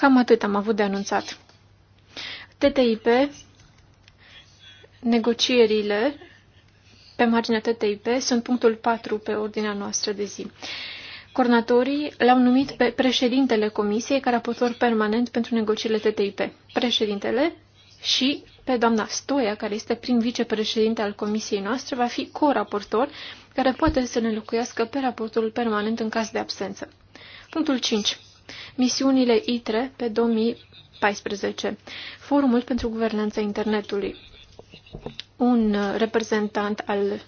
Cam atât am avut de anunțat. TTIP, negocierile pe marginea TTIP sunt punctul 4 pe ordinea noastră de zi. Coordonatorii l-au numit pe președintele Comisiei ca raportor permanent pentru negocierile TTIP. Președintele și pe doamna Stoia, care este prim vicepreședinte al comisiei noastre, va fi co-raportor, care poate să ne locuiască pe raportul permanent în caz de absență. Punctul 5 misiunile ITRE pe 2014, Forumul pentru Guvernanța Internetului, un uh, reprezentant al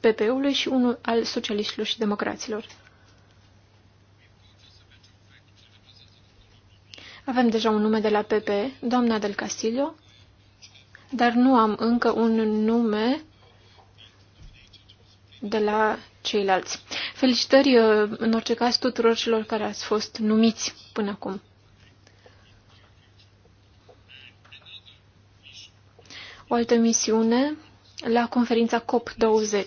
PP-ului și unul al socialiștilor și democraților. Avem deja un nume de la PP, doamna del Castillo, dar nu am încă un nume de la ceilalți. Felicitări uh, în orice caz tuturor celor care ați fost numiți până acum. O altă misiune la conferința COP20.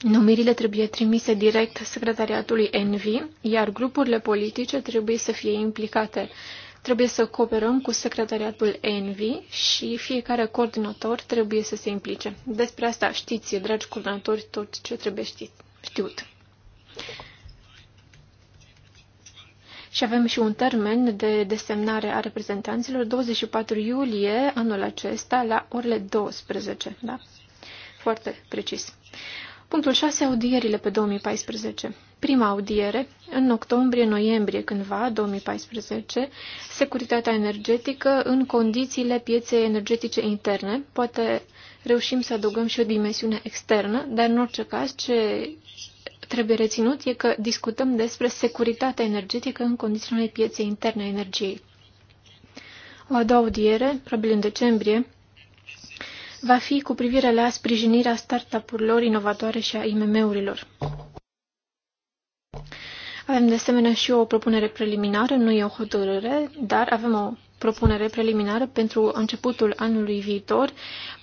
Numirile trebuie trimise direct secretariatului ENVI, iar grupurile politice trebuie să fie implicate Trebuie să cooperăm cu secretariatul ENVI și fiecare coordonator trebuie să se implice. Despre asta știți, dragi coordonatori, tot ce trebuie știți, știut. Și avem și un termen de desemnare a reprezentanților, 24 iulie anul acesta, la orele 12, da? Foarte precis. Punctul 6. Audierile pe 2014. Prima audiere, în octombrie-noiembrie cândva, 2014, securitatea energetică în condițiile pieței energetice interne. Poate reușim să adăugăm și o dimensiune externă, dar în orice caz ce trebuie reținut e că discutăm despre securitatea energetică în condițiile pieței interne a energiei. O a doua audiere, probabil în decembrie, va fi cu privire la sprijinirea startup-urilor inovatoare și a IMM-urilor. Avem de asemenea și o propunere preliminară, nu e o hotărâre, dar avem o propunere preliminară pentru începutul anului viitor,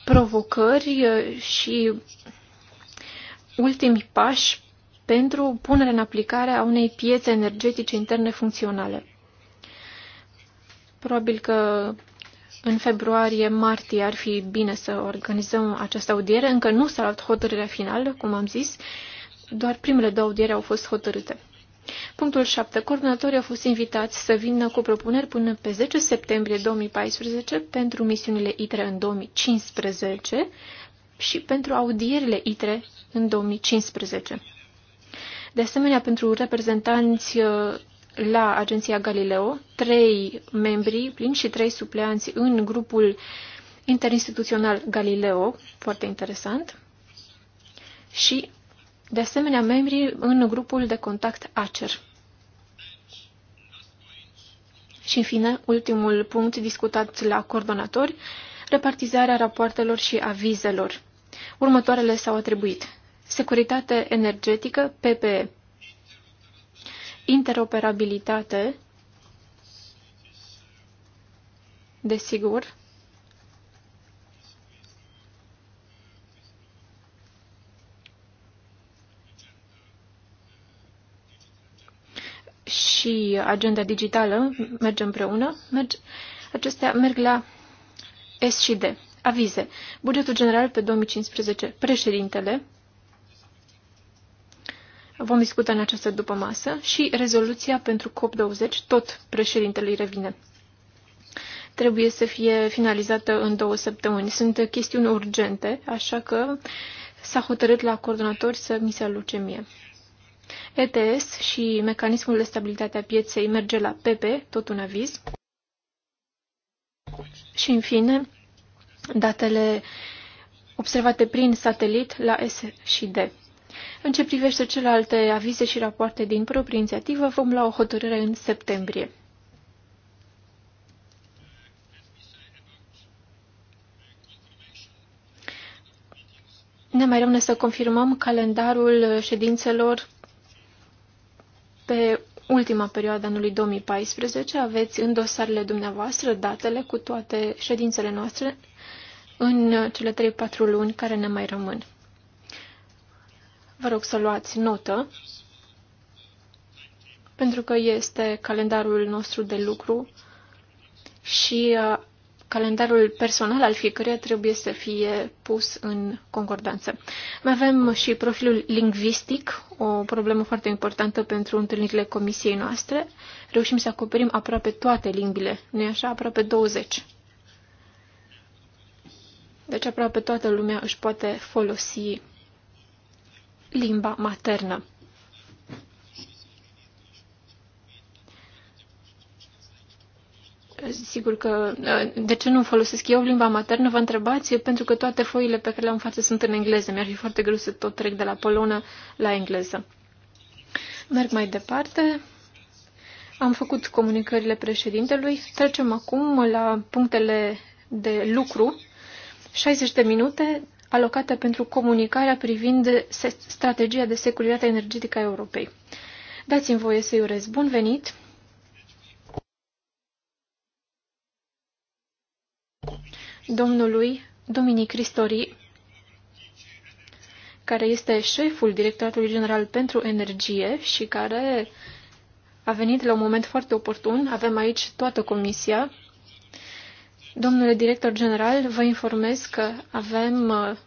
provocări uh, și ultimii pași pentru punerea în aplicare a unei piețe energetice interne funcționale. Probabil că în februarie-martie ar fi bine să organizăm această audiere. Încă nu s-a luat hotărârea finală, cum am zis. Doar primele două audiere au fost hotărâte. Punctul 7. Coordonatorii au fost invitați să vină cu propuneri până pe 10 septembrie 2014 pentru misiunile ITRE în 2015 și pentru audierile ITRE în 2015. De asemenea, pentru reprezentanți la agenția Galileo, trei membri plini și trei supleanți în grupul interinstituțional Galileo, foarte interesant, și de asemenea membri în grupul de contact ACER. Și în fine, ultimul punct discutat la coordonatori, repartizarea rapoartelor și avizelor. Următoarele s-au atribuit. Securitate energetică, PPE interoperabilitate, desigur, și agenda digitală merge împreună, merge, acestea merg la S și D. Avize. Bugetul general pe 2015. Președintele Vom discuta în această masă și rezoluția pentru COP20, tot președintele îi revine. Trebuie să fie finalizată în două săptămâni. Sunt chestiuni urgente, așa că s-a hotărât la coordonatori să mi se aluce mie. ETS și mecanismul de stabilitate a pieței merge la PP, tot un aviz. Și, în fine, datele observate prin satelit la S și D. În ce privește celelalte avize și rapoarte din proprie inițiativă, vom lua o hotărâre în septembrie. Ne mai rămâne să confirmăm calendarul ședințelor pe ultima perioadă anului 2014. Aveți în dosarele dumneavoastră datele cu toate ședințele noastre în cele 3-4 luni care ne mai rămân. Vă rog să luați notă, pentru că este calendarul nostru de lucru și uh, calendarul personal al fiecăruia trebuie să fie pus în concordanță. Mai avem și profilul lingvistic, o problemă foarte importantă pentru întâlnirile comisiei noastre. Reușim să acoperim aproape toate limbile, nu așa? Aproape 20. Deci aproape toată lumea își poate folosi limba maternă. Sigur că, de ce nu folosesc eu limba maternă, vă întrebați, pentru că toate foile pe care le-am față sunt în engleză. Mi-ar fi foarte greu să tot trec de la polonă la engleză. Merg mai departe. Am făcut comunicările președintelui. Trecem acum la punctele de lucru. 60 de minute alocată pentru comunicarea privind strategia de securitate energetică a Europei. Dați-mi voie să-i urez bun venit! Domnului Dominic Cristori, care este șeful Directoratului General pentru Energie și care a venit la un moment foarte oportun. Avem aici toată comisia Domnule director general, vă informez că avem uh,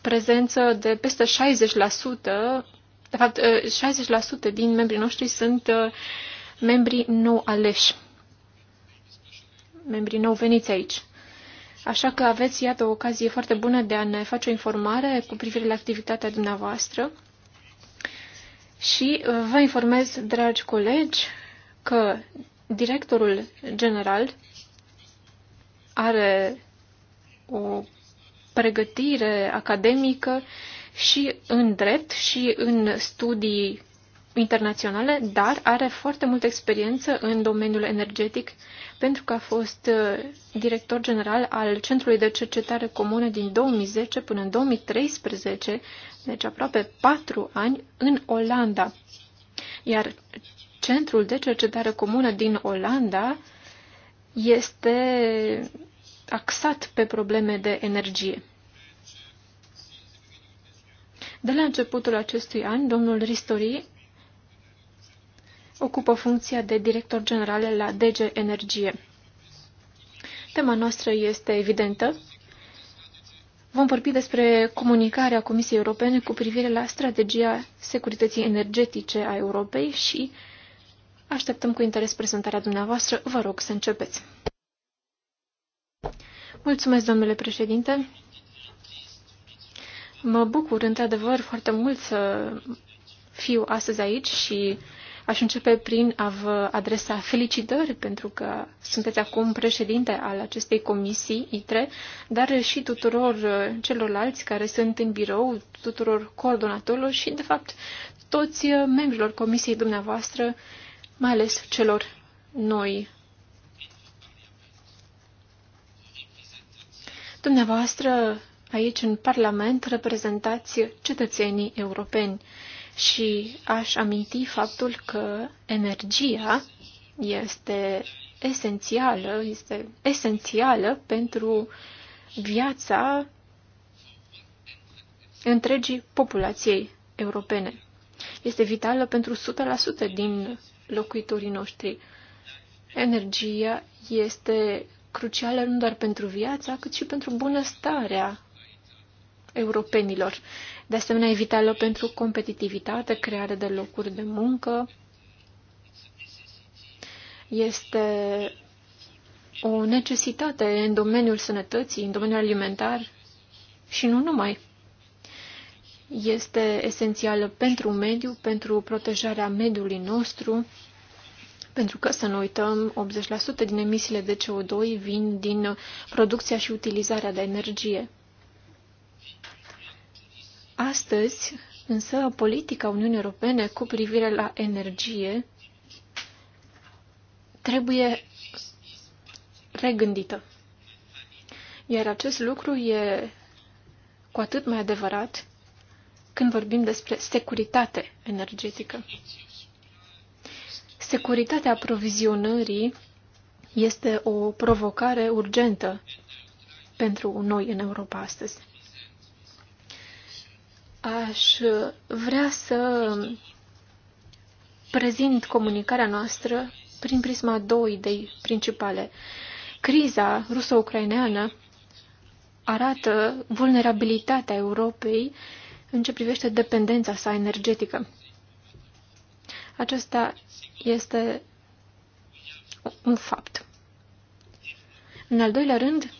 prezență de peste 60%, de fapt 60% uh, din membrii noștri sunt uh, membrii nou aleși, membrii nou veniți aici. Așa că aveți, iată, o ocazie foarte bună de a ne face o informare cu privire la activitatea dumneavoastră. Și vă informez, dragi colegi, că directorul general are o pregătire academică și în drept și în studii internaționale, dar are foarte multă experiență în domeniul energetic pentru că a fost uh, director general al Centrului de Cercetare Comună din 2010 până în 2013, deci aproape patru ani, în Olanda. Iar Centrul de Cercetare Comună din Olanda este axat pe probleme de energie. De la începutul acestui an, domnul Ristori ocupă funcția de director general la DG Energie. Tema noastră este evidentă. Vom vorbi despre comunicarea Comisiei Europene cu privire la strategia securității energetice a Europei și așteptăm cu interes prezentarea dumneavoastră. Vă rog să începeți. Mulțumesc, domnule președinte. Mă bucur, într-adevăr, foarte mult să fiu astăzi aici și aș începe prin a vă adresa felicitări pentru că sunteți acum președinte al acestei comisii ITRE, dar și tuturor celorlalți care sunt în birou, tuturor coordonatorilor și, de fapt, toți membrilor comisiei dumneavoastră, mai ales celor noi Dumneavoastră, aici în Parlament, reprezentați cetățenii europeni și aș aminti faptul că energia este esențială, este esențială pentru viața întregii populației europene. Este vitală pentru 100% din locuitorii noștri. Energia este crucială nu doar pentru viața, cât și pentru bunăstarea europenilor. De asemenea, e vitală pentru competitivitate, creare de locuri de muncă. Este o necesitate în domeniul sănătății, în domeniul alimentar și nu numai. Este esențială pentru mediu, pentru protejarea mediului nostru, pentru că, să nu uităm, 80% din emisiile de CO2 vin din producția și utilizarea de energie. Astăzi, însă, politica Uniunii Europene cu privire la energie trebuie regândită. Iar acest lucru e cu atât mai adevărat când vorbim despre securitate energetică securitatea aprovizionării este o provocare urgentă pentru noi în Europa astăzi. Aș vrea să prezint comunicarea noastră prin prisma două idei principale. Criza ruso-ucraineană arată vulnerabilitatea Europei în ce privește dependența sa energetică. Acesta este un fapt. În al doilea rând,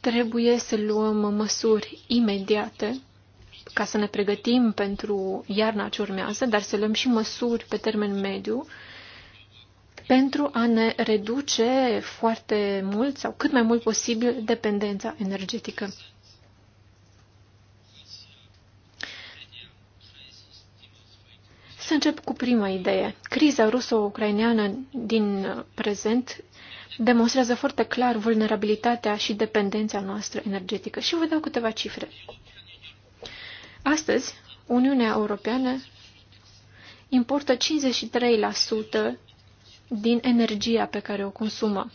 trebuie să luăm măsuri imediate ca să ne pregătim pentru iarna ce urmează, dar să luăm și măsuri pe termen mediu pentru a ne reduce foarte mult sau cât mai mult posibil dependența energetică. Să încep cu prima idee. Criza ruso-ucraineană din prezent demonstrează foarte clar vulnerabilitatea și dependența noastră energetică. Și vă dau câteva cifre. Astăzi, Uniunea Europeană importă 53% din energia pe care o consumă.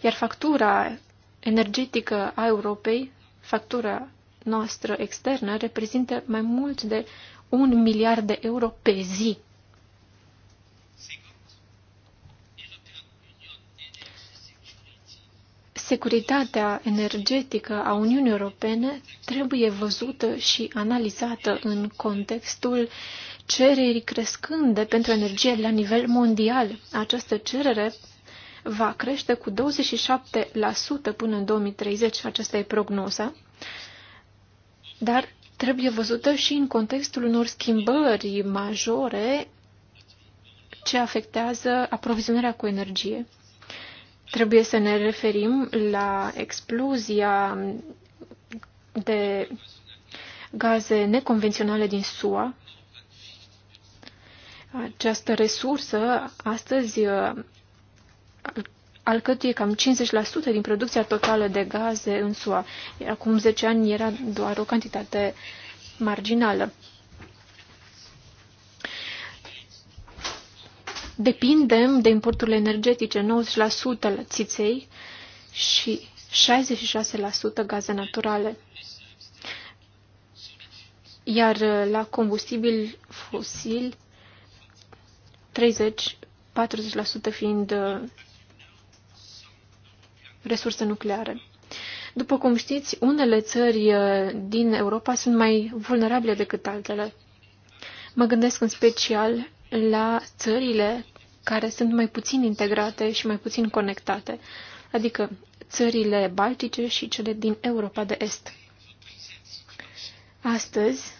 Iar factura energetică a Europei, factura noastră externă reprezintă mai mult de un miliard de euro pe zi. Securitatea energetică a Uniunii Europene trebuie văzută și analizată în contextul cererii crescânde pentru energie la nivel mondial. Această cerere va crește cu 27% până în 2030, aceasta e prognoza, dar trebuie văzută și în contextul unor schimbări majore ce afectează aprovizionarea cu energie. Trebuie să ne referim la explozia de gaze neconvenționale din SUA. Această resursă astăzi alcătuie cam 50% din producția totală de gaze în SUA. Acum 10 ani era doar o cantitate marginală. Depindem de importurile energetice, 90% la țiței și 66% gaze naturale. Iar la combustibil fosil, 30-40% fiind uh, resurse nucleare. După cum știți, unele țări uh, din Europa sunt mai vulnerabile decât altele. Mă gândesc în special la țările care sunt mai puțin integrate și mai puțin conectate, adică țările baltice și cele din Europa de Est. Astăzi,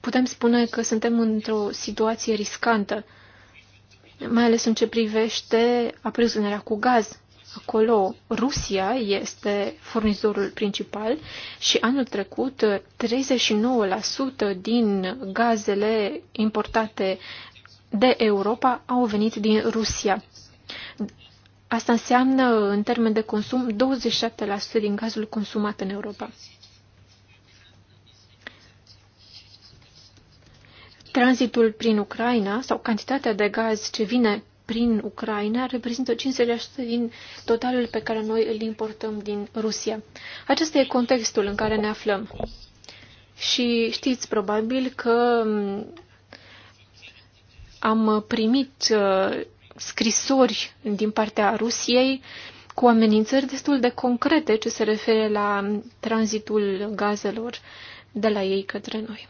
putem spune că suntem într-o situație riscantă, mai ales în ce privește aprizionerea cu gaz Acolo Rusia este furnizorul principal și anul trecut 39% din gazele importate de Europa au venit din Rusia. Asta înseamnă, în termen de consum, 27% din gazul consumat în Europa. Tranzitul prin Ucraina sau cantitatea de gaz ce vine prin Ucraina reprezintă 50% din totalul pe care noi îl importăm din Rusia. Acesta e contextul în care ne aflăm. Și știți probabil că mm, am primit uh, scrisori din partea Rusiei cu amenințări destul de concrete ce se referă la tranzitul gazelor de la ei către noi.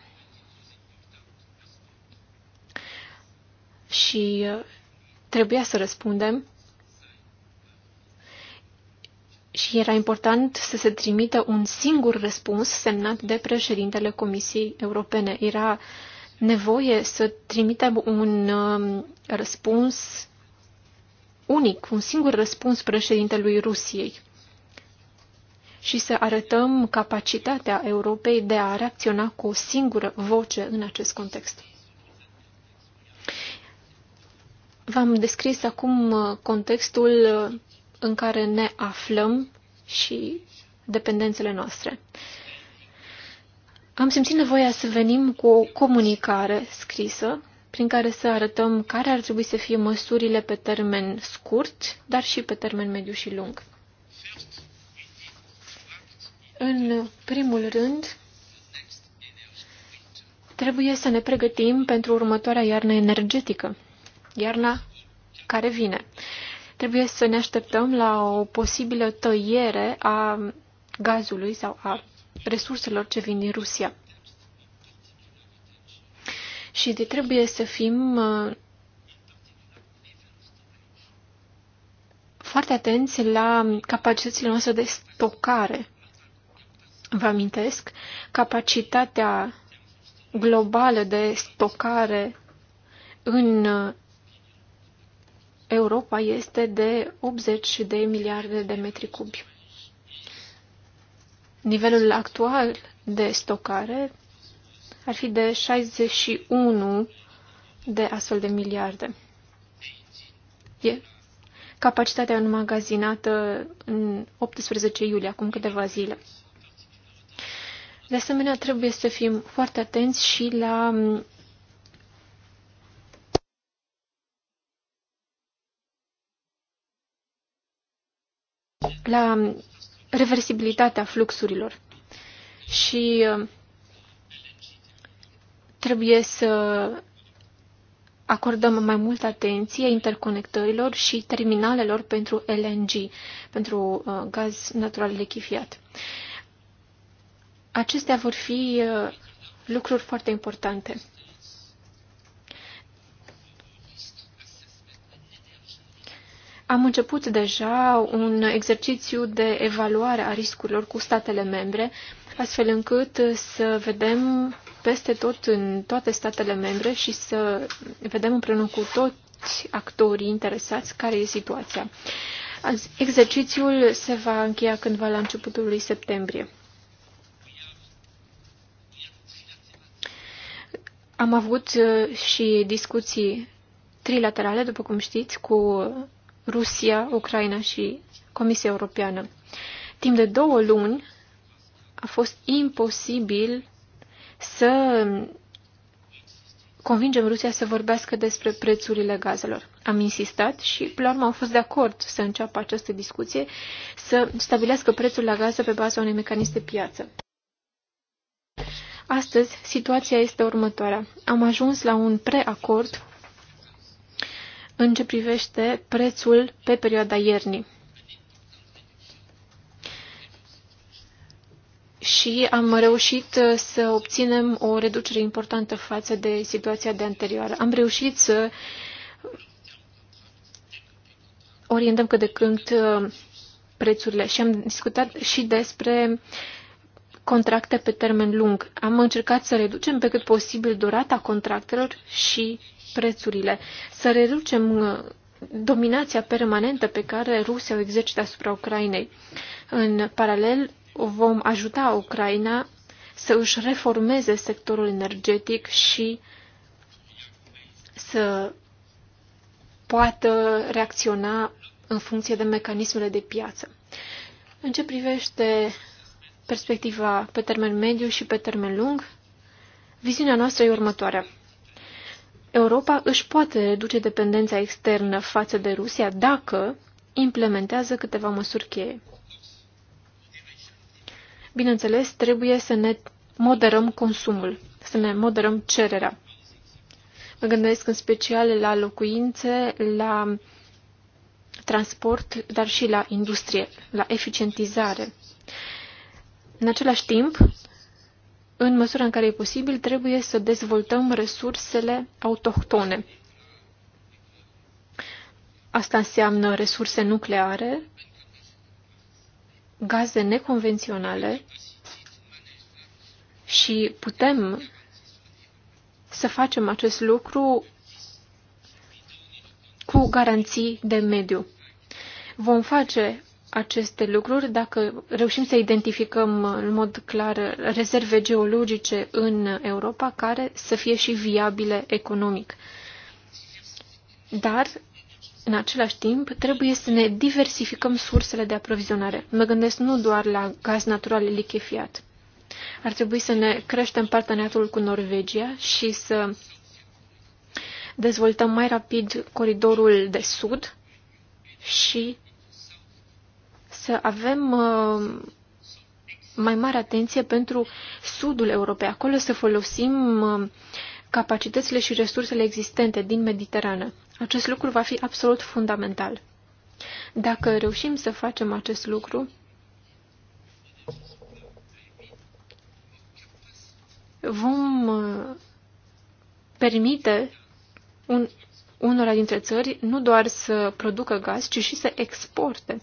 Și uh, trebuia să răspundem și era important să se trimită un singur răspuns semnat de președintele Comisiei Europene. Era nevoie să trimitem un um, răspuns unic, un singur răspuns președintelui Rusiei și să arătăm capacitatea Europei de a reacționa cu o singură voce în acest context. V-am descris acum uh, contextul uh, în care ne aflăm și dependențele noastre. Am simțit nevoia să venim cu o comunicare scrisă prin care să arătăm care ar trebui să fie măsurile pe termen scurt, dar și pe termen mediu și lung. În primul rând, trebuie să ne pregătim pentru următoarea iarnă energetică iarna care vine. Trebuie să ne așteptăm la o posibilă tăiere a gazului sau a resurselor ce vin din Rusia. Și de trebuie să fim uh, foarte atenți la capacitățile noastre de stocare. Vă amintesc, capacitatea globală de stocare în uh, Europa este de 80 de miliarde de metri cubi. Nivelul actual de stocare ar fi de 61 de astfel de miliarde. E capacitatea înmagazinată în 18 iulie, acum câteva zile. De asemenea, trebuie să fim foarte atenți și la la reversibilitatea fluxurilor. Și uh, trebuie să acordăm mai multă atenție interconectărilor și terminalelor pentru LNG, pentru uh, gaz natural lichifiat. Acestea vor fi uh, lucruri foarte importante. Am început deja un exercițiu de evaluare a riscurilor cu statele membre, astfel încât să vedem peste tot în toate statele membre și să vedem împreună cu toți actorii interesați care e situația. Exercițiul se va încheia cândva la începutul lui septembrie. Am avut uh, și discuții trilaterale, după cum știți, cu Rusia, Ucraina și Comisia Europeană. Timp de două luni a fost imposibil să convingem Rusia să vorbească despre prețurile gazelor. Am insistat și, până la urmă, am fost de acord să înceapă această discuție, să stabilească prețul la gază pe baza unui mecanism de piață. Astăzi, situația este următoarea. Am ajuns la un preacord în ce privește prețul pe perioada iernii. Și am reușit să obținem o reducere importantă față de situația de anterioară. Am reușit să orientăm cât de când uh, prețurile și am discutat și despre contracte pe termen lung. Am încercat să reducem pe cât posibil durata contractelor și prețurile, să reducem uh, dominația permanentă pe care Rusia o exercită asupra Ucrainei. În paralel, vom ajuta Ucraina să își reformeze sectorul energetic și să poată reacționa în funcție de mecanismele de piață. În ce privește perspectiva pe termen mediu și pe termen lung, viziunea noastră e următoarea. Europa își poate reduce dependența externă față de Rusia dacă implementează câteva măsuri cheie. Bineînțeles, trebuie să ne moderăm consumul, să ne moderăm cererea. Mă gândesc în special la locuințe, la transport, dar și la industrie, la eficientizare. În același timp, în măsura în care e posibil, trebuie să dezvoltăm resursele autohtone. Asta înseamnă resurse nucleare, gaze neconvenționale și putem să facem acest lucru cu garanții de mediu. Vom face aceste lucruri, dacă reușim să identificăm în mod clar rezerve geologice în Europa care să fie și viabile economic. Dar, în același timp, trebuie să ne diversificăm sursele de aprovizionare. Mă gândesc nu doar la gaz natural lichefiat. Ar trebui să ne creștem parteneriatul cu Norvegia și să dezvoltăm mai rapid coridorul de sud și să avem uh, mai mare atenție pentru sudul Europei. Acolo să folosim uh, capacitățile și resursele existente din Mediterană. Acest lucru va fi absolut fundamental. Dacă reușim să facem acest lucru, vom uh, permite un, unora dintre țări nu doar să producă gaz, ci și să exporte.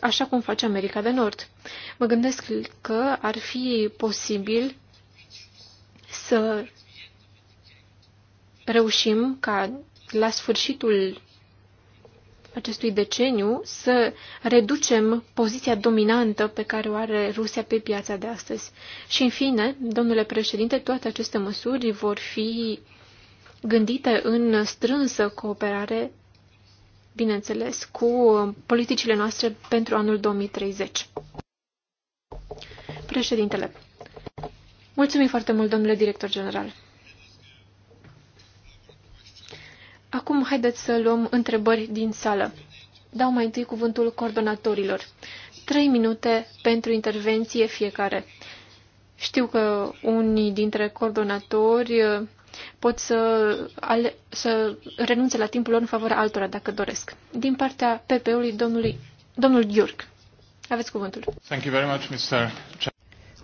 așa cum face America de Nord. Mă gândesc că ar fi posibil să reușim ca la sfârșitul acestui deceniu să reducem poziția dominantă pe care o are Rusia pe piața de astăzi. Și în fine, domnule președinte, toate aceste măsuri vor fi gândite în strânsă cooperare bineînțeles, cu politicile noastre pentru anul 2030. Președintele, mulțumim foarte mult, domnule director general. Acum haideți să luăm întrebări din sală. Dau mai întâi cuvântul coordonatorilor. Trei minute pentru intervenție fiecare. Știu că unii dintre coordonatori pot să, ale, să renunțe la timpul lor în favoarea altora, dacă doresc. Din partea PP-ului, domnului, domnul Iurc. Aveți cuvântul. Thank you very much, Mr.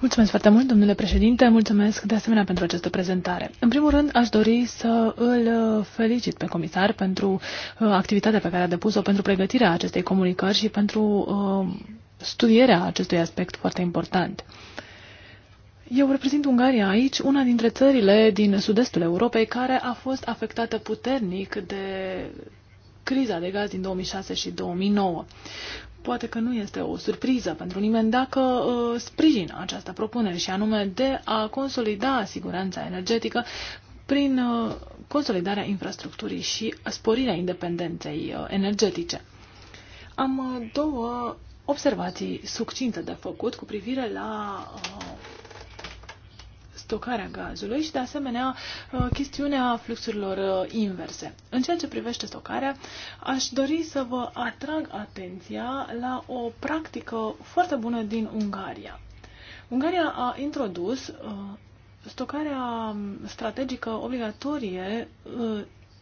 Mulțumesc foarte mult, domnule președinte. Mulțumesc de asemenea pentru această prezentare. În primul rând, aș dori să îl felicit pe comisar pentru uh, activitatea pe care a depus-o, pentru pregătirea acestei comunicări și pentru uh, studierea acestui aspect foarte important. Eu reprezint Ungaria aici, una dintre țările din sud-estul Europei care a fost afectată puternic de criza de gaz din 2006 și 2009. Poate că nu este o surpriză pentru nimeni dacă uh, sprijin această propunere și anume de a consolida siguranța energetică prin uh, consolidarea infrastructurii și sporirea independenței uh, energetice. Am uh, două observații succinte de făcut cu privire la uh, stocarea gazului și, de asemenea, uh, chestiunea fluxurilor uh, inverse. În ceea ce privește stocarea, aș dori să vă atrag atenția la o practică foarte bună din Ungaria. Ungaria a introdus uh, stocarea um, strategică obligatorie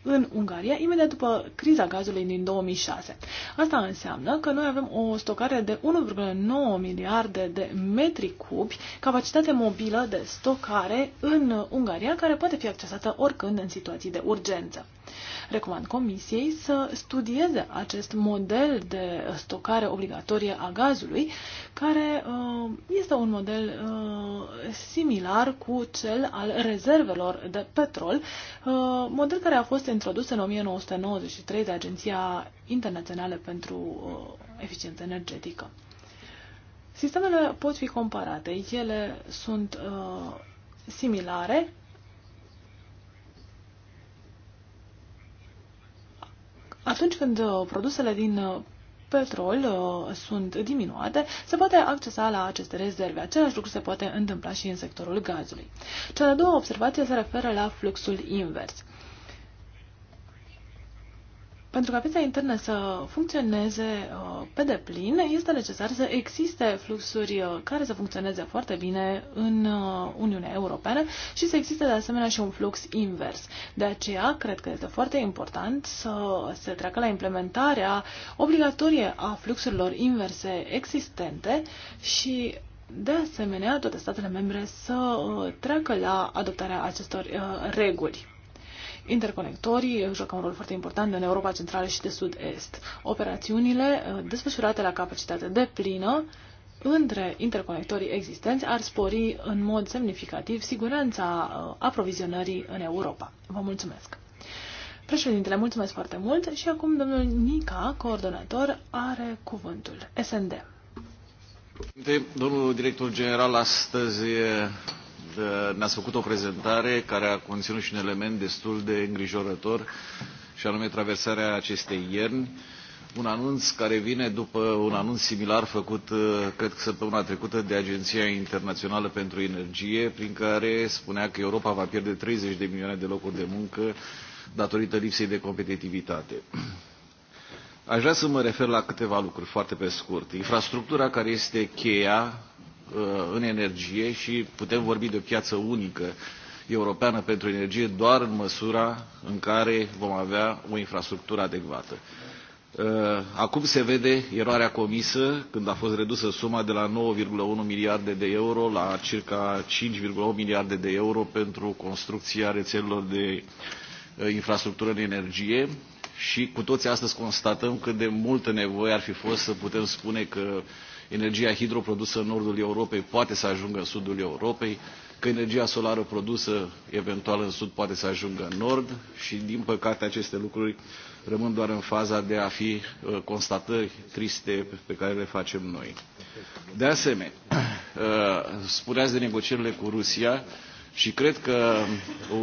în Ungaria imediat după criza gazului din 2006. Asta înseamnă că noi avem o stocare de 1,9 miliarde de metri cubi, capacitate mobilă de stocare în Ungaria, care poate fi accesată oricând în situații de urgență. Recomand Comisiei să studieze acest model de stocare obligatorie a gazului, care uh, este un model uh, similar cu cel al rezervelor de petrol, uh, model care a fost introdus în 1993 de Agenția Internațională pentru Eficiență Energetică. Sistemele pot fi comparate, ele sunt uh, similare atunci când uh, produsele din uh, petrol uh, sunt diminuate, se poate accesa la aceste rezerve. Același lucru se poate întâmpla și în sectorul gazului. Cea de-a doua observație se referă la fluxul invers pentru ca piața internă să funcționeze uh, pe deplin, este necesar să existe fluxuri uh, care să funcționeze foarte bine în uh, Uniunea Europeană și să existe de asemenea și un flux invers. De aceea, cred că este foarte important să se treacă la implementarea obligatorie a fluxurilor inverse existente și de asemenea, toate statele membre să treacă la adoptarea acestor reguli. Interconectorii joacă un rol foarte important în Europa Centrală și de Sud-Est. Operațiunile uh, desfășurate la capacitate de plină între interconectorii existenți ar spori în mod semnificativ siguranța uh, aprovizionării în Europa. Vă mulțumesc! Președintele, mulțumesc foarte mult și acum domnul Nica, coordonator, are cuvântul. SND. Domnul director general astăzi Uh, ne ați făcut o prezentare care a conținut și un element destul de îngrijorător, și anume traversarea acestei ierni, un anunț care vine după un anunț similar făcut, uh, cred că săptămâna trecută, de Agenția Internațională pentru Energie, prin care spunea că Europa va pierde 30 de milioane de locuri de muncă datorită lipsei de competitivitate. Aș vrea să mă refer la câteva lucruri foarte pe scurt. Infrastructura care este cheia Uh, în energie și putem vorbi de o piață unică europeană pentru energie doar în măsura în care vom avea o infrastructură adecvată. Uh, acum se vede eroarea comisă când a fost redusă suma de la 9,1 miliarde de euro la circa 5,8 miliarde de euro pentru construcția rețelelor de uh, infrastructură în energie și cu toții astăzi constatăm cât de multă nevoie ar fi fost să putem spune că uh, energia hidroprodusă în nordul Europei poate să ajungă în sudul Europei, că energia solară produsă eventual în sud poate să ajungă în nord și, din păcate, aceste lucruri rămân doar în faza de a fi uh, constatări triste pe care le facem noi. De asemenea, uh, spuneați de negocierile cu Rusia și cred că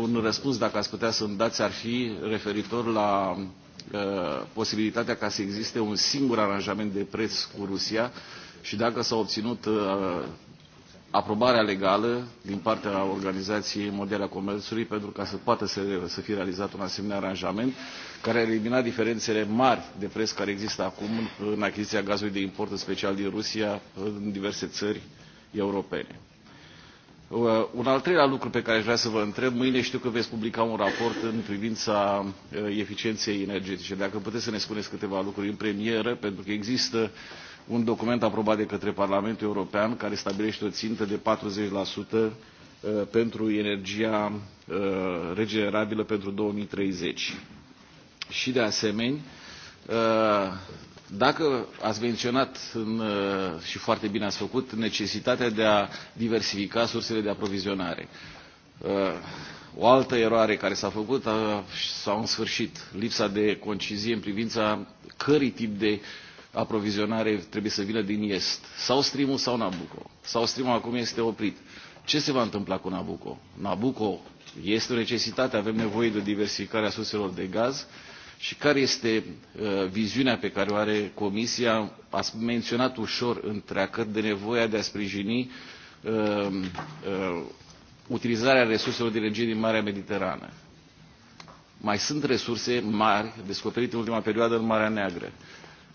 un răspuns, dacă ați putea să-mi dați, ar fi referitor la uh, posibilitatea ca să existe un singur aranjament de preț cu Rusia, și dacă s-a obținut uh, aprobarea legală din partea Organizației Mondiale a Comerțului pentru ca să poată să, să fie realizat un asemenea aranjament care a eliminat diferențele mari de preț care există acum în achiziția gazului de import, în special din Rusia, în diverse țări europene. Uh, un al treilea lucru pe care aș vrea să vă întreb, mâine știu că veți publica un raport în privința uh, eficienței energetice. Dacă puteți să ne spuneți câteva lucruri în premieră, pentru că există uh, un document aprobat de către Parlamentul European care stabilește o țintă de 40% uh, pentru energia uh, regenerabilă pentru 2030. Și de asemenea, uh, dacă ați menționat în, și foarte bine ați făcut necesitatea de a diversifica sursele de aprovizionare. O altă eroare care s-a făcut sau în sfârșit lipsa de concizie în privința cărui tip de uh, aprovizionare trebuie să vină din Est. Sau stream sau Nabucco. Sau stream acum este oprit. Ce se va întâmpla cu Nabucco? Nabucco este o necesitate, avem nevoie de o diversificare a surselor de gaz și care este uh, viziunea pe care o are Comisia? A menționat ușor întreagăt de nevoia de a sprijini uh, uh, utilizarea resurselor de energie din Marea Mediterană. Mai sunt resurse mari descoperite în ultima perioadă în Marea Neagră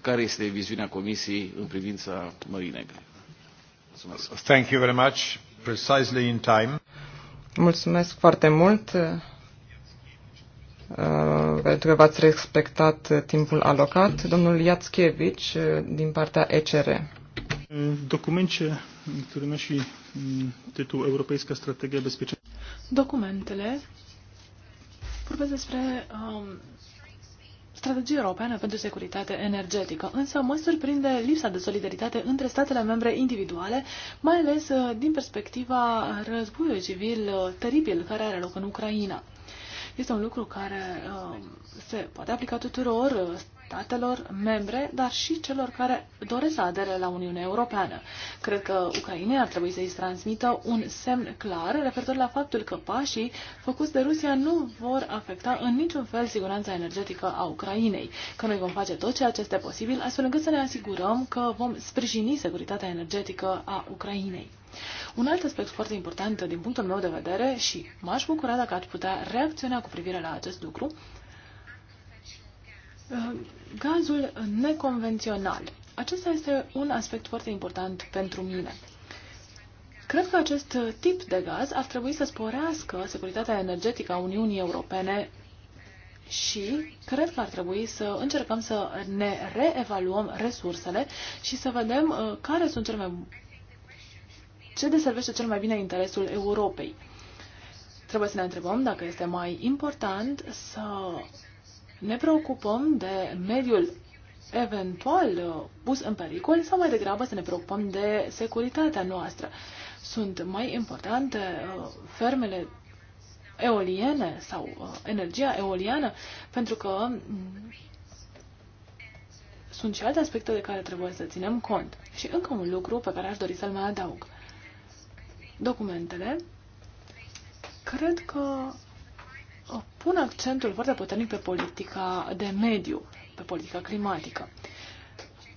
care este viziunea Comisiei în privința Mării Negre. Mulțumesc. Thank you very much. Precisely in time. Mulțumesc foarte mult uh, pentru că v-ați respectat uh, timpul alocat. Domnul Iațchevici, uh, din partea ECR. Documente, care și mm, titlul Europeisca Strategia Bezpieczeństwa. Documentele vorbesc despre um, strategie europeană pentru securitate energetică, însă mă surprinde lipsa de solidaritate între statele membre individuale, mai ales uh, din perspectiva războiului civil uh, teribil care are loc în Ucraina. Este un lucru care uh, se poate aplica tuturor statelor membre, dar și celor care doresc să adere la Uniunea Europeană. Cred că Ucrainei ar trebui să-i transmită un semn clar referitor la faptul că pașii făcuți de Rusia nu vor afecta în niciun fel siguranța energetică a Ucrainei, că noi vom face tot ceea ce este posibil astfel încât să ne asigurăm că vom sprijini securitatea energetică a Ucrainei. Un alt aspect foarte important din punctul meu de vedere și m-aș bucura dacă ați putea reacționa cu privire la acest lucru Uh, gazul neconvențional. Acesta este un aspect foarte important pentru mine. Cred că acest tip de gaz ar trebui să sporească securitatea energetică a Uniunii Europene și cred că ar trebui să încercăm să ne reevaluăm resursele și să vedem uh, care sunt cele mai ce deservește cel mai bine interesul Europei. Trebuie să ne întrebăm dacă este mai important să ne preocupăm de mediul eventual uh, pus în pericol sau mai degrabă să ne preocupăm de securitatea noastră. Sunt mai importante uh, fermele eoliene sau uh, energia eoliană pentru că mm, sunt și alte aspecte de care trebuie să ținem cont. Și încă un lucru pe care aș dori să-l mai adaug. Documentele cred că pun accentul foarte puternic pe politica de mediu, pe politica climatică.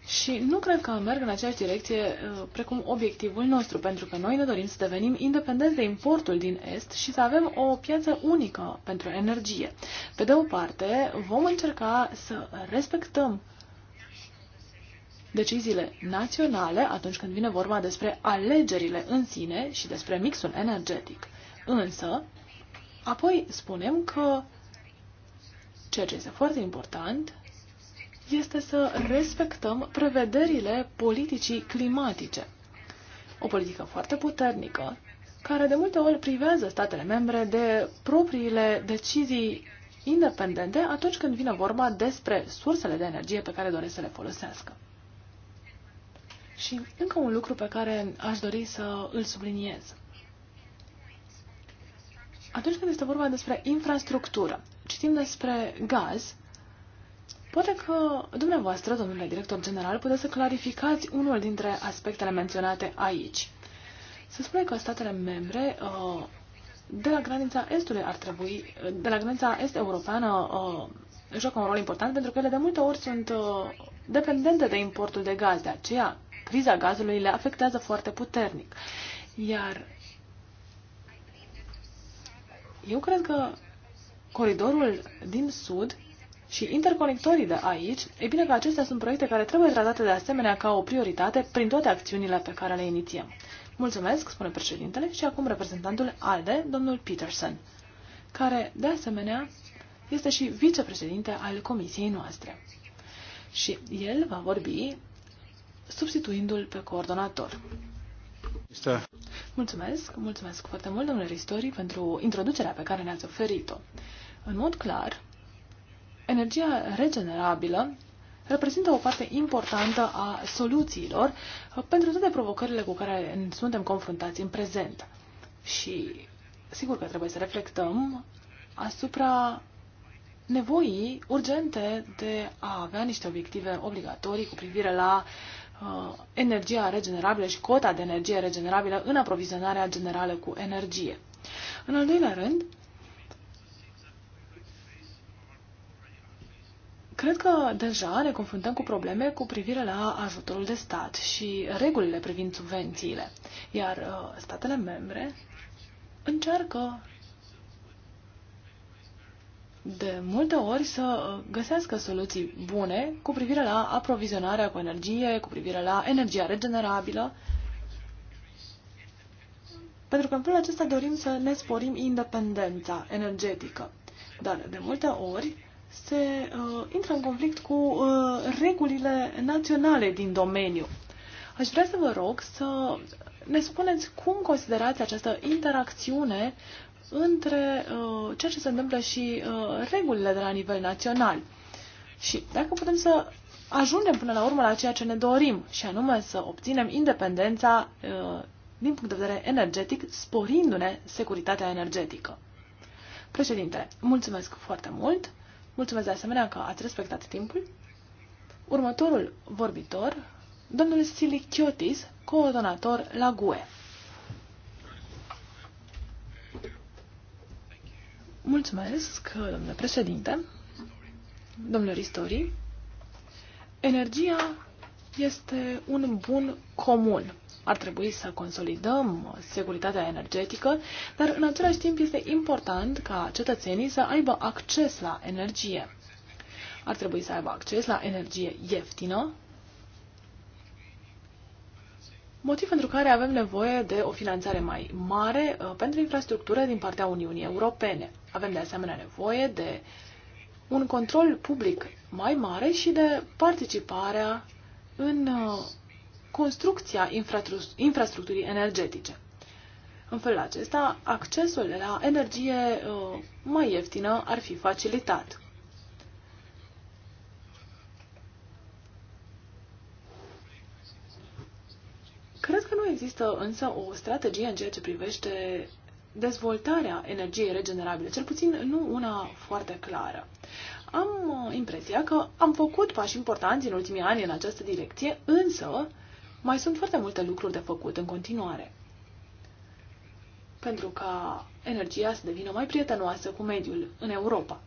Și nu cred că merg în aceeași direcție uh, precum obiectivul nostru, pentru că noi ne dorim să devenim independenți de importul din Est și să avem o piață unică pentru energie. Pe de o parte, vom încerca să respectăm deciziile naționale atunci când vine vorba despre alegerile în sine și despre mixul energetic. Însă, Apoi spunem că ceea ce este foarte important este să respectăm prevederile politicii climatice. O politică foarte puternică, care de multe ori privează statele membre de propriile decizii independente atunci când vine vorba despre sursele de energie pe care doresc să le folosească. Și încă un lucru pe care aș dori să îl subliniez atunci când este vorba despre infrastructură, citim despre gaz, poate că dumneavoastră, domnule director general, puteți să clarificați unul dintre aspectele menționate aici. Se spune că statele membre uh, de la granița estului ar trebui, uh, de la granița est-europeană uh, joacă un rol important pentru că ele de multe ori sunt dependente de importul de gaz, de aceea criza gazului le afectează foarte puternic. Iar eu cred că coridorul din sud și interconectorii de aici, e bine că acestea sunt proiecte care trebuie tratate de asemenea ca o prioritate prin toate acțiunile pe care le inițiem. Mulțumesc, spune președintele, și acum reprezentantul ALDE, domnul Peterson, care, de asemenea, este și vicepreședinte al comisiei noastre. Și el va vorbi substituindu-l pe coordonator. Mulțumesc, mulțumesc foarte mult, domnule Ristori, pentru introducerea pe care ne-ați oferit-o. În mod clar, energia regenerabilă reprezintă o parte importantă a soluțiilor pentru toate provocările cu care suntem confruntați în prezent. Și sigur că trebuie să reflectăm asupra nevoii urgente de a avea niște obiective obligatorii cu privire la uh, Uh, energia regenerabilă și cota de energie regenerabilă în aprovizionarea generală cu energie. În al doilea rând, Cred că deja ne confruntăm cu probleme cu privire la ajutorul de stat și regulile privind subvențiile, iar uh, statele membre încearcă de multe ori să găsească soluții bune cu privire la aprovizionarea cu energie, cu privire la energia regenerabilă, pentru că în felul acesta dorim să ne sporim independența energetică. Dar de multe ori se uh, intră în conflict cu uh, regulile naționale din domeniu. Aș vrea să vă rog să ne spuneți cum considerați această interacțiune între uh, ceea ce se întâmplă și uh, regulile de la nivel național. Și dacă putem să ajungem până la urmă la ceea ce ne dorim, și anume să obținem independența uh, din punct de vedere energetic, sporindu-ne securitatea energetică. Președinte, mulțumesc foarte mult. Mulțumesc de asemenea că ați respectat timpul. Următorul vorbitor, domnul Silichiotis, coordonator la GUE. Mulțumesc, domnule președinte, domnule Ristori. Energia este un bun comun. Ar trebui să consolidăm securitatea energetică, dar în același timp este important ca cetățenii să aibă acces la energie. Ar trebui să aibă acces la energie ieftină, motiv pentru care avem nevoie de o finanțare mai mare uh, pentru infrastructură din partea Uniunii Europene. Avem de asemenea nevoie de un control public mai mare și de participarea în uh, construcția infrastructurii energetice. În felul acesta, accesul la energie uh, mai ieftină ar fi facilitat. Cred că nu există însă o strategie în ceea ce privește dezvoltarea energiei regenerabile, cel puțin nu una foarte clară. Am uh, impresia că am făcut pași importanți în ultimii ani în această direcție, însă mai sunt foarte multe lucruri de făcut în continuare. Pentru ca energia să devină mai prietenoasă cu mediul în Europa.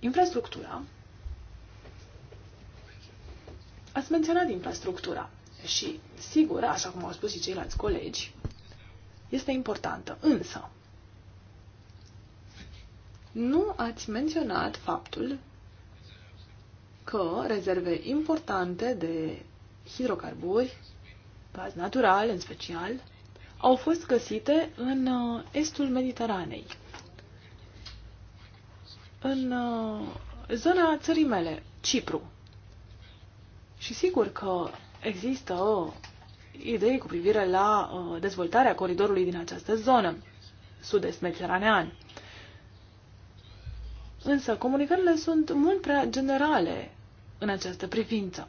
Infrastructura. Ați menționat infrastructura și, sigur, așa cum au spus și ceilalți colegi, este importantă. Însă, nu ați menționat faptul că rezerve importante de hidrocarburi, gaz natural în special, au fost găsite în uh, estul Mediteranei. În uh, zona țării mele, Cipru. Și sigur că există idei cu privire la uh, dezvoltarea coridorului din această zonă, sud-est mediteranean. Însă comunicările sunt mult prea generale în această privință.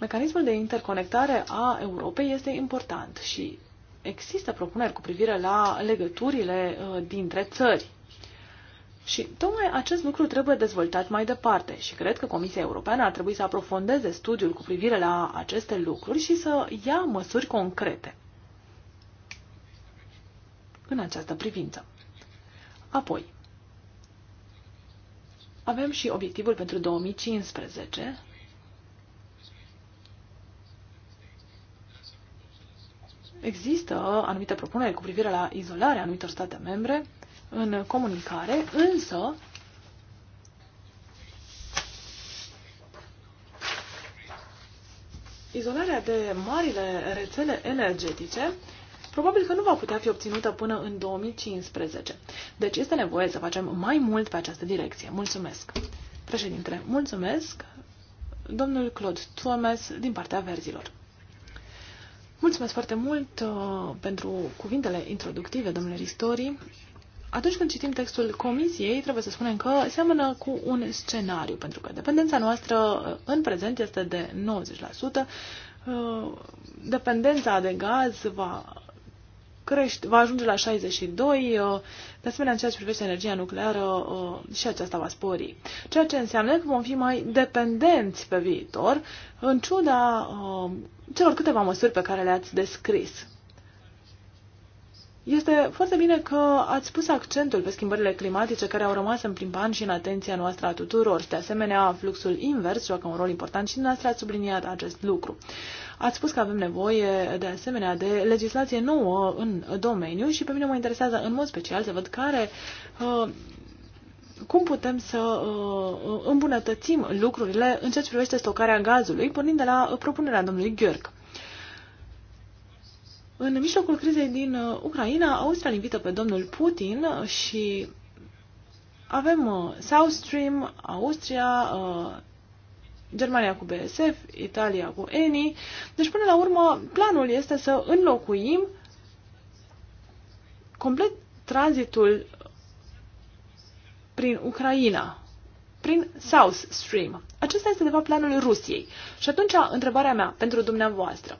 Mecanismul de interconectare a Europei este important și există propuneri cu privire la legăturile uh, dintre țări. Și tocmai acest lucru trebuie dezvoltat mai departe și cred că Comisia Europeană ar trebui să aprofundeze studiul cu privire la aceste lucruri și să ia măsuri concrete în această privință. Apoi, avem și obiectivul pentru 2015, Există anumite propuneri cu privire la izolarea anumitor state membre în comunicare, însă izolarea de marile rețele energetice probabil că nu va putea fi obținută până în 2015. Deci este nevoie să facem mai mult pe această direcție. Mulțumesc! Președintele, mulțumesc! Domnul Claude Thomas din partea verzilor. Mulțumesc foarte mult uh, pentru cuvintele introductive, domnule Ristori atunci când citim textul comisiei, trebuie să spunem că seamănă cu un scenariu, pentru că dependența noastră uh, în prezent este de 90%. Uh, dependența de gaz va crește, va ajunge la 62, uh, de asemenea în ceea ce privește energia nucleară și aceasta va spori. Ceea ce înseamnă că vom fi mai dependenți pe viitor, în ciuda celor câteva măsuri pe care le-ați descris. Este foarte bine că ați pus accentul pe schimbările climatice care au rămas în prim plan și în atenția noastră a tuturor. De asemenea, fluxul invers joacă un rol important și dumneavoastră ați subliniat acest lucru. Ați spus că avem nevoie de asemenea de legislație nouă în domeniu și pe mine mă interesează în mod special să văd care uh, cum putem să uh, îmbunătățim lucrurile în ceea ce privește stocarea gazului, pornind de la propunerea domnului Gheorghe. În mijlocul crizei din uh, Ucraina, Austria invită pe domnul Putin și avem uh, South Stream, Austria, uh, Germania cu BSF, Italia cu ENI. Deci, până la urmă, planul este să înlocuim complet tranzitul prin Ucraina, prin South Stream. Acesta este, de fapt, planul Rusiei. Și atunci, întrebarea mea pentru dumneavoastră.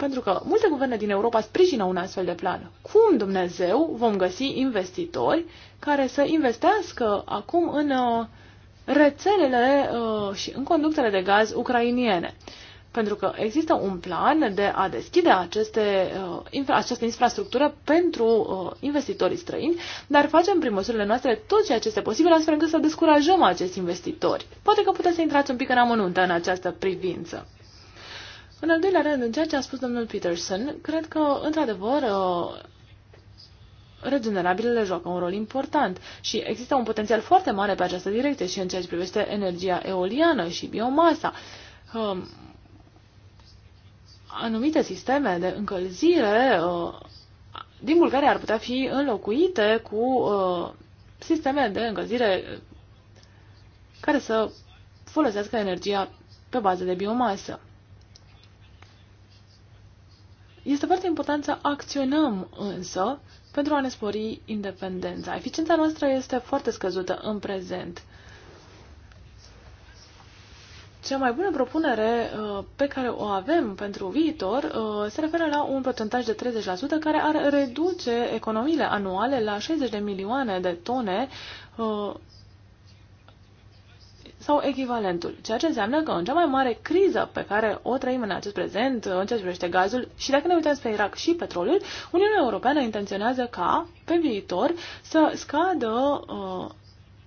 Pentru că multe guverne din Europa sprijină un astfel de plan. Cum Dumnezeu vom găsi investitori care să investească acum în uh, rețelele uh, și în conductele de gaz ucrainiene? Pentru că există un plan de a deschide aceste, uh, infra, această infrastructură pentru investitorii străini, dar facem prin măsurile noastre tot ceea ce este posibil astfel încât să descurajăm acești investitori. Poate că puteți să intrați un pic în amănuntă în această privință. În al doilea rând, în ceea ce a spus domnul Peterson, cred că, într-adevăr, regenerabilele joacă un rol important și există un potențial foarte mare pe această direcție și în ceea ce privește energia eoliană și biomasa. Anumite sisteme de încălzire din Bulgaria ar putea fi înlocuite cu sisteme de încălzire care să folosească energia pe bază de biomasă. Este foarte important să acționăm însă pentru a ne spori independența. Eficiența noastră este foarte scăzută în prezent. Cea mai bună propunere uh, pe care o avem pentru viitor uh, se referă la un procentaj de 30% care ar reduce economiile anuale la 60 de milioane de tone uh, sau echivalentul, ceea ce înseamnă că în cea mai mare criză pe care o trăim în acest prezent, în ce privește gazul, și dacă ne uităm spre Irak și petrolul, Uniunea Europeană intenționează ca, pe viitor, să scadă uh,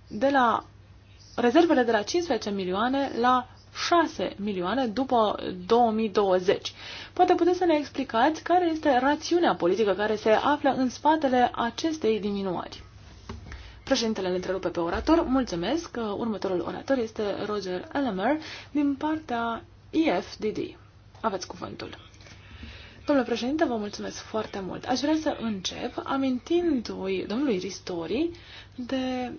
de la rezervele de la 15 milioane la 6 milioane după 2020. Poate puteți să ne explicați care este rațiunea politică care se află în spatele acestei diminuări. Președintele îl întrerupe pe orator. Mulțumesc că uh, următorul orator este Roger Elmer din partea EFDD. Aveți cuvântul. Domnule președinte, vă mulțumesc foarte mult. Aș vrea să încep amintindu-i domnului Ristori de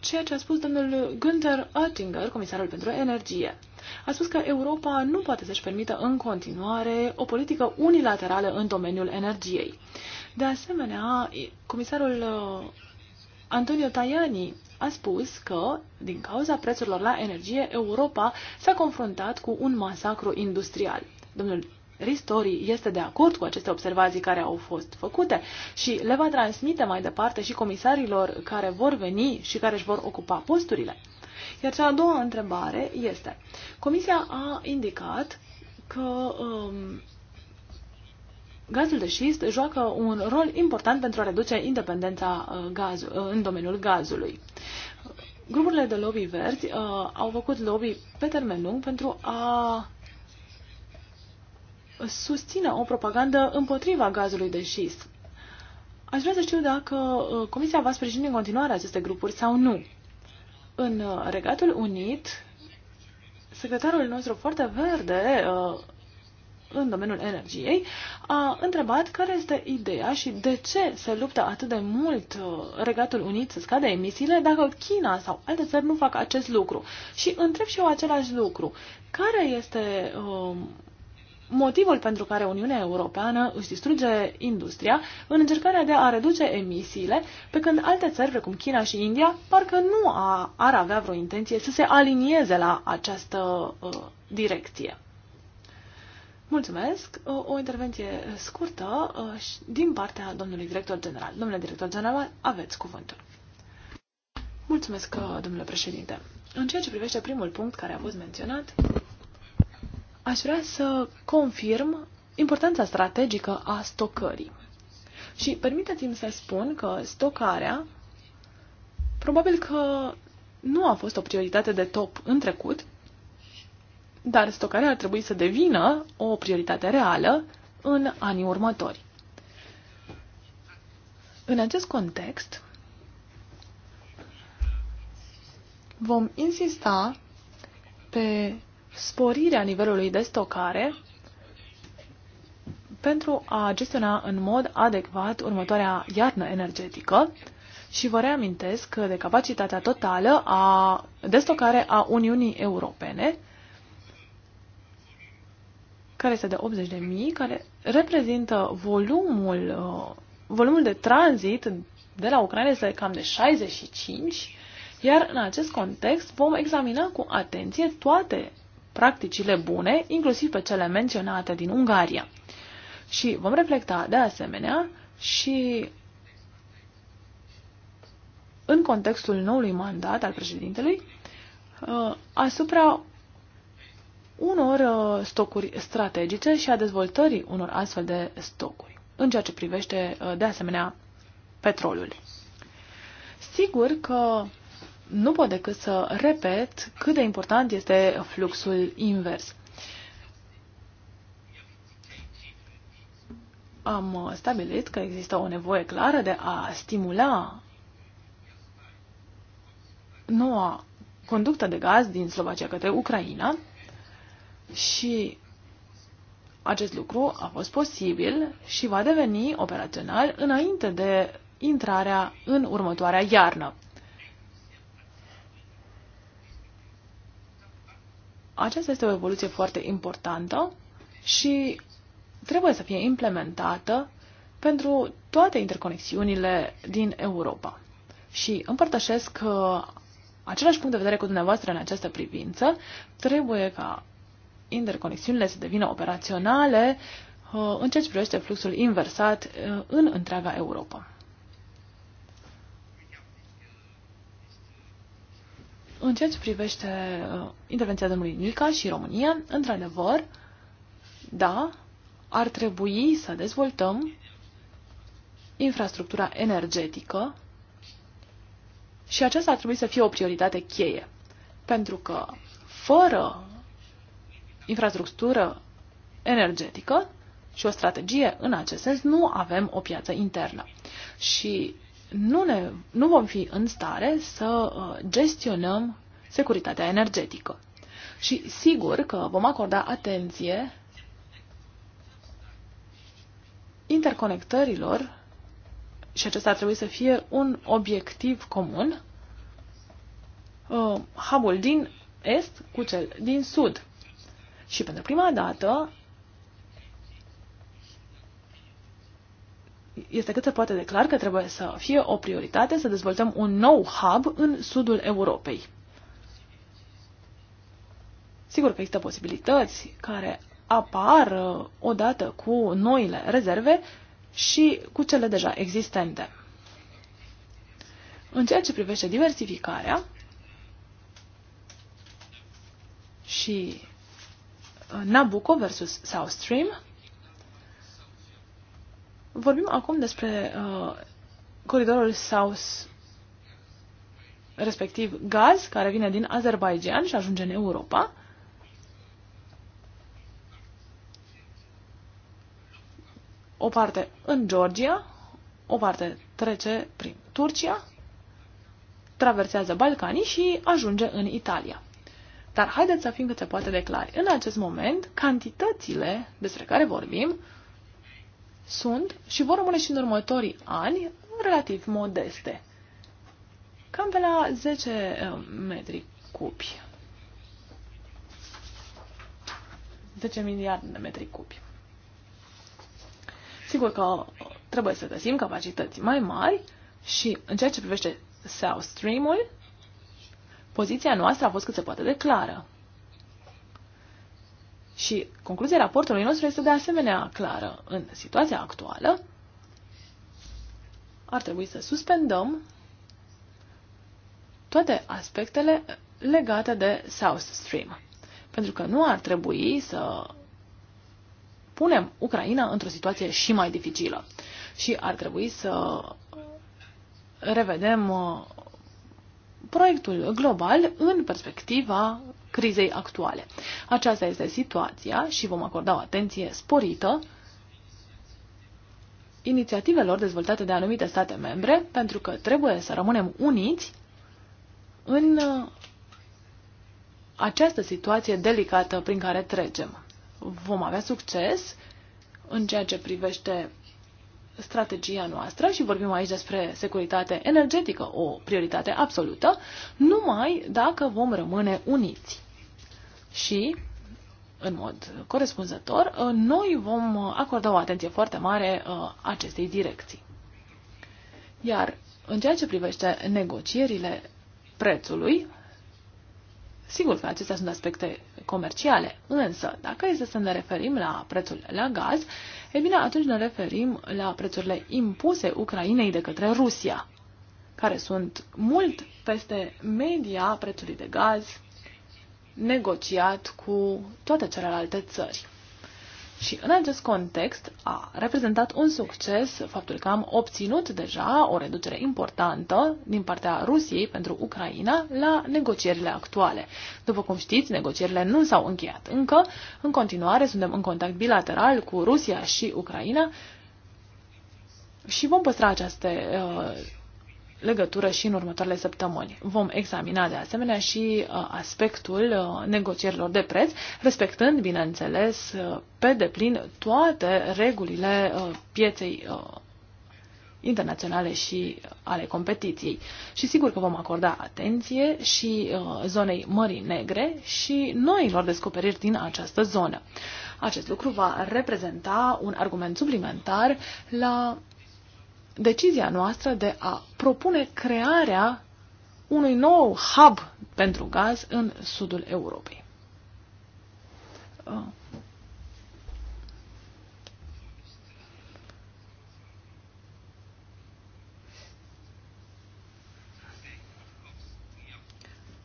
ceea ce a spus domnul Günther Oettinger, comisarul pentru energie. A spus că Europa nu poate să-și permită în continuare o politică unilaterală în domeniul energiei. De asemenea, comisarul Antonio Tajani a spus că, din cauza prețurilor la energie, Europa s-a confruntat cu un masacru industrial. Domnul Ristori este de acord cu aceste observații care au fost făcute și le va transmite mai departe și comisarilor care vor veni și care își vor ocupa posturile. Iar cea a doua întrebare este, Comisia a indicat că um, gazul de șist joacă un rol important pentru a reduce independența uh, gaz, uh, în domeniul gazului. Grupurile de lobby verzi uh, au făcut lobby pe termen lung pentru a susține o propagandă împotriva gazului de șist. Aș vrea să știu dacă uh, Comisia va sprijini în continuare aceste grupuri sau nu. În Regatul Unit, secretarul nostru foarte verde uh, în domeniul energiei, a întrebat care este ideea și de ce se luptă atât de mult uh, Regatul Unit să scadă emisiile dacă China sau alte țări nu fac acest lucru. Și întreb și eu același lucru. Care este um, motivul pentru care Uniunea Europeană își distruge industria în încercarea de a reduce emisiile, pe când alte țări, precum China și India, parcă nu a, ar avea vreo intenție să se alinieze la această uh, direcție. Mulțumesc. O intervenție scurtă uh, din partea domnului director general. Domnule director general, aveți cuvântul. Mulțumesc, uh, domnule președinte. În ceea ce privește primul punct care a fost menționat, aș vrea să confirm importanța strategică a stocării. Și permiteți-mi să spun că stocarea probabil că nu a fost o prioritate de top în trecut, dar stocarea ar trebui să devină o prioritate reală în anii următori. În acest context, vom insista pe sporirea nivelului de stocare pentru a gestiona în mod adecvat următoarea iarnă energetică și vă reamintesc de capacitatea totală a, de stocare a Uniunii Europene care este de 80 de mii, care reprezintă volumul, uh, volumul de tranzit de la Ucraina este cam de 65, iar în acest context vom examina cu atenție toate practicile bune, inclusiv pe cele menționate din Ungaria. Și vom reflecta de asemenea și în contextul noului mandat al președintelui uh, asupra unor uh, stocuri strategice și a dezvoltării unor astfel de stocuri, în ceea ce privește, uh, de asemenea, petrolul. Sigur că nu pot decât să repet cât de important este fluxul invers. Am uh, stabilit că există o nevoie clară de a stimula noua conductă de gaz din Slovacia către Ucraina și acest lucru a fost posibil și va deveni operațional înainte de intrarea în următoarea iarnă. Aceasta este o evoluție foarte importantă și trebuie să fie implementată pentru toate interconexiunile din Europa. Și împărtășesc uh, același punct de vedere cu dumneavoastră în această privință. Trebuie ca interconexiunile să devină operaționale uh, în ceea ce privește fluxul inversat uh, în întreaga Europa. În ceea ce privește uh, intervenția domnului Nica și România, într-adevăr, da, ar trebui să dezvoltăm infrastructura energetică și aceasta ar trebui să fie o prioritate cheie. Pentru că fără infrastructură energetică și o strategie în acest sens, nu avem o piață internă. Și nu, ne, nu vom fi în stare să uh, gestionăm securitatea energetică. Și sigur că vom acorda atenție interconectărilor și acesta ar trebui să fie un obiectiv comun, uh, hubul din est cu cel din sud. Și pentru prima dată este cât se poate de clar că trebuie să fie o prioritate să dezvoltăm un nou hub în sudul Europei. Sigur că există posibilități care apar uh, odată cu noile rezerve și cu cele deja existente. În ceea ce privește diversificarea și Nabucco versus South Stream. Vorbim acum despre uh, coridorul South, respectiv gaz, care vine din Azerbaijan și ajunge în Europa. O parte în Georgia, o parte trece prin Turcia, traversează Balcanii și ajunge în Italia. Dar haideți să fim cât se poate de clari. În acest moment, cantitățile despre care vorbim sunt și vor rămâne și în următorii ani relativ modeste. Cam pe la 10 uh, metri cubi. 10 miliarde de metri cubi. Sigur că trebuie să găsim capacități mai mari și în ceea ce privește South Stream-ul, Poziția noastră a fost cât se poate de clară. Și concluzia raportului nostru este de asemenea clară. În situația actuală, ar trebui să suspendăm toate aspectele legate de South Stream. Pentru că nu ar trebui să punem Ucraina într-o situație și mai dificilă. Și ar trebui să revedem uh, proiectul global în perspectiva crizei actuale. Aceasta este situația și vom acorda o atenție sporită inițiativelor dezvoltate de anumite state membre, pentru că trebuie să rămânem uniți în uh, această situație delicată prin care trecem. Vom avea succes în ceea ce privește strategia noastră și vorbim aici despre securitate energetică, o prioritate absolută, numai dacă vom rămâne uniți. Și, în mod corespunzător, uh, noi vom acorda o atenție foarte mare uh, acestei direcții. Iar în ceea ce privește negocierile prețului, sigur că acestea sunt aspecte comerciale. Însă, dacă este să ne referim la prețul la gaz, e bine, atunci ne referim la prețurile impuse Ucrainei de către Rusia, care sunt mult peste media prețului de gaz negociat cu toate celelalte țări. Și în acest context a reprezentat un succes faptul că am obținut deja o reducere importantă din partea Rusiei pentru Ucraina la negocierile actuale. După cum știți, negocierile nu s-au încheiat încă. În continuare, suntem în contact bilateral cu Rusia și Ucraina și vom păstra aceste uh, legătură și în următoarele săptămâni. Vom examina de asemenea și uh, aspectul uh, negocierilor de preț, respectând, bineînțeles, uh, pe deplin toate regulile pieței internaționale și ale competiției. Și sigur că vom acorda atenție și zonei Mării Negre și noilor descoperiri din această zonă. Acest lucru va reprezenta un argument suplimentar la decizia noastră de a propune crearea unui nou hub pentru gaz în sudul Europei. Uh,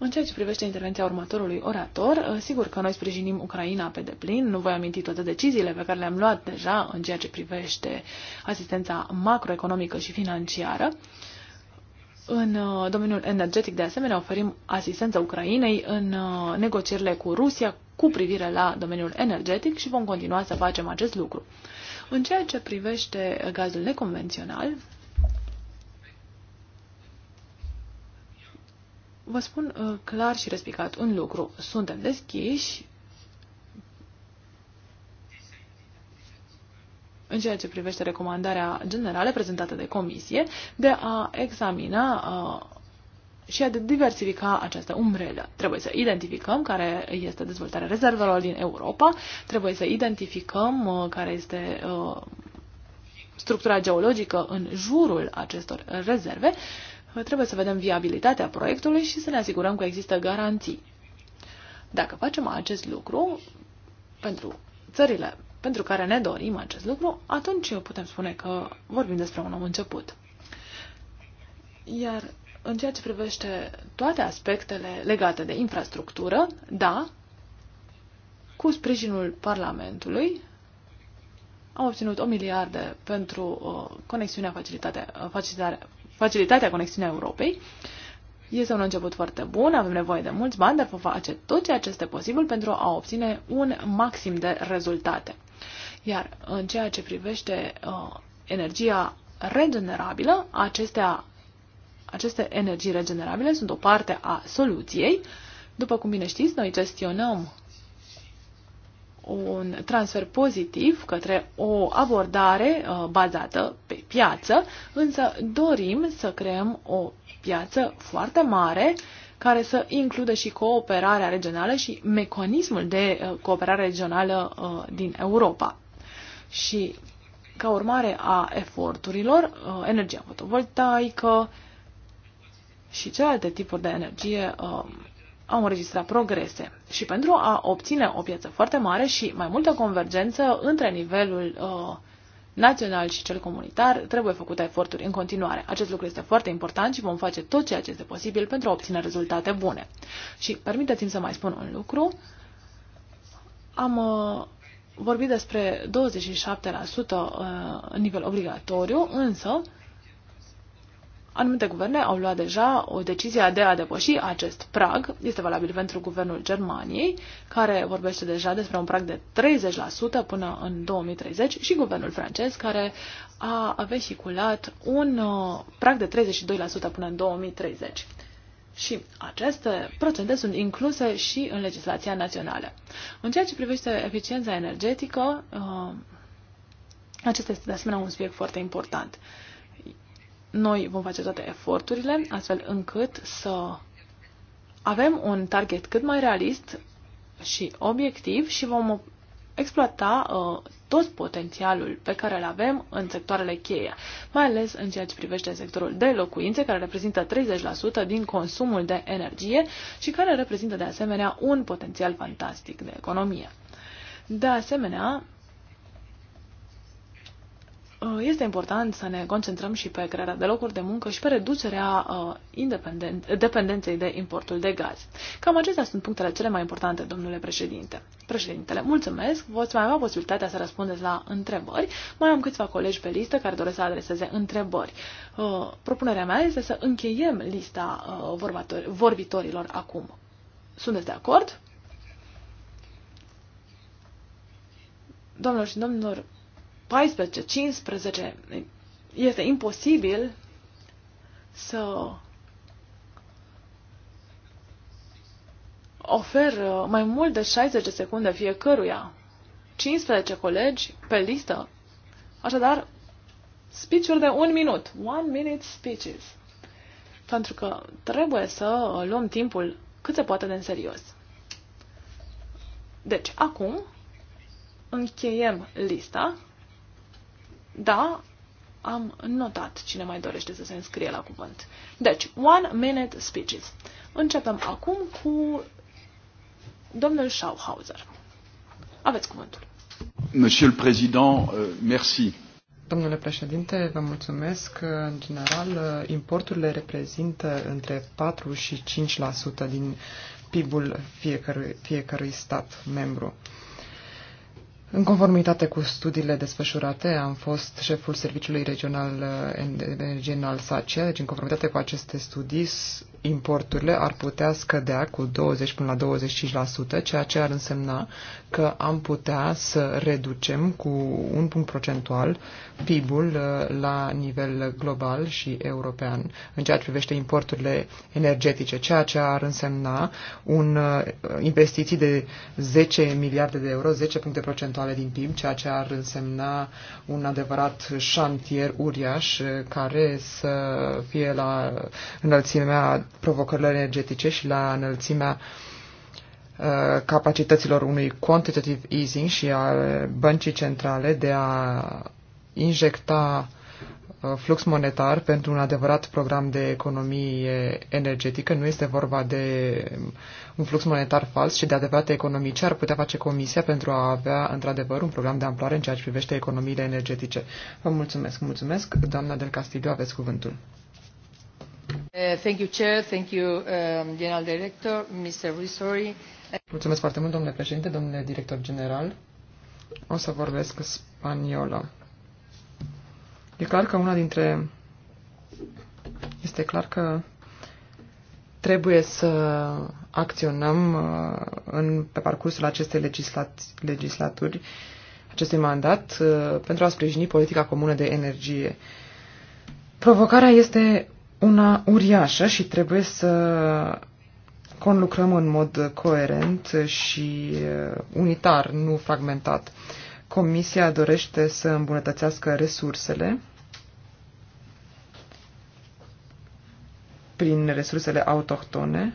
În ceea ce privește intervenția următorului orator, eh, sigur că noi sprijinim Ucraina pe deplin, nu voi aminti toate deciziile pe care le-am luat deja în ceea ce privește asistența macroeconomică și financiară. În eh, domeniul energetic, de asemenea, oferim asistența Ucrainei în eh, negocierile cu Rusia cu privire la domeniul energetic și vom continua să facem acest lucru. În ceea ce privește gazul neconvențional, Vă spun uh, clar și respicat un lucru. Suntem deschiși în ceea ce privește recomandarea generală prezentată de comisie de a examina uh, și a diversifica această umbrelă. Trebuie să identificăm care este dezvoltarea rezervelor din Europa, trebuie să identificăm uh, care este uh, structura geologică în jurul acestor rezerve Trebuie să vedem viabilitatea proiectului și să ne asigurăm că există garanții. Dacă facem acest lucru pentru țările pentru care ne dorim acest lucru, atunci putem spune că vorbim despre un om început. Iar în ceea ce privește toate aspectele legate de infrastructură, da, cu sprijinul Parlamentului am obținut o miliarde pentru uh, conexiunea facilitare, facilitatea conexiunii Europei. Este un început foarte bun, avem nevoie de mulți bani, dar vom face tot ceea ce este posibil pentru a obține un maxim de rezultate. Iar în ceea ce privește uh, energia regenerabilă, acestea, aceste energii regenerabile sunt o parte a soluției. După cum bine știți, noi gestionăm un transfer pozitiv către o abordare uh, bazată pe piață, însă dorim să creăm o piață foarte mare care să includă și cooperarea regională și mecanismul de uh, cooperare regională uh, din Europa. Și ca urmare a eforturilor, energia fotovoltaică și celelalte tipuri de energie um, au înregistrat progrese și pentru a obține o piață foarte mare și mai multă convergență între nivelul uh, național și cel comunitar, trebuie făcute eforturi în continuare. Acest lucru este foarte important și vom face tot ceea ce este posibil pentru a obține rezultate bune. Și permiteți-mi să mai spun un lucru. Am uh, vorbit despre 27% uh, nivel obligatoriu, însă uh, Anumite guverne au luat deja o decizie de a depăși acest prag. Este valabil pentru guvernul Germaniei, care vorbește deja despre un prag de 30% până în 2030, și guvernul francez, care a vehiculat un uh, prag de 32% până în 2030. Și aceste procente sunt incluse și în legislația națională. În ceea ce privește eficiența energetică, uh, acesta este de asemenea un subiect foarte important. Noi vom face toate eforturile astfel încât să avem un target cât mai realist și obiectiv și vom exploata uh, tot potențialul pe care îl avem în sectoarele cheie, mai ales în ceea ce privește sectorul de locuințe, care reprezintă 30% din consumul de energie și care reprezintă de asemenea un potențial fantastic de economie. De asemenea, Uh, este important să ne concentrăm și pe crearea de locuri de muncă și pe reducerea uh, dependenței de importul de gaz. Cam acestea sunt punctele cele mai importante, domnule președinte. Președintele, mulțumesc, voți mai avea posibilitatea să răspundeți la întrebări. Mai am câțiva colegi pe listă care doresc să adreseze întrebări. Uh, propunerea mea este să încheiem lista vorbitorilor acum. Sunteți de acord? Domnilor și domnilor, 14, 15, este imposibil să ofer uh, mai mult de 60 de secunde fiecăruia 15 colegi pe listă. Așadar, speech de un minut. One minute speeches. Pentru că trebuie să luăm timpul cât se poate de în serios. Deci, acum încheiem lista. Da, am notat cine mai dorește să se înscrie la cuvânt. Deci, one minute speeches. Începem acum cu domnul Schauhauser. Aveți cuvântul. Monsieur le Président, euh, merci. Domnule președinte, vă mulțumesc. În general, importurile reprezintă între 4 și 5% din PIB-ul fiecărui, fiecărui stat membru. Uh, în conformitate cu studiile desfășurate, am fost șeful Serviciului Regional de eh, Energie în Alsacia, deci în conformitate cu aceste studii, importurile ar putea scădea cu 20 până la 25%, ceea ce ar însemna că am putea să reducem cu un punct procentual PIB-ul eh, la nivel global și european în ceea ce privește importurile energetice, ceea ce ar însemna un eh, investiții de 10 miliarde de euro, 10 puncte procentuale sale din timp, ceea ce ar însemna un adevărat șantier uriaș care să fie la înălțimea provocărilor energetice și la înălțimea uh, capacităților unui quantitative easing și al băncii centrale de a injecta uh, Uh, flux monetar pentru un adevărat program de economie energetică. Nu este vorba de um, un flux monetar fals, ci de adevărate economii. Ce ar putea face Comisia pentru a avea, într-adevăr, un program de amploare în ceea ce privește economiile energetice? Vă mulțumesc, mulțumesc. Doamna Del Castillo, aveți cuvântul. Uh, thank you, Chair. Thank you, um, General Director, Mr. Risori. Mulțumesc foarte mult, domnule președinte, domnule director general. O să vorbesc spaniolă. E clar că una dintre... Este clar că trebuie să acționăm uh, în, pe parcursul acestei legislat, legislaturi, acestui mandat, uh, pentru a sprijini politica comună de energie. Provocarea este una uriașă și trebuie să conlucrăm în mod coerent și uh, unitar, nu fragmentat. Comisia dorește să îmbunătățească resursele prin resursele autohtone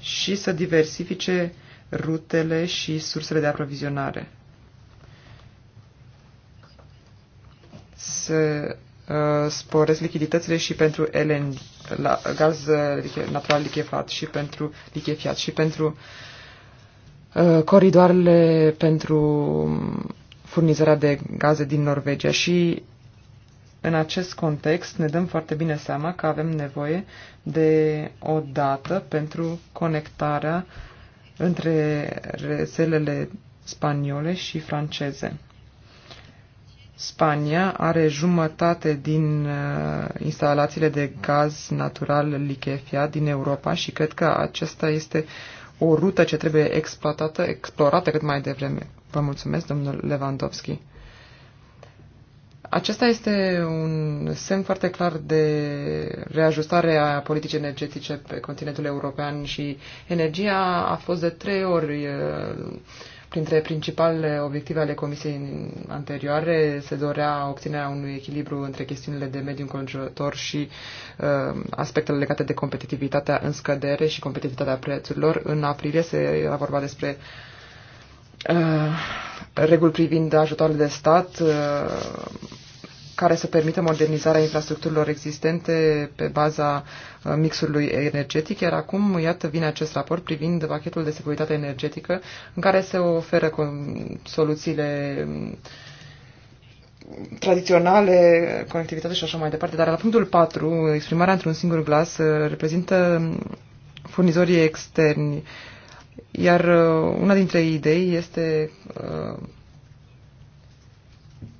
și să diversifice rutele și sursele de aprovizionare. Să uh, sporesc lichiditățile și pentru LNG, la, gaz natural lichefat și pentru lichefiat și pentru uh, coridoarele pentru furnizarea de gaze din Norvegia și în acest context ne dăm foarte bine seama că avem nevoie de o dată pentru conectarea între rețelele spaniole și franceze. Spania are jumătate din uh, instalațiile de gaz natural lichefiat din Europa și cred că aceasta este o rută ce trebuie exploatată, explorată cât mai devreme. Vă mulțumesc, domnul Lewandowski. Acesta este un semn foarte clar de reajustare a politicii energetice pe continentul european și energia a fost de trei ori uh, printre principalele obiective ale Comisiei anterioare. Se dorea obținerea unui echilibru între chestiunile de mediu înconjurător și uh, aspectele legate de competitivitatea în scădere și competitivitatea prețurilor. În aprilie se era vorba despre uh, Uh, reguli privind ajutoarele de stat uh, care să permită modernizarea infrastructurilor existente pe baza uh, mixului energetic, iar acum, iată, vine acest raport privind pachetul de securitate energetică în care se oferă soluțiile mm, tradiționale, conectivitate și așa mai departe, dar la punctul 4, exprimarea într-un singur glas reprezintă mm, furnizorii externi iar uh, una dintre idei este, uh,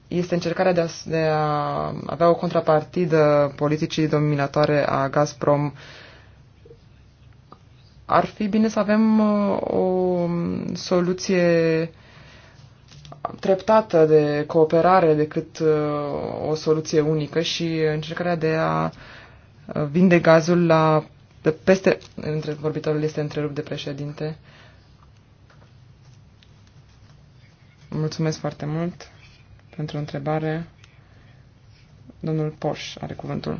este încercarea de a, de a avea o contrapartidă politicii dominatoare a Gazprom. Ar fi bine să avem uh, o soluție treptată de cooperare decât o soluție unică și încercarea de a vinde gazul la de peste, între vorbitorul este întrerupt de președinte. Mulțumesc foarte mult pentru întrebare. Domnul Poș are cuvântul.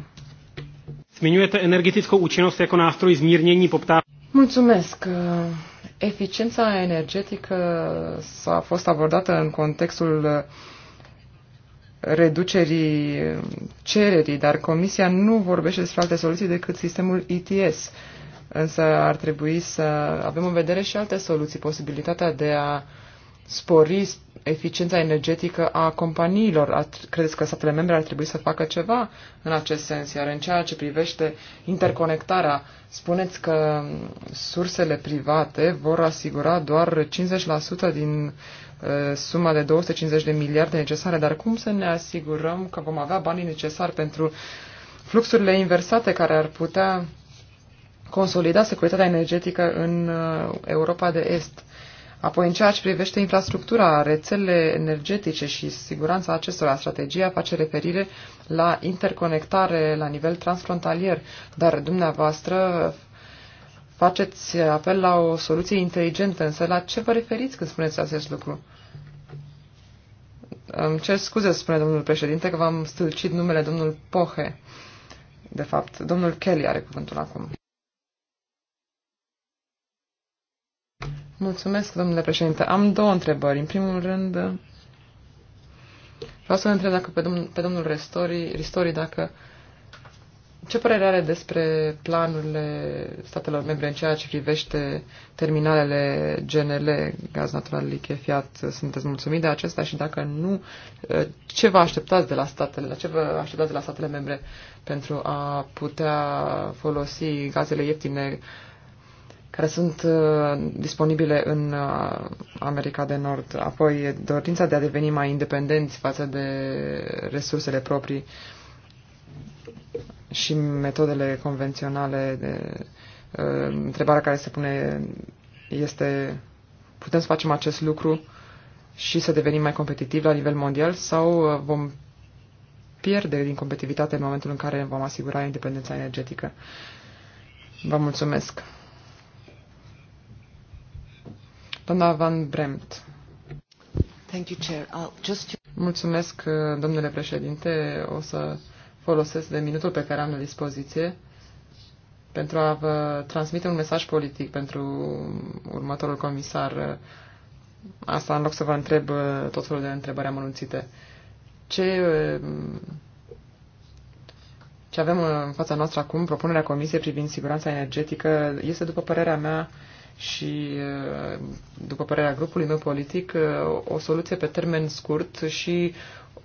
Zmiňujete energetickou účinnost jako nástroj zmírnění poptávky. Mulțumesc. Eficiența energetică s-a fost abordată în contextul reducerii cererii, dar Comisia nu vorbește despre alte soluții decât sistemul ETS. Însă ar trebui să avem în vedere și alte soluții, posibilitatea de a spori eficiența energetică a companiilor. Credeți că statele membre ar trebui să facă ceva în acest sens? Iar în ceea ce privește interconectarea, spuneți că sursele private vor asigura doar 50% din uh, Uh, suma de 250 de miliarde necesare, dar cum să ne asigurăm că vom avea banii necesari pentru fluxurile inversate care ar putea consolida securitatea energetică în uh, Europa de Est? Apoi, în ceea ce privește infrastructura, rețelele energetice și siguranța acestora, strategia face referire la interconectare la nivel transfrontalier, dar dumneavoastră faceți apel la o soluție inteligentă, însă la ce vă referiți când spuneți acest lucru? Îmi cer scuze, spune domnul președinte, că v-am stâlcit numele domnul Pohe. De fapt, domnul Kelly are cuvântul acum. Mulțumesc, domnule președinte. Am două întrebări. În primul rând, vreau să întreb dacă pe, domn, pe domnul Ristori, Ristori dacă uh, ce părere are despre planurile statelor membre în ceea ce privește terminalele GNL, gaz natural lichefiat? Sunteți mulțumit de acesta și dacă nu, eh, ce vă așteptați de la statele, ce vă așteptați de la statele membre pentru a putea folosi gazele ieftine care sunt eh, disponibile în eh, America de Nord. Apoi, dorința de a deveni mai independenți față de resursele proprii și metodele convenționale de uh, întrebarea care se pune este putem să facem acest lucru și să devenim mai competitivi la nivel mondial sau uh, vom pierde din competitivitate în momentul în care vom asigura independența energetică. Vă mulțumesc. Doamna Van Bremt. Thank you, Chair. I'll just... Mulțumesc, uh, domnule președinte. O să folosesc de minutul pe care am la dispoziție pentru a vă transmite un mesaj politic pentru următorul comisar. Asta în loc să vă întreb uh, tot felul de întrebări amănunțite. Ce, uh, ce avem uh, în fața noastră acum, propunerea Comisiei privind siguranța energetică, este, după părerea mea, și, după părerea grupului meu politic, o soluție pe termen scurt și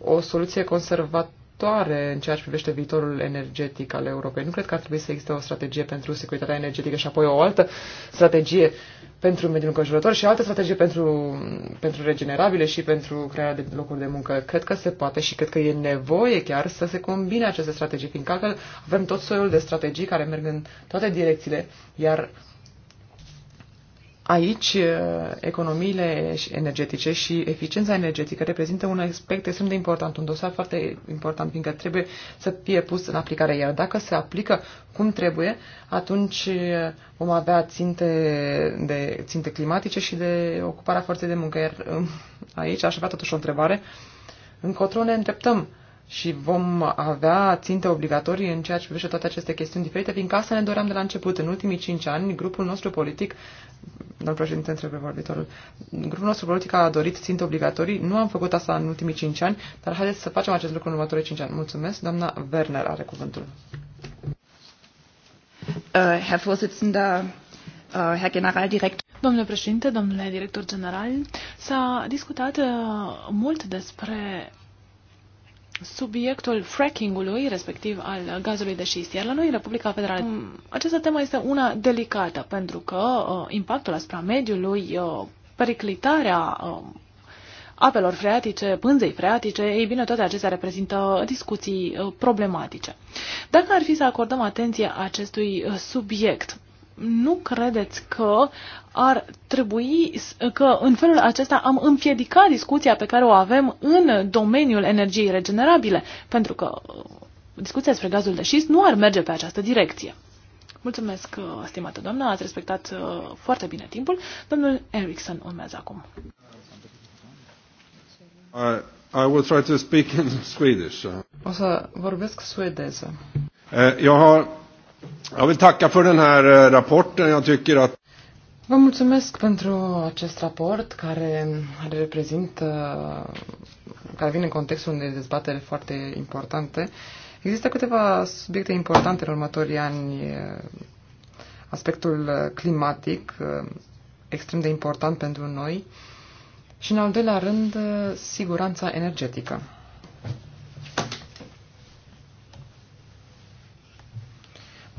o soluție conservat, viitoare în ceea ce privește viitorul energetic al Europei. Nu cred că ar trebui să existe o strategie pentru securitatea energetică și apoi o altă strategie pentru mediul înconjurător și o altă strategie pentru, pentru regenerabile și pentru crearea de locuri de muncă. Cred că se poate și cred că e nevoie chiar să se combine aceste strategii, fiindcă altfel avem tot soiul de strategii care merg în toate direcțiile, iar Aici, uh, economiile energetice și eficiența energetică reprezintă un aspect extrem de important, un dosar foarte important, fiindcă trebuie să fie pus în aplicare. Iar dacă se aplică cum trebuie, atunci uh, vom avea ținte, de, ținte climatice și de ocuparea forței de muncă. Iar um, aici aș avea totuși o întrebare. Încotro ne îndreptăm și vom avea ținte obligatorii în ceea ce privește toate aceste chestiuni diferite, fiindcă asta ne doream de la început. În ultimii cinci ani, grupul nostru politic Domnul președinte, întrebe vorbitorul. Grupul nostru politic a dorit ținte obligatorii. Nu am făcut asta în ultimii cinci ani, dar haideți să facem acest lucru în următorii cinci ani. Mulțumesc. Doamna Werner are cuvântul. Uh, Herr Vorsitzender, uh, Herr Generaldirektor. Domnule președinte, domnule director general, s-a discutat uh, mult despre subiectul frackingului, respectiv al gazului de șist. Iar la noi, în Republica Federală, mm. această temă este una delicată, pentru că uh, impactul asupra mediului, uh, periclitarea uh, apelor freatice, pânzei freatice, ei bine, toate acestea reprezintă discuții uh, problematice. Dacă ar fi să acordăm atenție acestui uh, subiect, nu credeți că ar trebui că în felul acesta am împiedicat discuția pe care o avem în domeniul energiei regenerabile, pentru că uh, discuția despre gazul de șist nu ar merge pe această direcție. Mulțumesc, uh, stimată doamnă, ați respectat uh, foarte bine timpul. Domnul Erickson urmează acum. I, I will try to speak in Swedish. O să vorbesc suedeză. Uh, Jag vill tacka för den här eh, rapporten. Jag tycker att Vă mulțumesc pentru acest raport care reprezintă, care vine în contextul unei dezbateri foarte importante. Există câteva subiecte importante în următorii ani. Eh, aspectul climatic, eh, extrem de important pentru noi. Și în al doilea rând, siguranța energetică.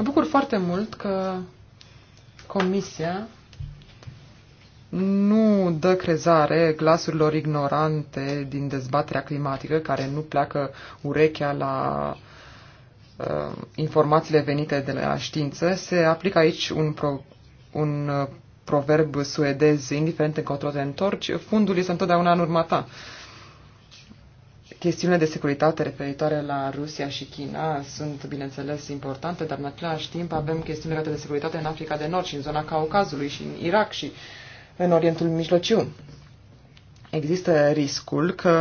Mă bucur foarte mult că Comisia nu dă crezare glasurilor ignorante din dezbaterea climatică, care nu pleacă urechea la uh, informațiile venite de la știință. Se aplică aici un, pro, un uh, proverb suedez, indiferent încotro te întorci, fundul este întotdeauna în urma ta. Uh, chestiunile de securitate referitoare la Rusia și China sunt, bineînțeles, importante, dar în același timp avem chestiuni legate de securitate în Africa de Nord și în zona Caucazului și în Irak și în Orientul Mijlociu. Există riscul că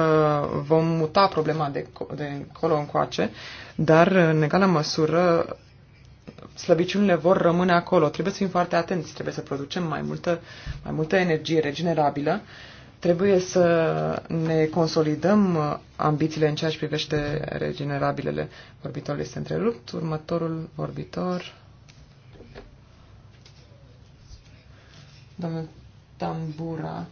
vom muta problema de, de colo încoace, dar în egală măsură slăbiciunile vor rămâne acolo. Trebuie să fim foarte atenți, trebuie să producem mai multă, mai multă energie regenerabilă uh, Trebuie să ne consolidăm ambițiile în ceea ce privește regenerabilele. Vorbitorul este întrerupt. Următorul vorbitor. Domnul Tambura.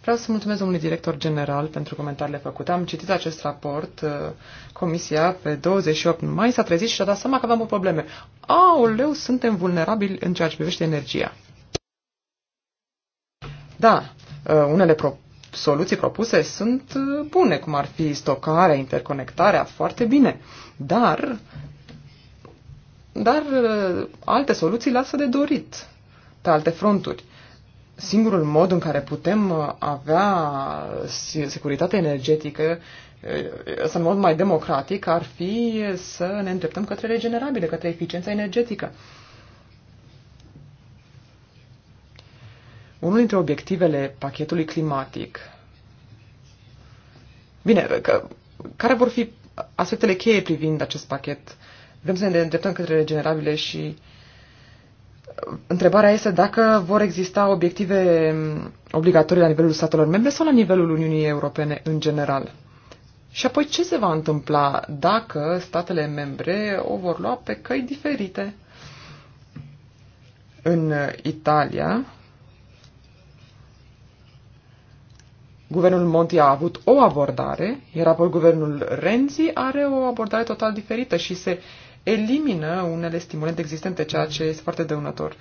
Vreau să mulțumesc domnului director general pentru comentariile făcute. Am citit acest raport. Comisia pe 28 mai s-a trezit și a dat seama că aveam o probleme. Aoleu, suntem vulnerabili în ceea ce privește energia. Da, Uh, unele pro- soluții propuse sunt uh, bune, cum ar fi stocarea, interconectarea, foarte bine. Dar, dar uh, alte soluții lasă de dorit pe alte fronturi. Singurul mod în care putem avea securitate energetică să în mod mai democratic ar fi să ne îndreptăm către regenerabile, către eficiența energetică. Unul dintre obiectivele pachetului climatic. Bine, că, care vor fi aspectele cheie privind acest pachet? Vrem să ne îndreptăm către regenerabile și uh, întrebarea este dacă vor exista obiective mm, obligatorii la nivelul statelor membre sau la nivelul Uniunii Europene în general. Și apoi ce se va întâmpla dacă statele membre o vor lua pe căi diferite? În Italia, Guvernul Monti a avut o abordare, iar apoi guvernul Renzi are o abordare total diferită și se elimină unele stimulente existente, ceea ce este foarte dăunător.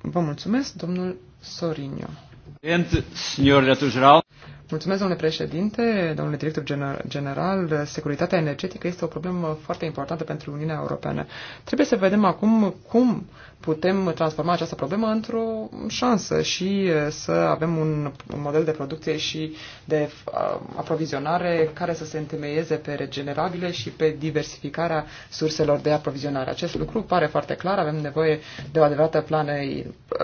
Vă mulțumesc, domnul Sorinio. Mulțumesc, domnule președinte, domnule director general. Securitatea energetică este o problemă foarte importantă pentru Uniunea Europeană. Trebuie să vedem acum cum putem transforma această problemă într-o șansă și să avem un, un model de producție și de aprovizionare care să se întemeieze pe regenerabile și pe diversificarea surselor de aprovizionare. Acest lucru pare foarte clar, avem nevoie de o adevărată plan,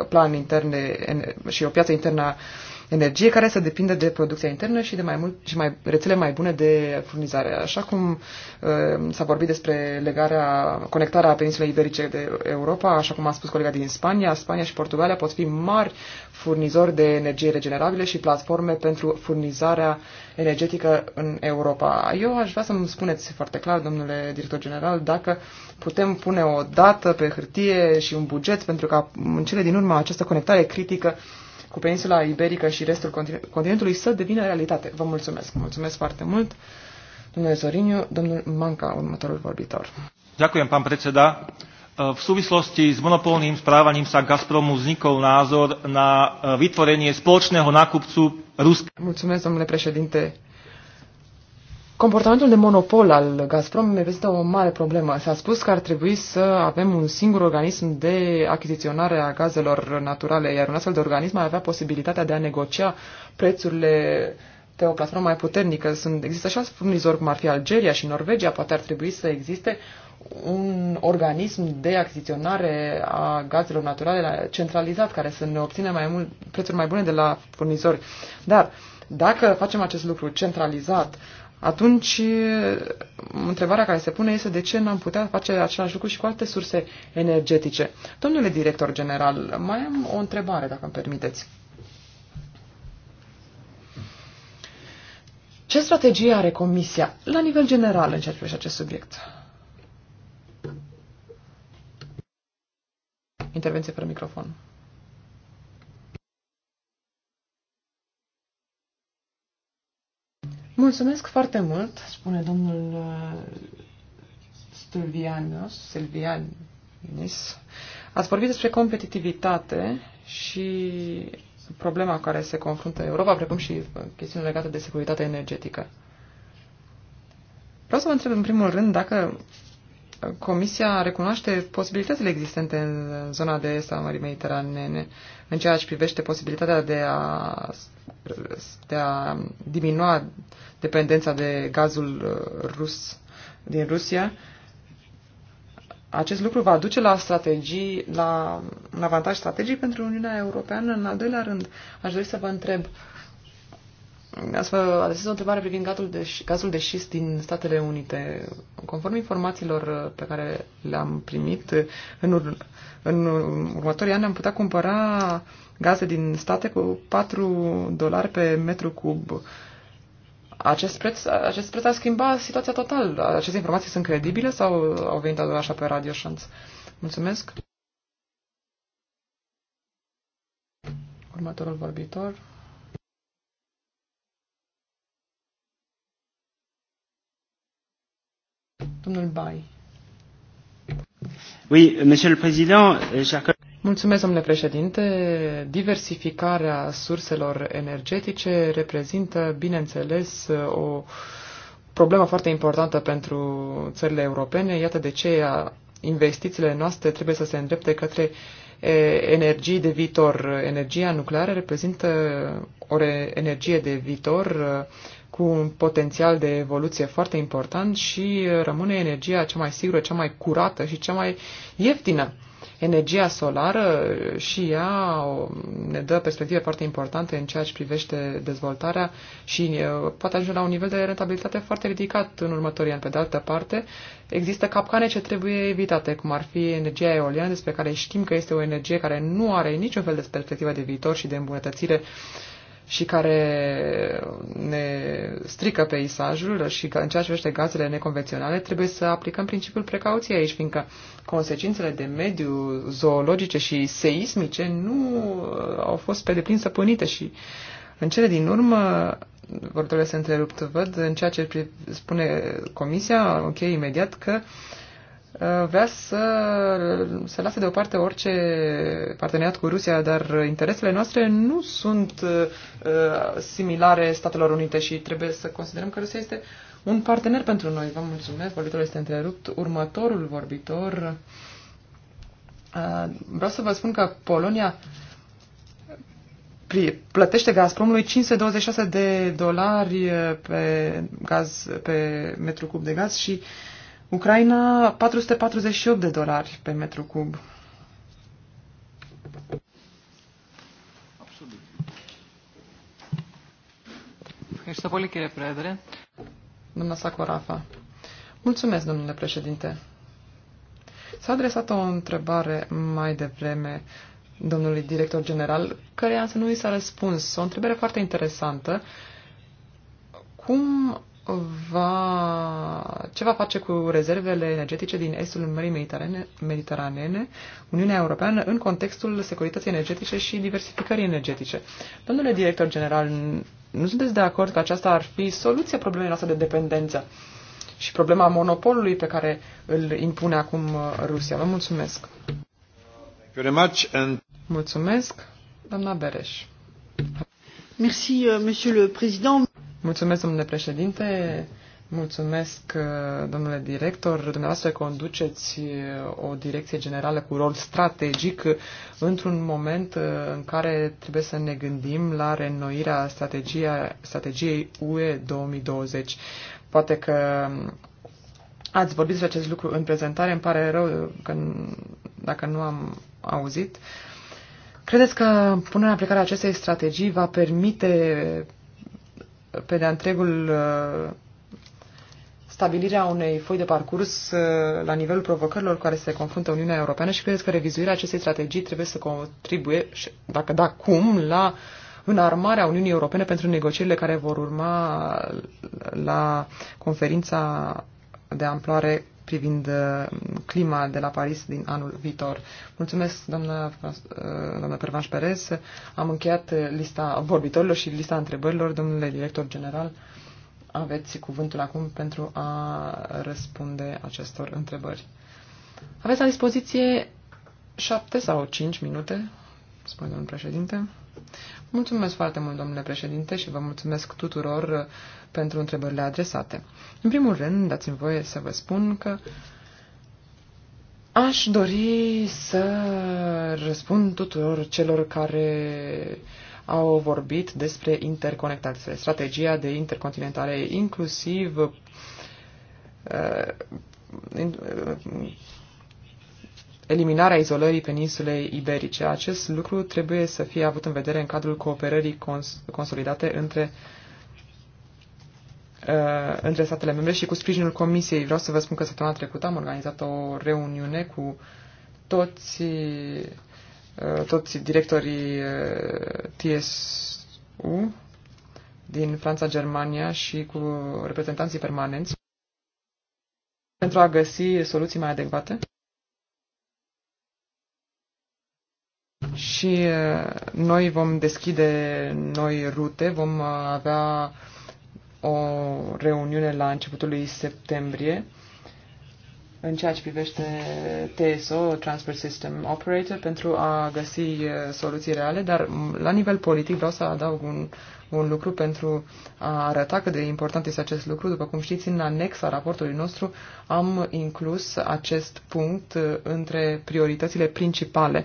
plan interne și o piață internă a energie care să depindă de producția internă și de mai mult și mai, rețele mai bune de furnizare. Așa cum uh, s-a vorbit despre legarea, conectarea peninsulei iberice de Europa, așa cum a spus colega din Spania, Spania și Portugalia pot fi mari furnizori de energie regenerabile și platforme pentru furnizarea energetică în Europa. Eu aș vrea să-mi spuneți foarte clar, domnule director general, dacă putem pune o dată pe hârtie și un buget pentru ca în cele din urmă această conectare critică cu peninsula iberică și restul continent continentului să devină realitate. Vă mulțumesc. Mulțumesc foarte mult, domnule Zoriniu, domnul Manca, următorul vorbitor. Ďakujem, pán predseda. V súvislosti s monopolným správaním sa Gazpromu vznikol názor na vytvorenie spoločného nákupcu Ruska. Mulțumesc, domnule președinte. Comportamentul de monopol al Gazprom reprezintă o mare problemă. S-a spus că ar trebui să avem un singur organism de achiziționare a gazelor naturale, iar un astfel de organism ar avea posibilitatea de a negocia prețurile pe o platformă mai puternică. Sunt, există și alți furnizori, cum ar fi Algeria și Norvegia, poate ar trebui să existe un organism de achiziționare a gazelor naturale centralizat, care să ne obține mai mult, prețuri mai bune de la furnizori. Dar dacă facem acest lucru centralizat, uh, atunci întrebarea care se pune este de ce n-am putea face același lucru și cu alte surse energetice. Domnule director general, mai am o întrebare, dacă îmi permiteți. Ce strategie are Comisia la nivel general în ceea ce privește acest subiect? Intervenție pe microfon. Mulțumesc foarte mult, spune domnul uh, Stulvianos, Silvianis. Ați vorbit despre competitivitate și problema care se confruntă Europa, precum și uh, chestiuni legate de securitate energetică. Vreau să vă întreb în primul rând dacă Comisia recunoaște posibilitățile existente în zona de est a Mării Mediteranene în ceea ce privește posibilitatea de a, de a diminua dependența de gazul uh, rus din Rusia, acest lucru va duce la strategii, la un avantaj strategic pentru Uniunea Europeană. În al doilea rând, aș dori să vă întreb, să vă adresez o întrebare privind gazul de, gazul de șist din Statele Unite. Conform informațiilor uh, pe care le-am primit, uh, în, ur, în următorii ani am putea cumpăra gaze din state cu 4 dolari pe metru cub acest preț, acest preț a schimbat situația total. Aceste informații sunt credibile sau au venit așa pe Radio Șanț? Mulțumesc. Următorul vorbitor. Domnul Bai. Oui, Monsieur le Président, euh, chers Mulțumesc, domnule președinte. Diversificarea surselor energetice reprezintă, bineînțeles, o problemă foarte importantă pentru țările europene. Iată de ce investițiile noastre trebuie să se îndrepte către energii de viitor. Energia nucleară reprezintă o energie de viitor cu un potențial de evoluție foarte important și rămâne energia cea mai sigură, cea mai curată și cea mai ieftină. Energia solară și ea ne dă perspective foarte importante în ceea ce privește dezvoltarea și poate ajunge la un nivel de rentabilitate foarte ridicat în următorii ani. Pe de altă parte, există capcane ce trebuie evitate, cum ar fi energia eoliană, despre care știm că este o energie care nu are niciun fel de perspectivă de viitor și de îmbunătățire uh, și care ne strică peisajul și în ceea ce privește gazele neconvenționale, trebuie să aplicăm principiul precauției aici, fiindcă consecințele de mediu zoologice și seismice nu uh, au fost pe deplin săpânite și în cele din urmă vorbitorile se întrerupt, văd în ceea ce spune comisia, ok, imediat, că uh, Uh, vrea să uh, se lase deoparte orice parteneriat cu Rusia, dar interesele noastre nu sunt uh, similare Statelor Unite și trebuie să considerăm că Rusia este un partener pentru noi. Vă mulțumesc, vorbitorul este întrerupt. Următorul vorbitor, vreau să vă spun că Polonia plătește Gazpromului 526 de dolari pe, gaz, pe metru cub de gaz și uh, Ucraina 448 de dolari pe metru cub. Ευχαριστώ Doamna Sacorafa. Mulțumesc, domnule președinte. S-a adresat o întrebare mai devreme domnului director general, care însă nu i s-a răspuns. O întrebare foarte interesantă. Cum va, ce va face cu rezervele energetice din estul Mării Mediterane, Mediteranene, Uniunea Europeană, în contextul securității energetice și diversificării energetice. Domnule director general, nu sunteți de acord că aceasta ar fi soluția problemei noastre de dependență și problema monopolului pe care îl impune acum uh, Rusia? Vă mulțumesc! Mulțumesc, doamna Bereș. Merci, uh, monsieur le président. Mulțumesc, domnule președinte. Mulțumesc, uh, domnule director. Dumneavoastră conduceți uh, o direcție generală cu rol strategic uh, într-un moment în care trebuie să ne gândim la reînnoirea strategiei UE 2020. Poate că ați vorbit despre acest lucru în prezentare, îmi pare rău că, dacă nu am auzit. Credeți că punerea în aplicare a acestei strategii va permite pe de-a întregul uh, stabilirea unei foi de parcurs uh, la nivelul provocărilor cu care se confruntă Uniunea Europeană și credeți că revizuirea acestei strategii trebuie să contribuie, dacă da, cum, la înarmarea Uniunii Europene pentru negocierile care vor urma la conferința de amploare privind uh, clima de la Paris din anul viitor. Mulțumesc, doamna, uh, doamna Pervanș Perez. Am încheiat lista vorbitorilor și lista întrebărilor. Domnule director general, aveți cuvântul acum pentru a răspunde acestor întrebări. Aveți la dispoziție șapte sau cinci minute, spune domnul președinte. Mulțumesc foarte mult, domnule președinte, și vă mulțumesc tuturor uh, pentru întrebările adresate. În primul rând, dați-mi voie să vă spun că aș dori să răspund tuturor celor care au vorbit despre interconectare, despre strategia de intercontinentare, inclusiv uh, uh eliminarea izolării peninsulei iberice. Acest lucru trebuie să fie avut în vedere în cadrul cooperării cons- consolidate între uh, între statele membre și cu sprijinul Comisiei. Vreau să vă spun că săptămâna trecută am organizat o reuniune cu toți, uh, toți directorii uh, TSU din Franța, Germania și cu reprezentanții permanenți pentru a găsi soluții mai adecvate. și uh, noi vom deschide noi rute, vom uh, avea o reuniune la începutul lui septembrie în ceea ce privește TSO, Transport System Operator, pentru a găsi uh, soluții reale, dar la nivel politic vreau să adaug un, un lucru pentru a arăta cât de important este acest lucru. După cum știți, în anexa raportului nostru am inclus acest punct între prioritățile principale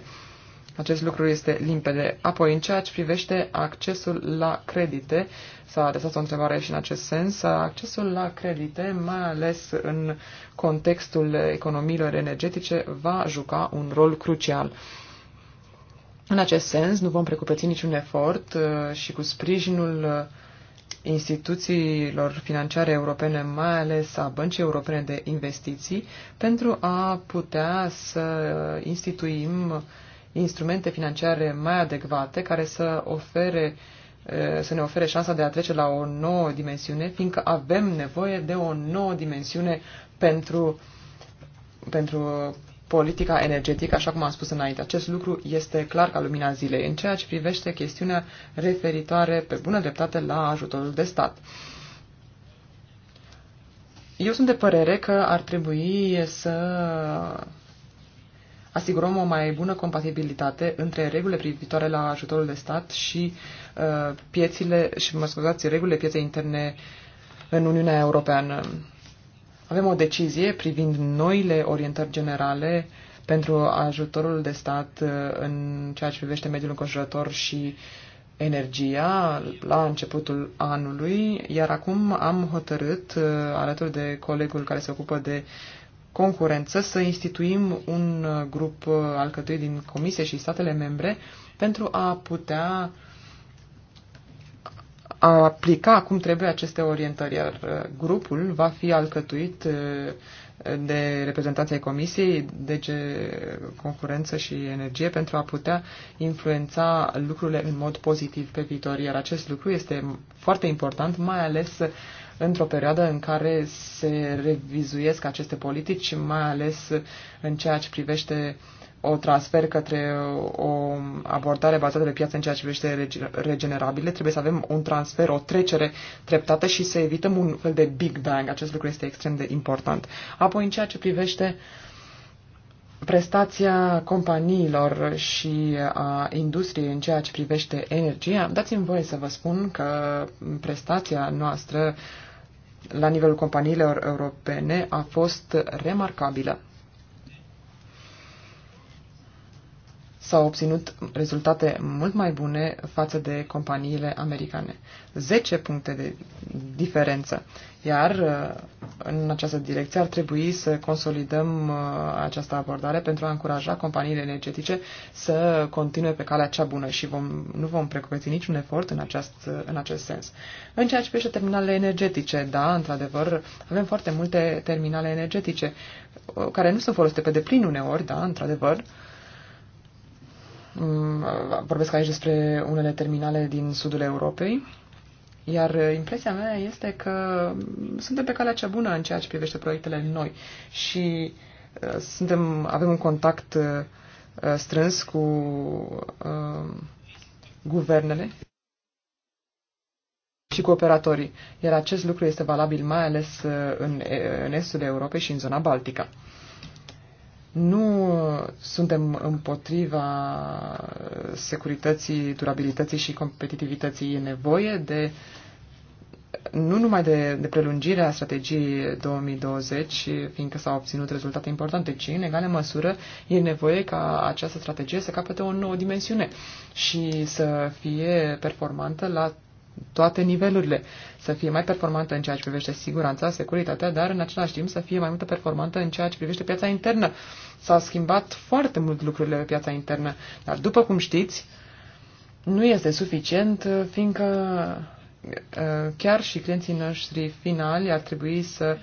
acest lucru este limpede. Apoi, în ceea ce privește accesul la credite, s-a adresat o întrebare și în acest sens, accesul la credite, mai ales în contextul economiilor energetice, va juca un rol crucial. În acest sens, nu vom precupeți niciun efort uh, și cu sprijinul uh, instituțiilor financiare europene, mai ales a Băncii Europene de Investiții, pentru a putea să instituim instrumente financiare mai adecvate care să ofere să ne ofere șansa de a trece la o nouă dimensiune, fiindcă avem nevoie de o nouă dimensiune pentru, pentru politica energetică, așa cum am spus înainte. Acest lucru este clar ca lumina zilei, în ceea ce privește chestiunea referitoare pe bună dreptate la ajutorul de stat. Eu sunt de părere că ar trebui să asigurăm o mai bună compatibilitate între regulile privitoare la ajutorul de stat și uh, piețile, și mă scuzați, regulile pieței interne în Uniunea Europeană. Avem o decizie privind noile orientări generale pentru ajutorul de stat uh, în ceea ce privește mediul înconjurător și energia la începutul anului, iar acum am hotărât, uh, alături de colegul care se ocupă de concurență să instituim un uh, grup uh, alcătuit din Comisie și statele membre pentru a putea aplica cum trebuie aceste orientări, iar uh, grupul va fi alcătuit de reprezentanții Comisiei, ce Concurență și Energie, pentru a putea influența lucrurile în mod pozitiv pe viitor. Iar acest lucru este foarte important, mai ales într-o perioadă în care se revizuiesc aceste politici, mai ales în ceea ce privește o transfer către o abordare bazată pe piață în ceea ce privește regenerabile, trebuie să avem un transfer, o trecere treptată și să evităm un fel de big bang. Acest lucru este extrem de important. Apoi, în ceea ce privește uh, prestația companiilor și a industriei în ceea ce privește energia, dați-mi voie să vă spun că prestația noastră la nivelul companiilor europene a fost remarcabilă. s-au obținut rezultate mult mai bune față de companiile americane. 10 puncte de diferență. Iar uh, în această direcție ar trebui să consolidăm uh, această abordare pentru a încuraja companiile energetice să continue pe calea cea bună și vom, nu vom precupeți niciun efort în acest, uh, în acest sens. În ceea ce privește terminalele energetice, da, într-adevăr, avem foarte multe terminale energetice care nu sunt folosite pe deplin uneori, da, într-adevăr, uh, Mm, vorbesc aici despre unele terminale din sudul Europei. Iar impresia mea este că suntem pe calea cea bună în ceea ce privește proiectele noi și uh, suntem, avem un contact uh, strâns cu uh, guvernele și cu operatorii. Iar acest lucru este valabil mai ales în, în estul Europei și în zona Baltică. Nu uh, suntem împotriva securității, durabilității și competitivității. E nevoie de nu numai de, de prelungirea strategiei 2020, fiindcă s-au obținut rezultate importante, ci în egală măsură e nevoie ca această strategie să capete o nouă dimensiune și să fie performantă la toate nivelurile, să fie mai performantă în ceea ce privește siguranța, securitatea, dar în același timp să fie mai multă performantă în ceea ce privește piața internă. S-au schimbat foarte mult lucrurile pe piața internă, dar după cum știți, nu este suficient, fiindcă uh, chiar și clienții noștri finali ar trebui să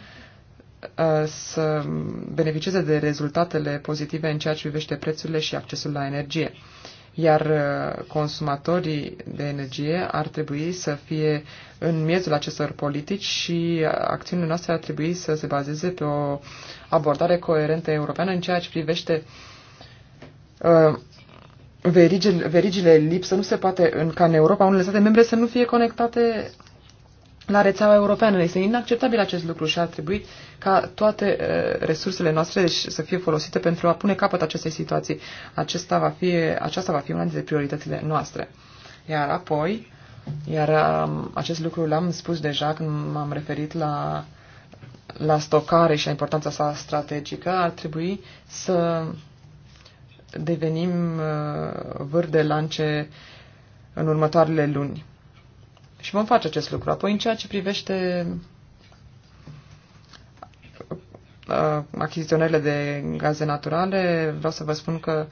uh, să beneficieze de rezultatele pozitive în ceea ce privește prețurile și accesul la energie iar uh, consumatorii de energie ar trebui să fie în miezul acestor politici și uh, acțiunile noastre ar trebui să se bazeze pe o abordare coerentă europeană în ceea ce privește uh, verigile, verigile lipsă. Nu se poate în, ca în Europa unele state membre să nu fie conectate la rețeaua europeană. Este inacceptabil acest lucru și ar trebui ca toate uh, resursele noastre deci, să fie folosite pentru a pune capăt acestei situații. Acesta va fi, aceasta va fi una dintre prioritățile noastre. Iar apoi, iar um, acest lucru l-am spus deja când m-am referit la, la stocare și la importanța sa strategică, ar trebui să devenim uh, eh, vâr de lance în următoarele luni. Și vom face acest lucru. Apoi, în ceea ce privește uh, achiziționările de gaze naturale, vreau să vă spun că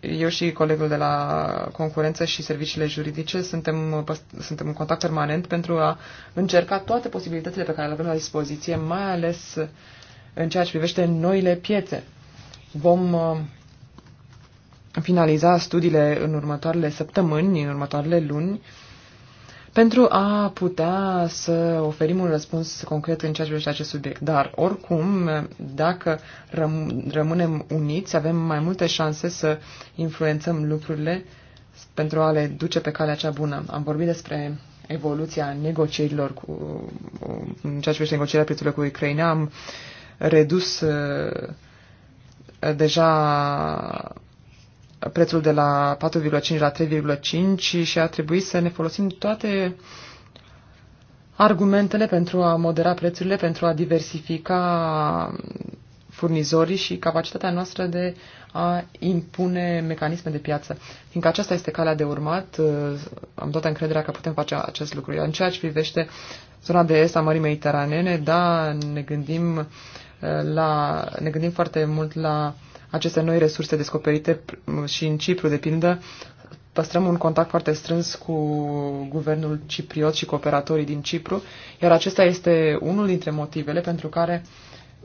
eu și colegul de la concurență și serviciile juridice suntem, suntem în contact permanent pentru a încerca toate posibilitățile pe care le avem la dispoziție, mai ales în ceea ce privește noile piețe. Vom uh, finaliza studiile în următoarele săptămâni, în următoarele luni, pentru a putea să oferim un răspuns concret în ceea ce privește acest subiect. Dar, oricum, dacă răm- rămânem uniți, avem mai multe șanse să influențăm lucrurile pentru a le duce pe calea cea bună. Am vorbit despre evoluția negocierilor cu, în ceea ce privește negocierea prețurilor cu Ucraina. Am redus uh, deja prețul de la 4,5 la 3,5 și a trebuit să ne folosim toate argumentele pentru a modera prețurile, pentru a diversifica furnizorii și capacitatea noastră de a impune mecanisme de piață. Fiindcă aceasta este calea de urmat, am toată încrederea că putem face acest lucru. Iar în ceea ce privește zona de est a Mării Mediteranene, da, ne gândim, la, ne gândim foarte mult la uh, aceste noi resurse descoperite și în Cipru, de pildă, păstrăm un contact foarte strâns cu guvernul cipriot și cooperatorii din Cipru, iar acesta este unul dintre motivele pentru care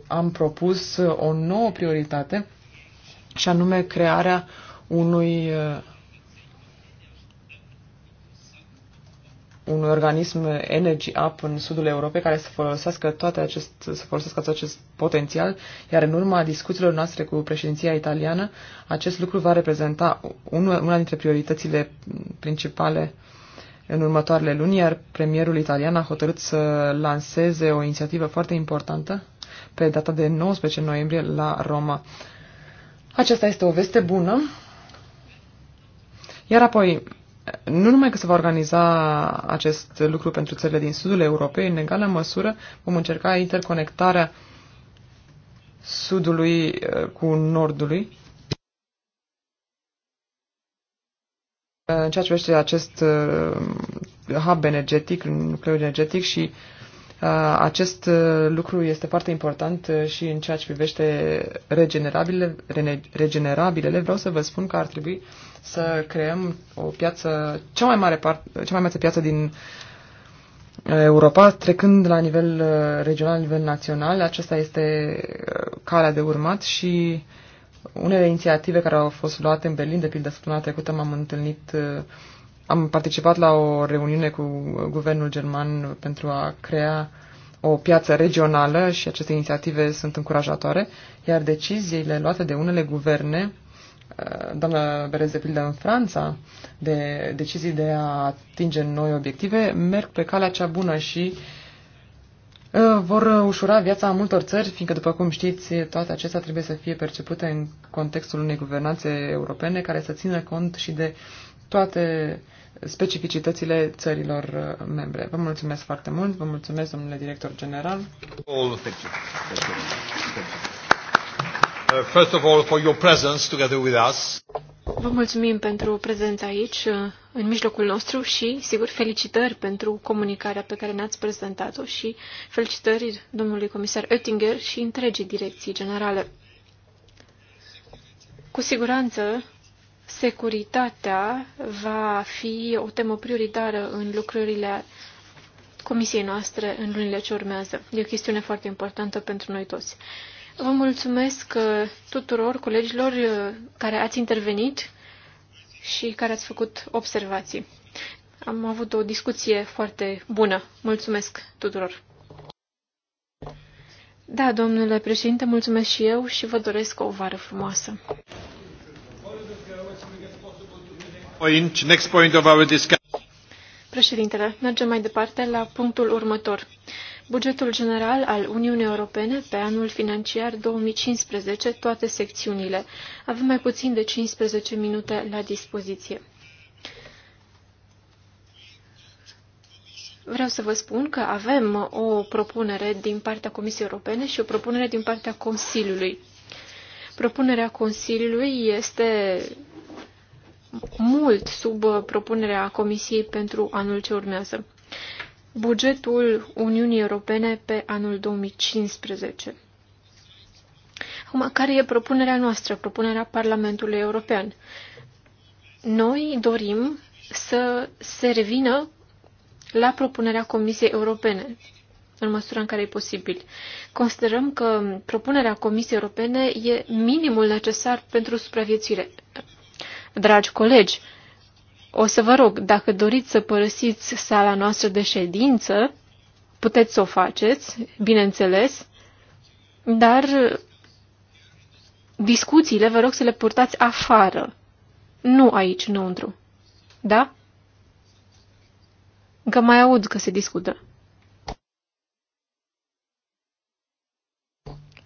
am propus o nouă prioritate și anume crearea unui un organism Energy Up în sudul Europei care să folosească, toate acest, să folosească tot acest potențial, iar în urma discuțiilor noastre cu președinția italiană, acest lucru va reprezenta una dintre prioritățile principale în următoarele luni, iar premierul italian a hotărât să lanseze o inițiativă foarte importantă pe data de 19 noiembrie la Roma. Aceasta este o veste bună. Iar apoi, nu numai că se va organiza acest lucru pentru țările din sudul Europei, în egală măsură vom încerca interconectarea sudului eh, cu nordului. În ceea ce privește acest eh, hub energetic, nucleu energetic și eh, acest lucru este foarte important și în ceea ce privește regenerabilele, regenerabilele. Vreau să vă spun că ar trebui să creăm o piață, cea mai mare part, cea mai mare piață din uh, Europa, trecând la nivel uh, regional, la nivel național. Aceasta este uh, calea de urmat și unele inițiative care au fost luate în Berlin, de pildă săptămâna trecută m-am întâlnit, am participat la o reuniune cu guvernul german pentru a crea o piață regională și aceste inițiative sunt încurajatoare, iar deciziile luate de unele guverne Uh, doamna Berez, de pildă, în Franța, de decizii de a atinge noi obiective, merg pe calea cea bună și uh, vor ușura viața multor țări, fiindcă, după cum știți, toate acestea trebuie să fie percepute în contextul unei guvernanțe europene care să țină cont și de toate specificitățile țărilor uh, membre. Vă mulțumesc foarte mult, vă mulțumesc, domnule director general. All, oh, thank you. Thank you. Thank you. Uh, first of all, for your presence together with us. Vă mulțumim pentru prezența aici, uh, în mijlocul nostru și, sigur, felicitări pentru comunicarea pe care ne-ați prezentat-o și felicitări domnului comisar Oettinger și întregii direcții generale. Cu siguranță, securitatea va fi o temă prioritară în lucrările comisiei noastre în lunile ce urmează. E o chestiune foarte importantă pentru noi toți. Vă mulțumesc uh, tuturor colegilor uh, care ați intervenit și care ați făcut observații. Am avut o discuție foarte bună. Mulțumesc tuturor! Da, domnule președinte, mulțumesc și eu și vă doresc o vară frumoasă. Președintele, mergem mai departe la punctul următor. Bugetul general al Uniunii Europene pe anul financiar 2015, toate secțiunile. Avem mai puțin de 15 minute la dispoziție. Vreau să vă spun că avem o propunere din partea Comisiei Europene și o propunere din partea Consiliului. Propunerea Consiliului este mult sub propunerea Comisiei pentru anul ce urmează bugetul Uniunii Europene pe anul 2015. Acum, care e propunerea noastră, propunerea Parlamentului European? Noi dorim să se revină la propunerea Comisiei Europene, în măsura în care e posibil. Considerăm că propunerea Comisiei Europene e minimul necesar pentru supraviețuire. Dragi colegi, o să vă rog, dacă doriți să părăsiți sala noastră de ședință, puteți să o faceți, bineînțeles, dar discuțiile vă rog să le purtați afară, nu aici, înăuntru. Da? Încă mai aud că se discută.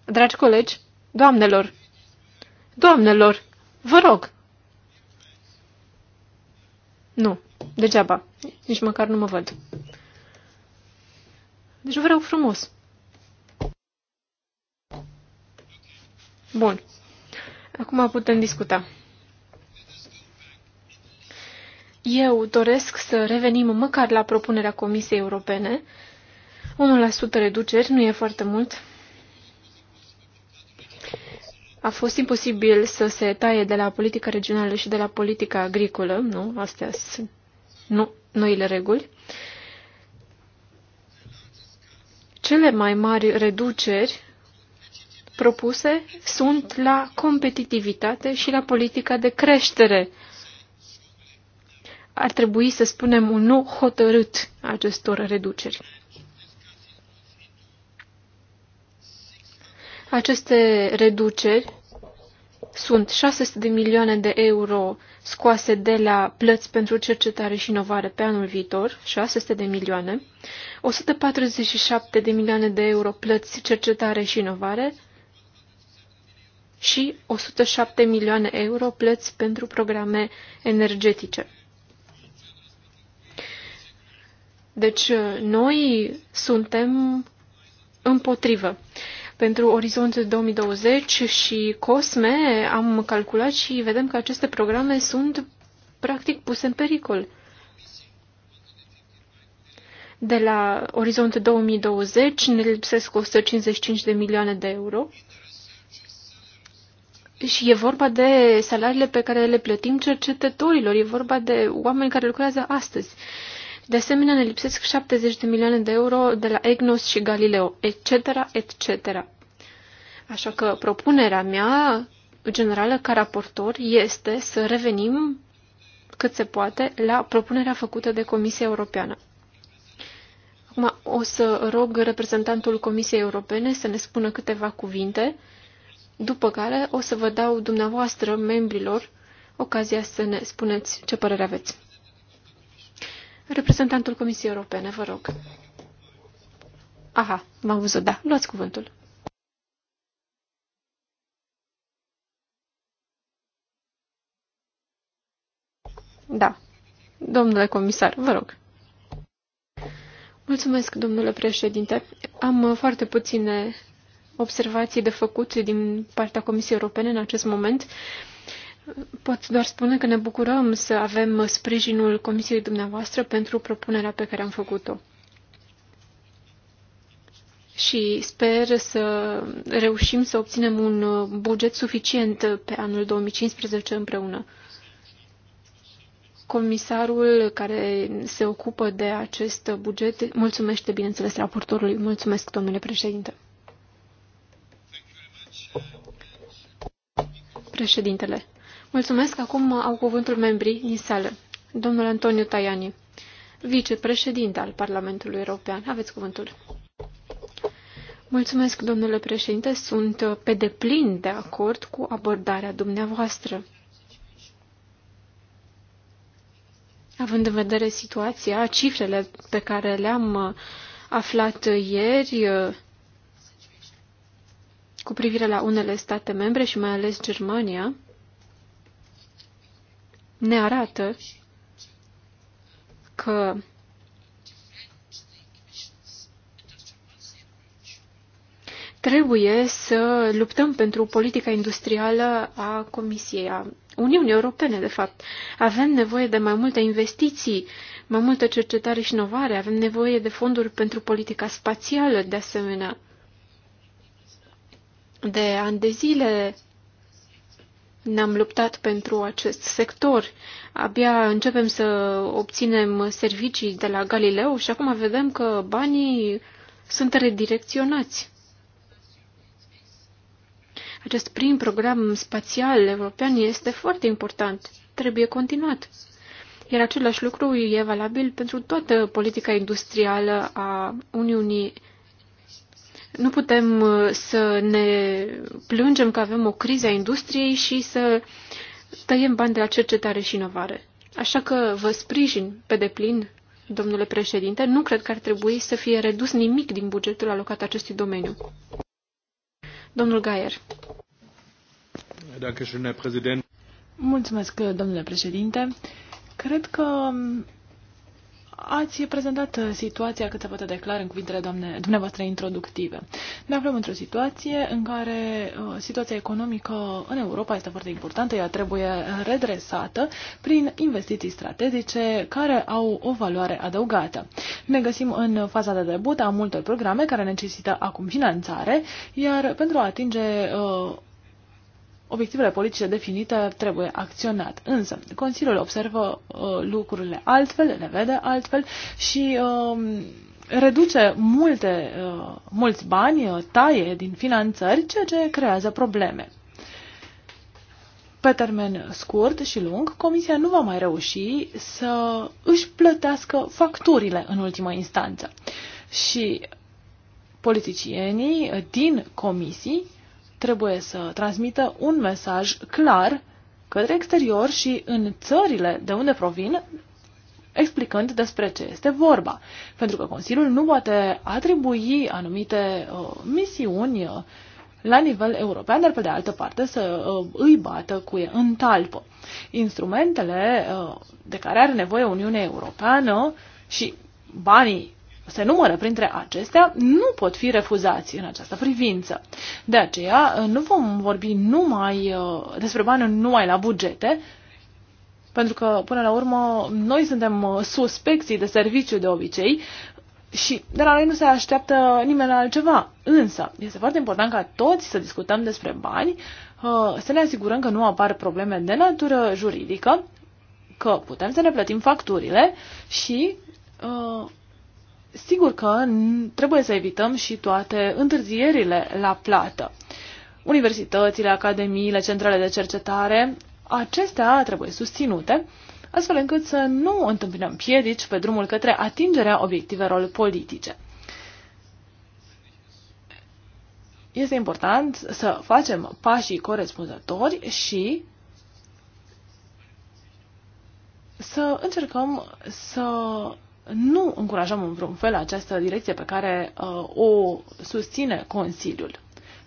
Dragi colegi, doamnelor, doamnelor, vă rog, nu, degeaba. Nici măcar nu mă văd. Deci vreau frumos. Bun. Acum putem discuta. Eu doresc să revenim măcar la propunerea Comisiei Europene. 1% reduceri nu e foarte mult, a fost imposibil să se taie de la politica regională și de la politica agricolă, nu? Astea sunt nu, noile reguli. Cele mai mari reduceri propuse sunt la competitivitate și la politica de creștere. Ar trebui să spunem un nu hotărât acestor reduceri. Aceste reduceri sunt 600 de milioane de euro scoase de la plăți pentru cercetare și inovare pe anul viitor, 600 de milioane, 147 de milioane de euro plăți cercetare și inovare și 107 milioane euro plăți pentru programe energetice. Deci noi suntem împotrivă. Pentru Orizont 2020 și COSME am calculat și vedem că aceste programe sunt practic puse în pericol. De la Orizont 2020 ne lipsesc 155 de milioane de euro și e vorba de salariile pe care le plătim cercetătorilor, e vorba de oameni care lucrează astăzi. De asemenea, ne lipsesc 70 de milioane de euro de la EGNOS și Galileo, etc., etc. Așa că propunerea mea generală ca raportor este să revenim cât se poate la propunerea făcută de Comisia Europeană. Acum o să rog reprezentantul Comisiei Europene să ne spună câteva cuvinte, după care o să vă dau dumneavoastră, membrilor, ocazia să ne spuneți ce părere aveți. Reprezentantul Comisiei Europene, vă rog. Aha, m-am văzut, da, luați cuvântul. Da. Domnule comisar, vă rog. Mulțumesc, domnule președinte. Am foarte puține observații de făcut din partea Comisiei Europene în acest moment. Pot doar spune că ne bucurăm să avem sprijinul Comisiei dumneavoastră pentru propunerea pe care am făcut-o. Și sper să reușim să obținem un buget suficient pe anul 2015 împreună. Comisarul care se ocupă de acest buget mulțumește, bineînțeles, raportorului. Mulțumesc, domnule președinte. Președintele. Mulțumesc. Acum au cuvântul membrii din sală. Domnul Antonio Tajani, vicepreședinte al Parlamentului European. Aveți cuvântul. Mulțumesc, domnule președinte. Sunt pe deplin de acord cu abordarea dumneavoastră. având în vedere situația, cifrele pe care le-am uh, aflat ieri uh, cu privire la unele state membre și mai ales Germania, ne arată că Trebuie să luptăm pentru politica industrială a Comisiei, a Uniunii Europene, de fapt. Avem nevoie de mai multe investiții, mai multă cercetare și inovare, avem nevoie de fonduri pentru politica spațială, de asemenea. De ani de zile ne-am luptat pentru acest sector. Abia începem să obținem servicii de la Galileo și acum vedem că banii sunt redirecționați. Acest prim program spațial european este foarte important. Trebuie continuat. Iar același lucru e valabil pentru toată politica industrială a Uniunii. Nu putem uh, să ne plângem că avem o criză a industriei și să tăiem bani de la cercetare și inovare. Așa că vă sprijin pe deplin, domnule președinte, nu cred că ar trebui să fie redus nimic din bugetul alocat acestui domeniu. Domnul Gaier. Mulțumesc, domnule președinte. Cred că Ați prezentat uh, situația cât se poate declara în cuvintele doamne, dumneavoastră introductive. Ne aflăm într-o situație în care uh, situația economică în Europa este foarte importantă, ea trebuie redresată prin investiții strategice care au o valoare adăugată. Ne găsim în faza de debut a multor programe care necesită acum finanțare, iar pentru a atinge uh, obiectivele politice definite trebuie acționat. Însă, Consiliul observă uh, lucrurile altfel, le vede altfel și uh, reduce multe, uh, mulți bani, uh, taie din finanțări, ceea ce creează probleme. Pe termen scurt și lung, Comisia nu va mai reuși să își plătească facturile în ultima instanță. Și politicienii din comisii trebuie să transmită un mesaj clar către exterior și în țările de unde provin, explicând despre ce este vorba. Pentru că Consiliul nu poate atribui anumite uh, misiuni uh, la nivel european, dar pe de altă parte să uh, îi bată cu e în talpă. Instrumentele uh, de care are nevoie Uniunea Europeană și banii se numără printre acestea, nu pot fi refuzați în această privință. De aceea, uh, nu vom vorbi numai uh, despre bani numai la bugete, pentru că, până la urmă, noi suntem uh, suspecții de serviciu de obicei și de la noi nu se așteaptă nimeni la altceva. Însă, este foarte important ca toți să discutăm despre bani, să ne asigurăm că nu apar probleme de natură juridică, că putem să ne plătim facturile și Sigur că trebuie să evităm și toate întârzierile la plată. Universitățile, academiile, centrele de cercetare, acestea trebuie susținute, astfel încât să nu întâmpinăm piedici pe drumul către atingerea obiectivelor politice. Este important să facem pașii corespunzători și să încercăm să nu încurajăm în vreun fel această direcție pe care uh, o susține Consiliul.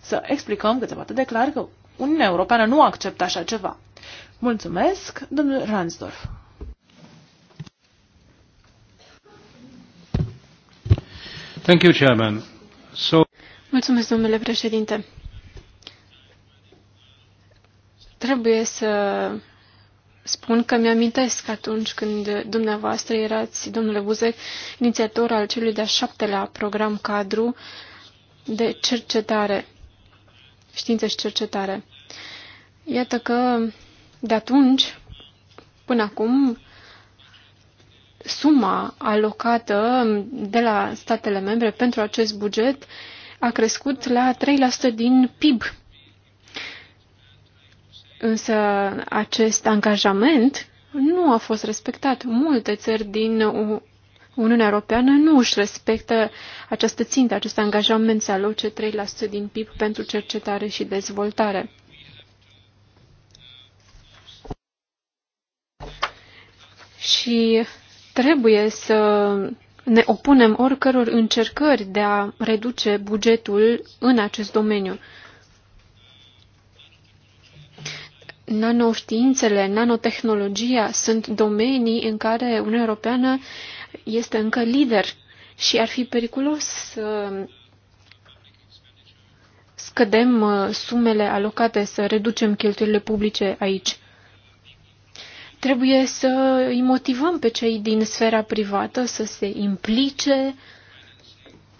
Să explicăm că se poate de clar că Uniunea Europeană nu acceptă așa ceva. Mulțumesc, domnul Ransdorf. Thank you, Chairman. So... Mulțumesc, domnule președinte. Trebuie să spun că mi-amintesc atunci când dumneavoastră erați, domnule Buzec, inițiator al celui de-a șaptelea program cadru de cercetare, știință și cercetare. Iată că de atunci până acum suma alocată de la statele membre pentru acest buget a crescut la 3% din PIB Însă acest angajament nu a fost respectat. Multe țări din Uniunea Europeană nu își respectă această țintă, acest angajament să aloce 3% din PIB pentru cercetare și dezvoltare. Și trebuie să ne opunem oricăror încercări de a reduce bugetul în acest domeniu. Nanoștiințele, nanotehnologia sunt domenii în care Uniunea Europeană este încă lider și ar fi periculos să scădem uh, sumele alocate, să reducem cheltuielile publice aici. Trebuie să îi motivăm pe cei din sfera privată să se implice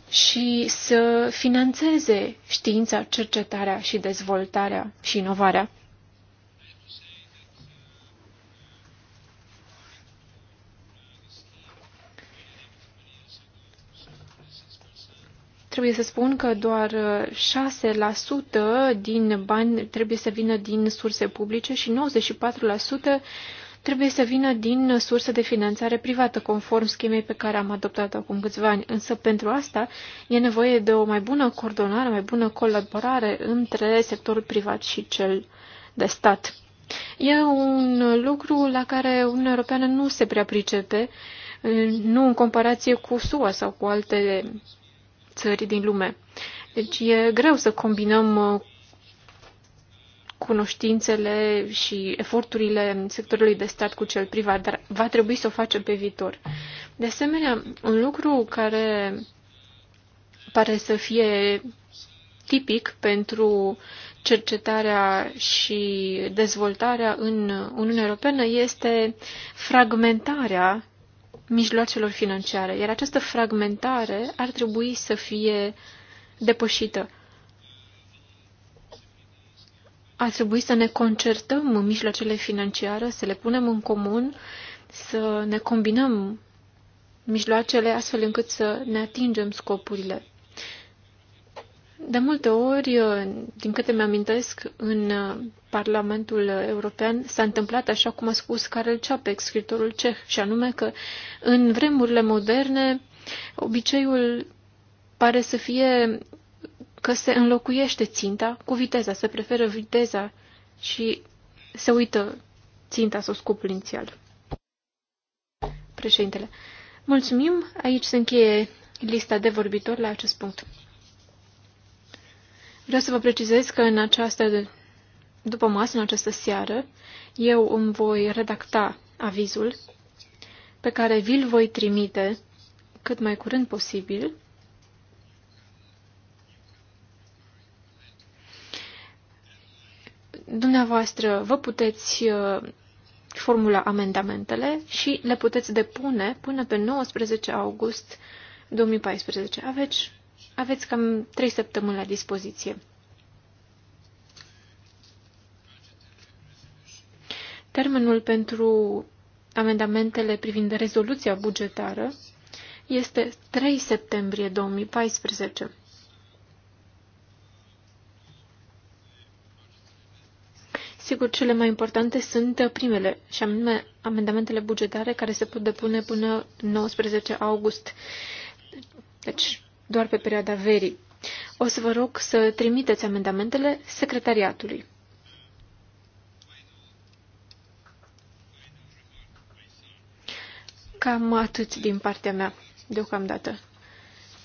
și să finanțeze știința, cercetarea și dezvoltarea și inovarea. Trebuie să spun că doar 6% uh, din bani trebuie să vină din surse publice și 94% trebuie să vină din surse de finanțare privată, conform schemei pe care am adoptat-o acum câțiva ani. Însă pentru asta e nevoie de o mai bună coordonare, mai bună colaborare între sectorul privat și cel de stat. E un lucru la care Uniunea Europeană nu se prea pricepe, nu în comparație cu SUA sau cu alte țări din lume. Deci e greu să combinăm uh, cunoștințele și eforturile sectorului de stat cu cel privat, dar va trebui să o facem pe viitor. De asemenea, un lucru care pare să fie tipic pentru cercetarea și dezvoltarea în Uniunea Europeană este fragmentarea mijloacelor financiare, iar această fragmentare ar trebui să fie depășită. Ar trebui să ne concertăm mijloacele financiare, să le punem în comun, să ne combinăm mijloacele astfel încât să ne atingem scopurile. De multe ori, uh, din câte mi-amintesc, în uh, Parlamentul European s-a întâmplat, așa cum a spus Karel Čapek, scriitorul ceh, și anume că în vremurile moderne obiceiul pare să fie că se înlocuiește ținta cu viteza, se preferă viteza și se uită ținta sau scopul inițial. Președintele, mulțumim, aici se încheie lista de vorbitori la acest punct. Vreau să vă precizez că în această după masă, în această seară, eu îmi voi redacta avizul pe care vi-l voi trimite cât mai curând posibil. Dumneavoastră vă puteți uh, formula amendamentele și le puteți depune până pe 19 august 2014. Aveți aveți cam trei săptămâni la dispoziție. Termenul pentru amendamentele privind rezoluția bugetară este 3 septembrie 2014. Sigur, cele mai importante sunt primele, și anume amendamentele bugetare care se pot depune până 19 august. Deci, doar pe perioada verii. O să vă rog să trimiteți amendamentele secretariatului. Cam atât din partea mea, deocamdată.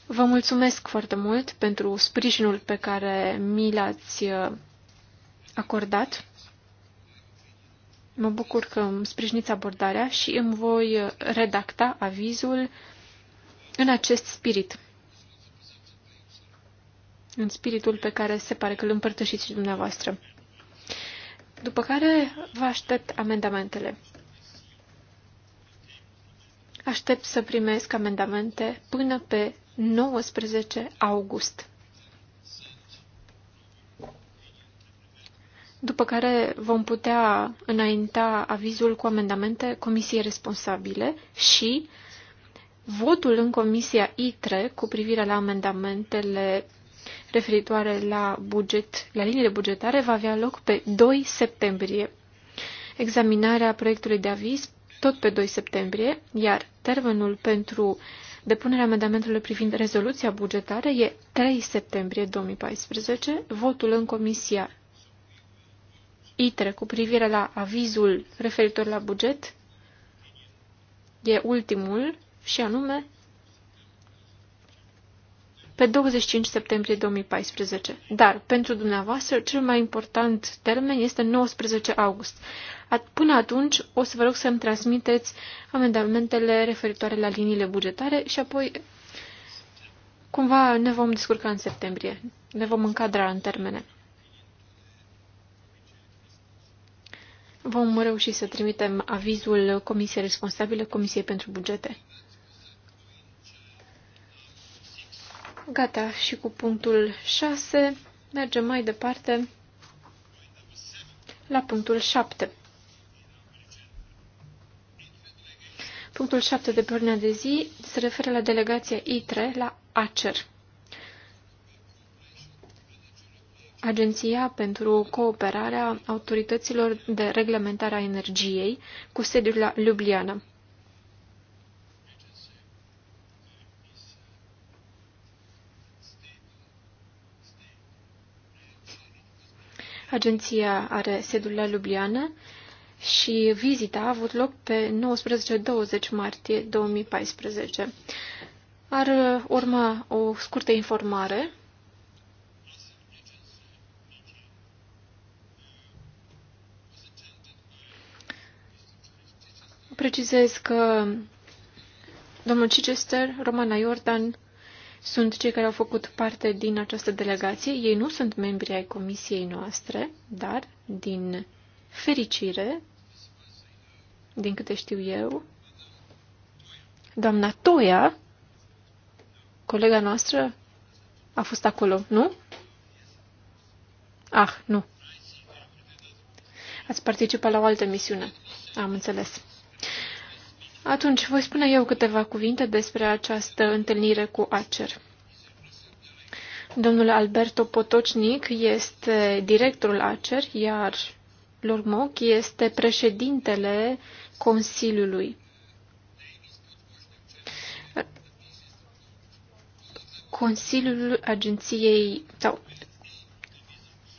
Vă mulțumesc foarte mult pentru sprijinul pe care mi l-ați uh, acordat. Mă bucur că îmi sprijiniți abordarea și îmi voi redacta avizul în acest spirit în spiritul pe care se pare că îl împărtășiți și dumneavoastră. După care vă aștept amendamentele. Aștept să primesc amendamente până pe 19 august. După care vom putea înainta avizul cu amendamente comisiei responsabile și votul în comisia ITRE cu privire la amendamentele referitoare la buget, la liniile bugetare, va avea loc pe 2 septembrie. Examinarea proiectului de aviz tot pe 2 septembrie, iar termenul pentru depunerea amendamentelor privind rezoluția bugetară e 3 septembrie 2014, votul în comisia ITRE cu privire la avizul referitor la buget e ultimul și anume pe 25 septembrie 2014. Dar, pentru dumneavoastră, cel mai important termen este 19 august. Până atunci, o să vă rog să-mi transmiteți amendamentele referitoare la liniile bugetare și apoi cumva ne vom descurca în septembrie. Ne vom încadra în termene. Vom reuși să trimitem avizul comisiei responsabile Comisiei pentru Bugete. Gata și cu punctul 6. Mergem mai departe la punctul 7. Punctul 7 de pe ordinea de zi se referă la delegația ITRE la ACER. Agenția pentru cooperarea autorităților de reglementare a energiei cu sediul la Ljubljana. Agenția are sediul la Ljubljana și vizita a avut loc pe 19-20 martie 2014. Ar uh, urma o scurtă informare precizez că domnul Chichester, Romana Jordan, sunt cei care au făcut parte din această delegație. Ei nu sunt membri ai comisiei noastre, dar, din fericire, din câte știu eu, doamna Toia, colega noastră, a fost acolo, nu? Ah, nu. Ați participat la o altă misiune. Am înțeles. Atunci, voi spune eu câteva cuvinte despre această întâlnire cu ACER. Domnul Alberto Potocnic este directorul ACER, iar Lurmoc este președintele Consiliului. Consiliul Agenției sau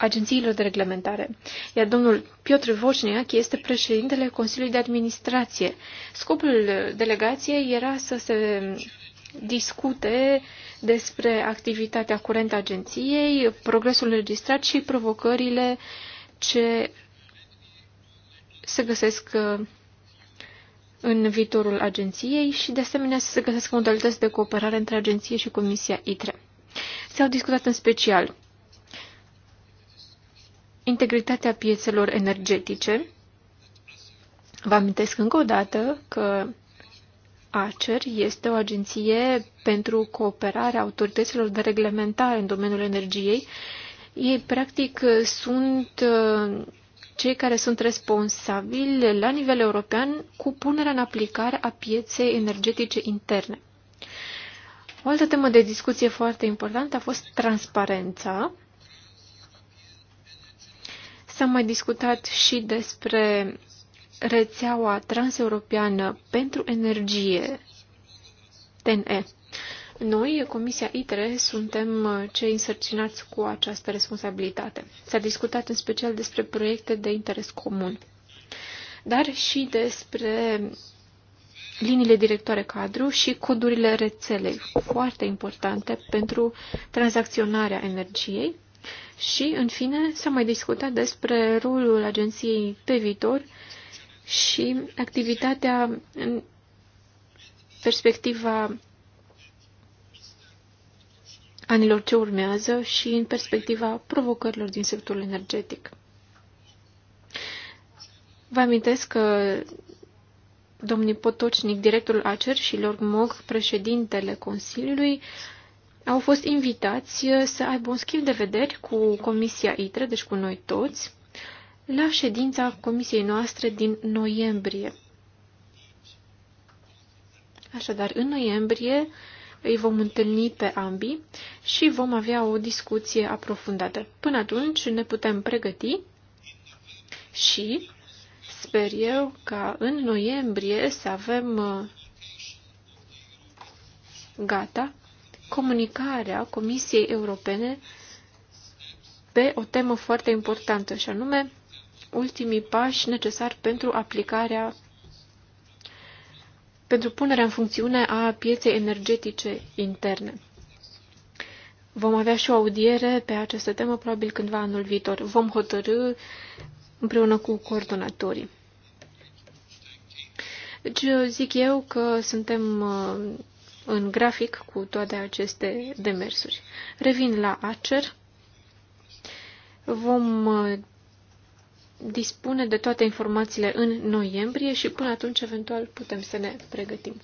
agențiilor de reglementare, iar domnul Piotr Voșniac este președintele Consiliului de Administrație. Scopul delegației era să se discute despre activitatea curentă a agenției, progresul înregistrat și provocările ce se găsesc uh, în viitorul agenției și, de asemenea, să se găsesc modalități de cooperare între agenție și Comisia ITRE. S-au discutat în special integritatea piețelor energetice. Vă amintesc încă o dată că ACER este o agenție pentru cooperarea autorităților de reglementare în domeniul energiei. Ei, practic, sunt uh, cei care sunt responsabili la nivel european cu punerea în aplicare a pieței energetice interne. O altă temă de discuție foarte importantă a fost transparența S-a mai discutat și despre rețeaua transeuropeană pentru energie, TNE. Noi, Comisia ITRE, suntem cei însărcinați cu această responsabilitate. S-a discutat în special despre proiecte de interes comun, dar și despre liniile directoare cadru și codurile rețelei, foarte importante pentru tranzacționarea energiei și, în fine, s-a mai discutat despre rolul agenției pe viitor și activitatea în perspectiva anilor ce urmează și în perspectiva provocărilor din sectorul energetic. Vă amintesc că domnii Potocnic, directorul ACER și Lorg Mog, președintele Consiliului, au fost invitați uh, să aibă un schimb de vederi cu Comisia ITRE, deci cu noi toți, la ședința Comisiei noastre din noiembrie. Așadar, în noiembrie îi vom întâlni pe ambii și vom avea o discuție aprofundată. Până atunci ne putem pregăti și sper eu ca în noiembrie să avem uh, gata comunicarea Comisiei Europene pe o temă foarte importantă, și anume ultimii pași necesari pentru aplicarea, pentru punerea în funcțiune a pieței energetice interne. Vom avea și o audiere pe această temă probabil cândva anul viitor. Vom hotărâ împreună cu coordonatorii. Deci zic eu că suntem în grafic cu toate aceste demersuri. Revin la Acer. Vom uh, dispune de toate informațiile în noiembrie și până atunci eventual putem să ne pregătim.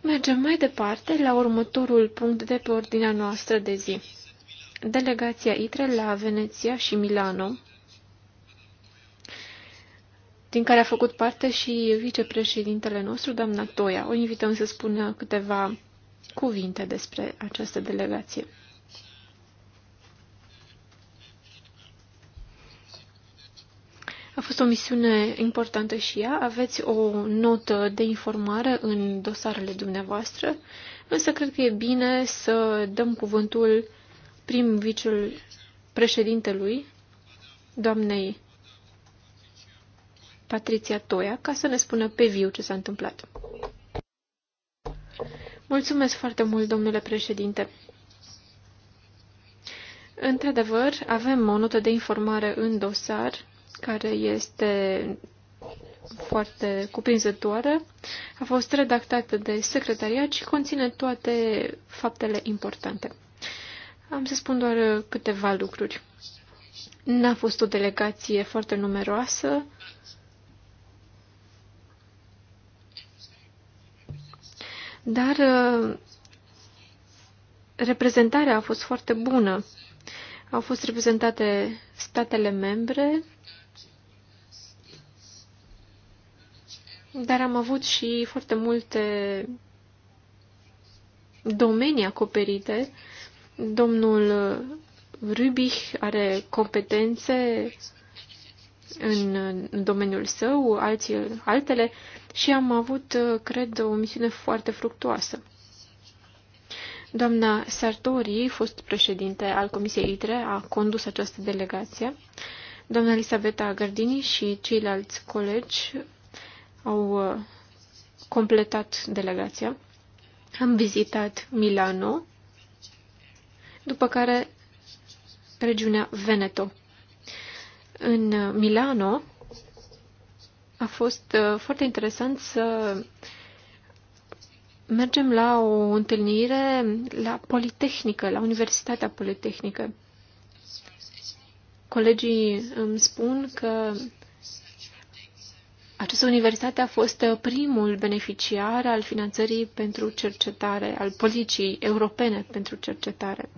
Mergem mai departe la următorul punct de pe ordinea noastră de zi. Delegația ITRE la Veneția și Milano din care a făcut parte și vicepreședintele nostru, doamna Toia. O invităm să spună câteva cuvinte despre această delegație. A fost o misiune importantă și ea. Aveți o notă de informare în dosarele dumneavoastră, însă cred că e bine să dăm cuvântul prim viciul președintelui, doamnei Patriția Toia ca să ne spună pe viu ce s-a întâmplat. Mulțumesc foarte mult, domnule președinte. Într-adevăr, avem o notă de informare în dosar, care este foarte cuprinzătoare. A fost redactată de secretariat și conține toate faptele importante. Am să spun doar câteva lucruri. N-a fost o delegație foarte numeroasă, dar uh, reprezentarea a fost foarte bună. Au fost reprezentate statele membre, dar am avut și foarte multe domenii acoperite. Domnul Rübich are competențe în domeniul său, alții altele și am avut, uh, cred, o misiune foarte fructuoasă. Doamna Sartori, fost președinte al Comisiei ITRE, a condus această delegație. Doamna Elisabeta Gardini și ceilalți colegi au uh, completat delegația. Am vizitat Milano, după care regiunea Veneto. În uh, Milano a fost uh, foarte interesant să mergem la o întâlnire la Politehnică, la Universitatea Politehnică. Colegii îmi spun că această universitate a fost uh, primul beneficiar al finanțării pentru cercetare, al politicii europene pentru cercetare.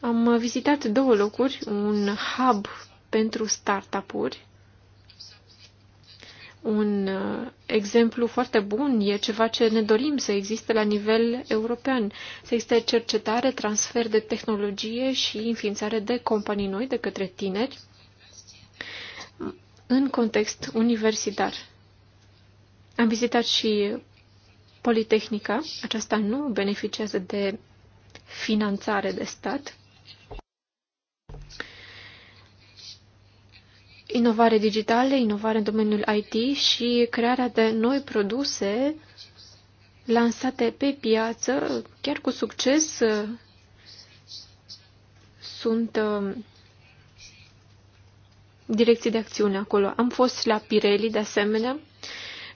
Am vizitat două locuri, un hub pentru startup-uri. Un uh, exemplu foarte bun e ceva ce ne dorim să existe la nivel european. Să existe cercetare, transfer de tehnologie și înființare de companii noi de către tineri în context universitar. Am vizitat și Politehnica. Aceasta nu beneficiază de finanțare de stat. inovare digitală, inovare în domeniul IT și crearea de noi produse lansate pe piață, chiar cu succes, sunt uh, direcții de acțiune acolo. Am fost la Pirelli, de asemenea.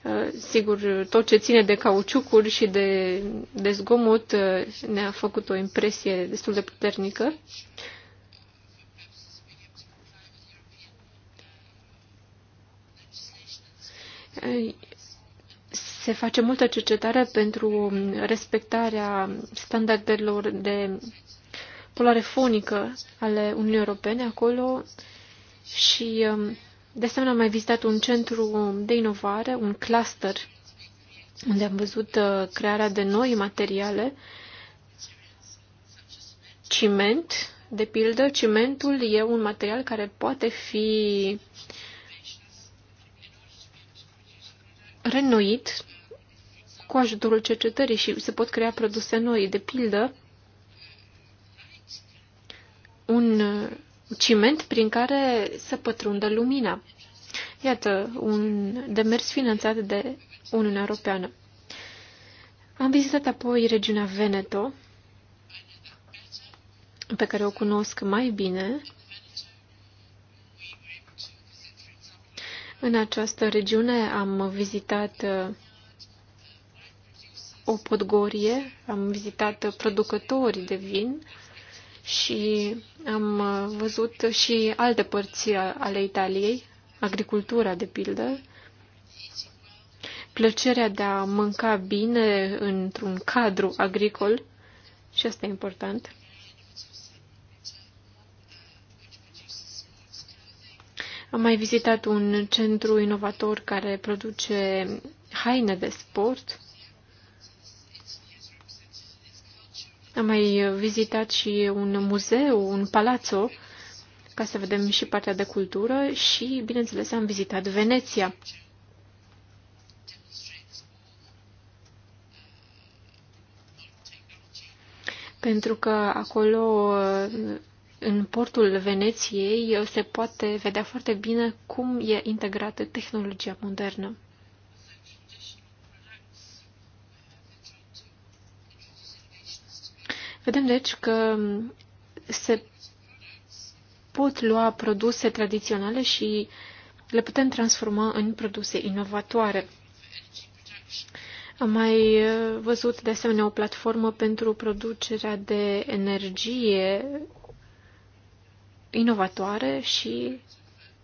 Uh, sigur, tot ce ține de cauciucuri și de, de zgomot uh, ne-a făcut o impresie destul de puternică. se face multă cercetare pentru respectarea standardelor de poluare fonică ale Uniunii Europene acolo și um, de asemenea am mai vizitat un centru de inovare, un cluster, unde am văzut uh, crearea de noi materiale, ciment, de pildă, cimentul e un material care poate fi uh, reînnoit cu ajutorul cercetării și se pot crea produse noi. De pildă, un ciment prin care să pătrundă lumina. Iată, un demers finanțat de Uniunea Europeană. Am vizitat apoi regiunea Veneto, pe care o cunosc mai bine În această regiune am vizitat uh, o podgorie, am vizitat producători de vin și am uh, văzut și alte părți ale Italiei, agricultura de pildă, plăcerea de a mânca bine într-un cadru agricol, și asta e important. Am mai vizitat un centru inovator care produce haine de sport. Am mai vizitat și un muzeu, un palazzo, ca să vedem și partea de cultură și, bineînțeles, am vizitat Veneția. Pentru că acolo în portul Veneției se poate vedea foarte bine cum e integrată tehnologia modernă. Vedem deci că se pot lua produse tradiționale și le putem transforma în produse inovatoare. Am mai uh, văzut de asemenea o platformă pentru producerea de energie inovatoare și,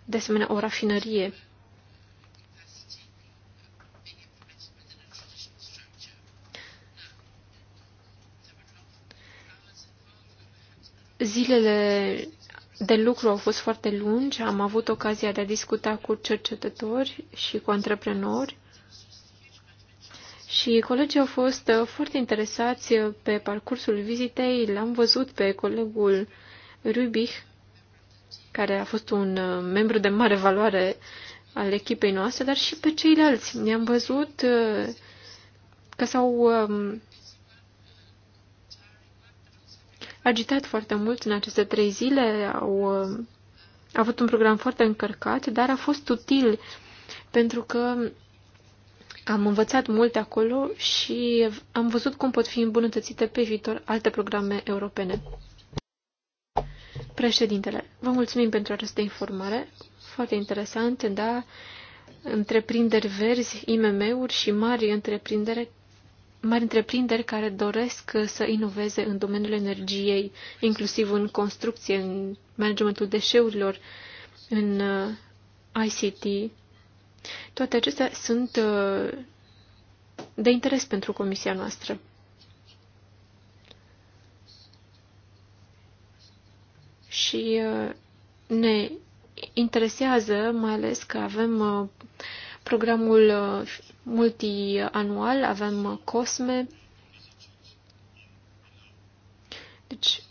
de asemenea, o rafinărie. Zilele de lucru au fost foarte lungi, am avut ocazia de a discuta cu cercetători și cu antreprenori și colegii au fost uh, foarte interesați uh, pe parcursul vizitei, l-am văzut pe colegul Rubich care a fost un uh, membru de mare valoare al echipei noastre, dar și pe ceilalți. Ne-am văzut uh, că s-au um, agitat foarte mult în aceste trei zile, au uh, avut un program foarte încărcat, dar a fost util pentru că am învățat multe acolo și am văzut cum pot fi îmbunătățite pe viitor alte programe europene. Președintele, vă mulțumim pentru această informare. Foarte interesant, da? Întreprinderi verzi, IMM-uri și mari întreprindere mari întreprinderi care doresc să inoveze în domeniul energiei, inclusiv în construcție, în managementul deșeurilor, în uh, ICT. Toate acestea sunt uh, de interes pentru comisia noastră. și uh, ne interesează, mai ales că avem uh, programul uh, multianual, avem COSME. Deci,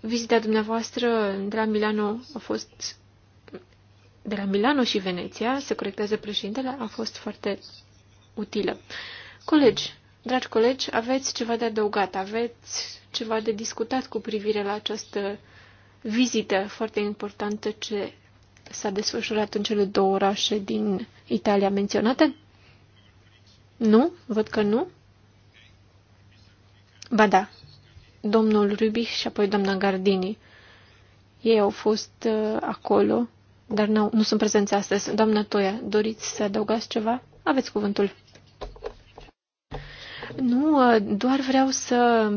vizita dumneavoastră de la Milano a fost de la Milano și Veneția, se corectează președintele, a fost foarte utilă. Colegi, dragi colegi, aveți ceva de adăugat, aveți ceva de discutat cu privire la această vizită foarte importantă ce s-a desfășurat în cele două orașe din Italia menționate? Nu? Văd că nu. Ba da, domnul Rubich și apoi doamna Gardini. Ei au fost uh, acolo, dar nu, nu sunt prezenți astăzi. Doamna Toia, doriți să adăugați ceva? Aveți cuvântul. Nu, uh, doar vreau să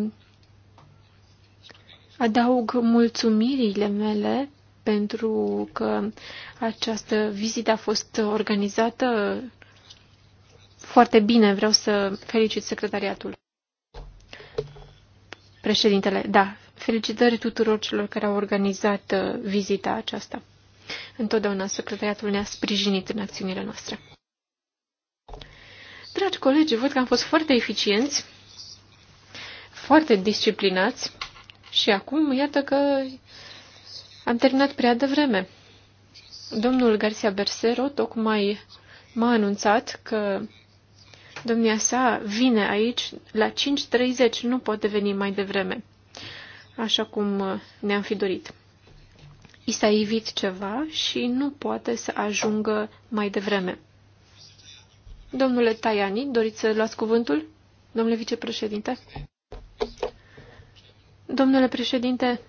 Adaug mulțumirile mele pentru că această vizită a fost organizată foarte bine. Vreau să felicit secretariatul. Președintele, da, felicitări tuturor celor care au organizat uh, vizita aceasta. Întotdeauna secretariatul ne-a sprijinit în acțiunile noastre. Dragi colegi, văd că am fost foarte eficienți, foarte disciplinați. Și acum, iată că am terminat prea devreme. Domnul Garcia Bersero tocmai m-a anunțat că domnia sa vine aici la 5.30, nu poate veni mai devreme, așa cum ne-am fi dorit. I s-a ivit ceva și nu poate să ajungă mai devreme. Domnule Tajani, doriți să luați cuvântul? Domnule vicepreședinte? Domnule președinte,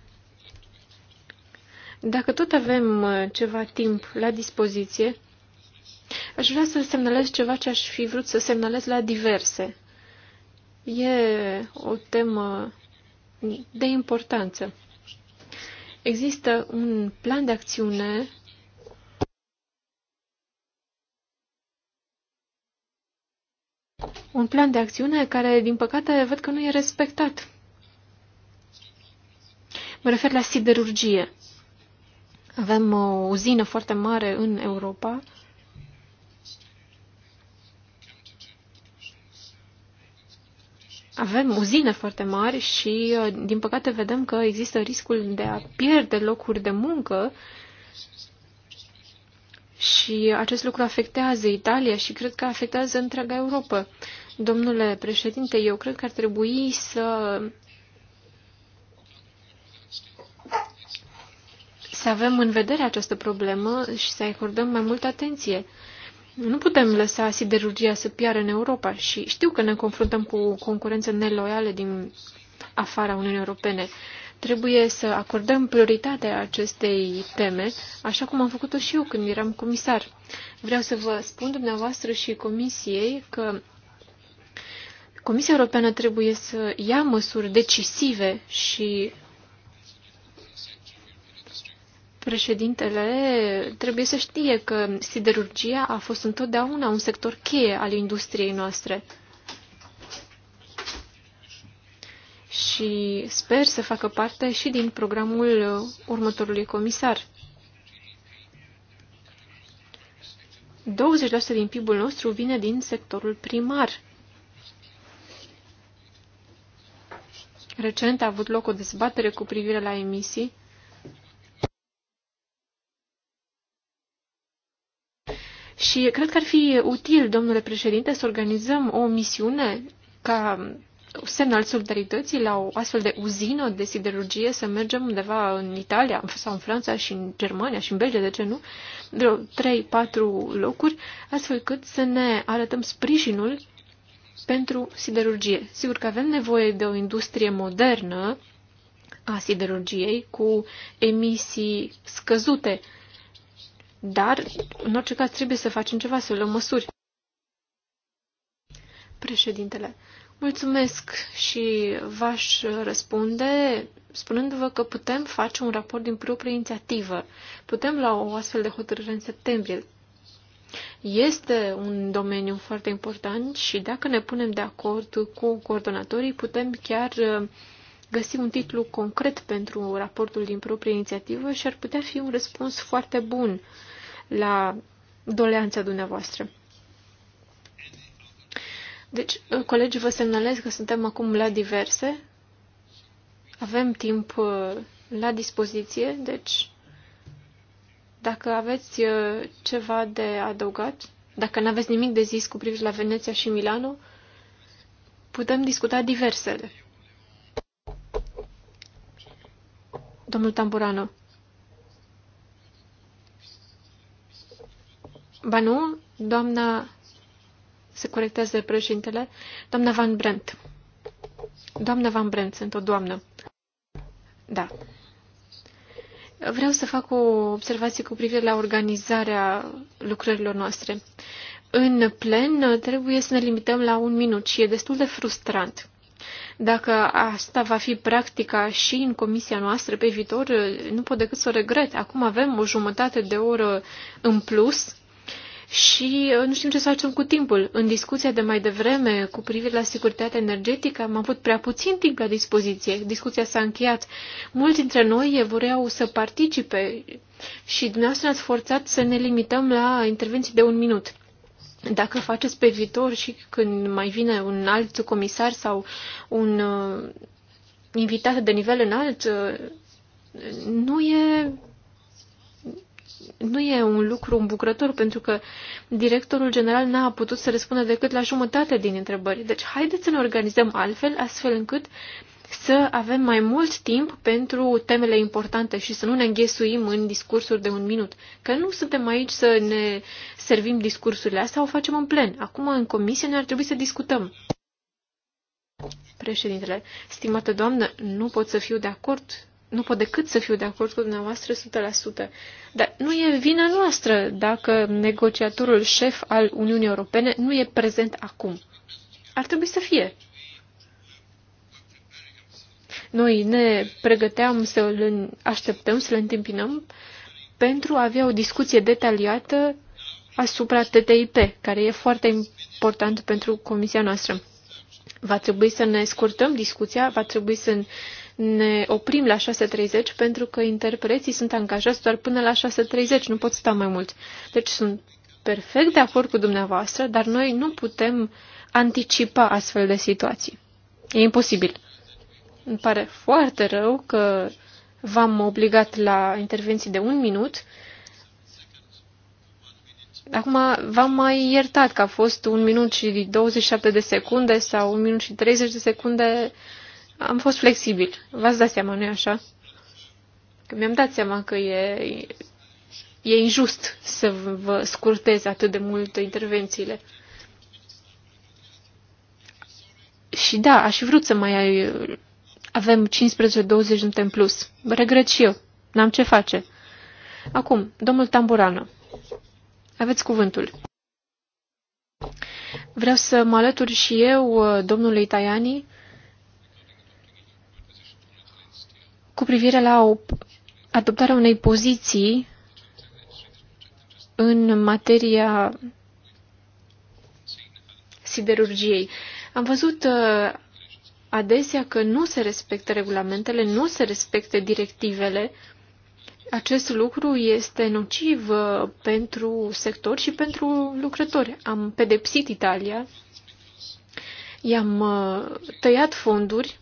dacă tot avem uh, ceva timp la dispoziție, aș vrea să semnalez ceva ce aș fi vrut să semnalez la diverse. E o temă de importanță. Există un plan de acțiune un plan de acțiune care, din păcate, văd că nu e respectat Mă refer la siderurgie. Avem o uzină foarte mare în Europa. Avem uzine foarte mari și, uh, din păcate, vedem că există riscul de a pierde locuri de muncă și acest lucru afectează Italia și cred că afectează întreaga Europa. Domnule președinte, eu cred că ar trebui să să avem în vedere această problemă și să acordăm mai multă atenție. Nu putem lăsa siderurgia să piară în Europa și știu că ne confruntăm cu concurență neloială din afara Uniunii Europene. Trebuie să acordăm prioritatea acestei teme, așa cum am făcut-o și eu când eram comisar. Vreau să vă spun dumneavoastră și comisiei că Comisia Europeană trebuie să ia măsuri decisive și Președintele trebuie să știe că siderurgia a fost întotdeauna un sector cheie al industriei noastre. Și sper să facă parte și din programul următorului comisar. 20% din PIB-ul nostru vine din sectorul primar. Recent a avut loc o dezbatere cu privire la emisii Și cred că ar fi util, domnule președinte, să organizăm o misiune ca semn al solidarității la o astfel de uzină de siderurgie, să mergem undeva în Italia sau în Franța și în Germania și în Belgia, de ce nu, vreo 3-4 locuri, astfel cât să ne arătăm sprijinul pentru siderurgie. Sigur că avem nevoie de o industrie modernă a siderurgiei cu emisii scăzute, dar, în orice caz, trebuie să facem ceva, să luăm măsuri. Președintele, mulțumesc și v-aș răspunde spunându-vă că putem face un raport din proprie inițiativă. Putem lua o astfel de hotărâre în septembrie. Este un domeniu foarte important și dacă ne punem de acord cu coordonatorii, putem chiar găsi un titlu concret pentru raportul din proprie inițiativă și ar putea fi un răspuns foarte bun la doleanța dumneavoastră. Deci, uh, colegi, vă semnalez că suntem acum la diverse. Avem timp uh, la dispoziție, deci dacă aveți uh, ceva de adăugat, dacă nu aveți nimic de zis cu privire la Veneția și Milano, putem discuta diversele. Domnul Tamburano. Ba nu, doamna, se corectează președintele, doamna Van Brent. Doamna Van Brent, sunt o doamnă. Da. Vreau să fac o observație cu privire la organizarea lucrărilor noastre. În plen trebuie să ne limităm la un minut și e destul de frustrant. Dacă asta va fi practica și în comisia noastră pe viitor, nu pot decât să o regret. Acum avem o jumătate de oră în plus și uh, nu știm ce să facem cu timpul. În discuția de mai devreme cu privire la securitatea energetică am avut prea puțin timp la dispoziție. Discuția s-a încheiat. Mulți dintre noi vreau să participe și dumneavoastră ați forțat să ne limităm la intervenții de un minut dacă faceți pe viitor și când mai vine un alt comisar sau un uh, invitat de nivel înalt, uh, nu e nu e un lucru îmbucrător pentru că directorul general n-a putut să răspundă decât la jumătate din întrebări. Deci haideți să ne organizăm altfel, astfel încât uh, să avem mai mult timp pentru temele importante și să nu ne înghesuim în discursuri de un minut. Că nu suntem aici să ne servim discursurile astea, o facem în plen. Acum, în comisie, ne ar trebui să discutăm. Președintele, stimată doamnă, nu pot să fiu de acord, nu pot decât să fiu de acord cu dumneavoastră 100%. Dar nu e vina noastră dacă negociatorul șef al Uniunii Europene nu e prezent acum. Ar trebui să fie. Noi ne pregăteam să îl așteptăm, să-l întâmpinăm pentru a avea o discuție detaliată asupra TTIP, care e foarte important pentru comisia noastră. Va trebui să ne scurtăm discuția, va trebui să ne oprim la 6.30 pentru că interpreții sunt angajați doar până la 6.30, nu pot sta mai mult. Deci sunt perfect de acord cu dumneavoastră, dar noi nu putem anticipa astfel de situații. E imposibil. Îmi pare foarte rău că v-am obligat la intervenții de un minut. Acum v-am mai iertat că a fost un minut și 27 de secunde sau un minut și 30 de secunde. Am fost flexibil. V-ați dat seama, nu-i așa? Că mi-am dat seama că e, e injust să vă scurtez atât de mult intervențiile. Și da, aș fi vrut să mai avem 15-20 minute în plus. Regret și eu. N-am ce face. Acum, domnul Tamburano, aveți cuvântul. Vreau să mă alătur și eu uh, domnului Tajani cu privire la o adoptarea unei poziții în materia siderurgiei. Am văzut uh, adesea că nu se respectă regulamentele, nu se respectă directivele. Acest lucru este nociv uh, pentru sector și pentru lucrători. Am pedepsit Italia, i-am uh, tăiat fonduri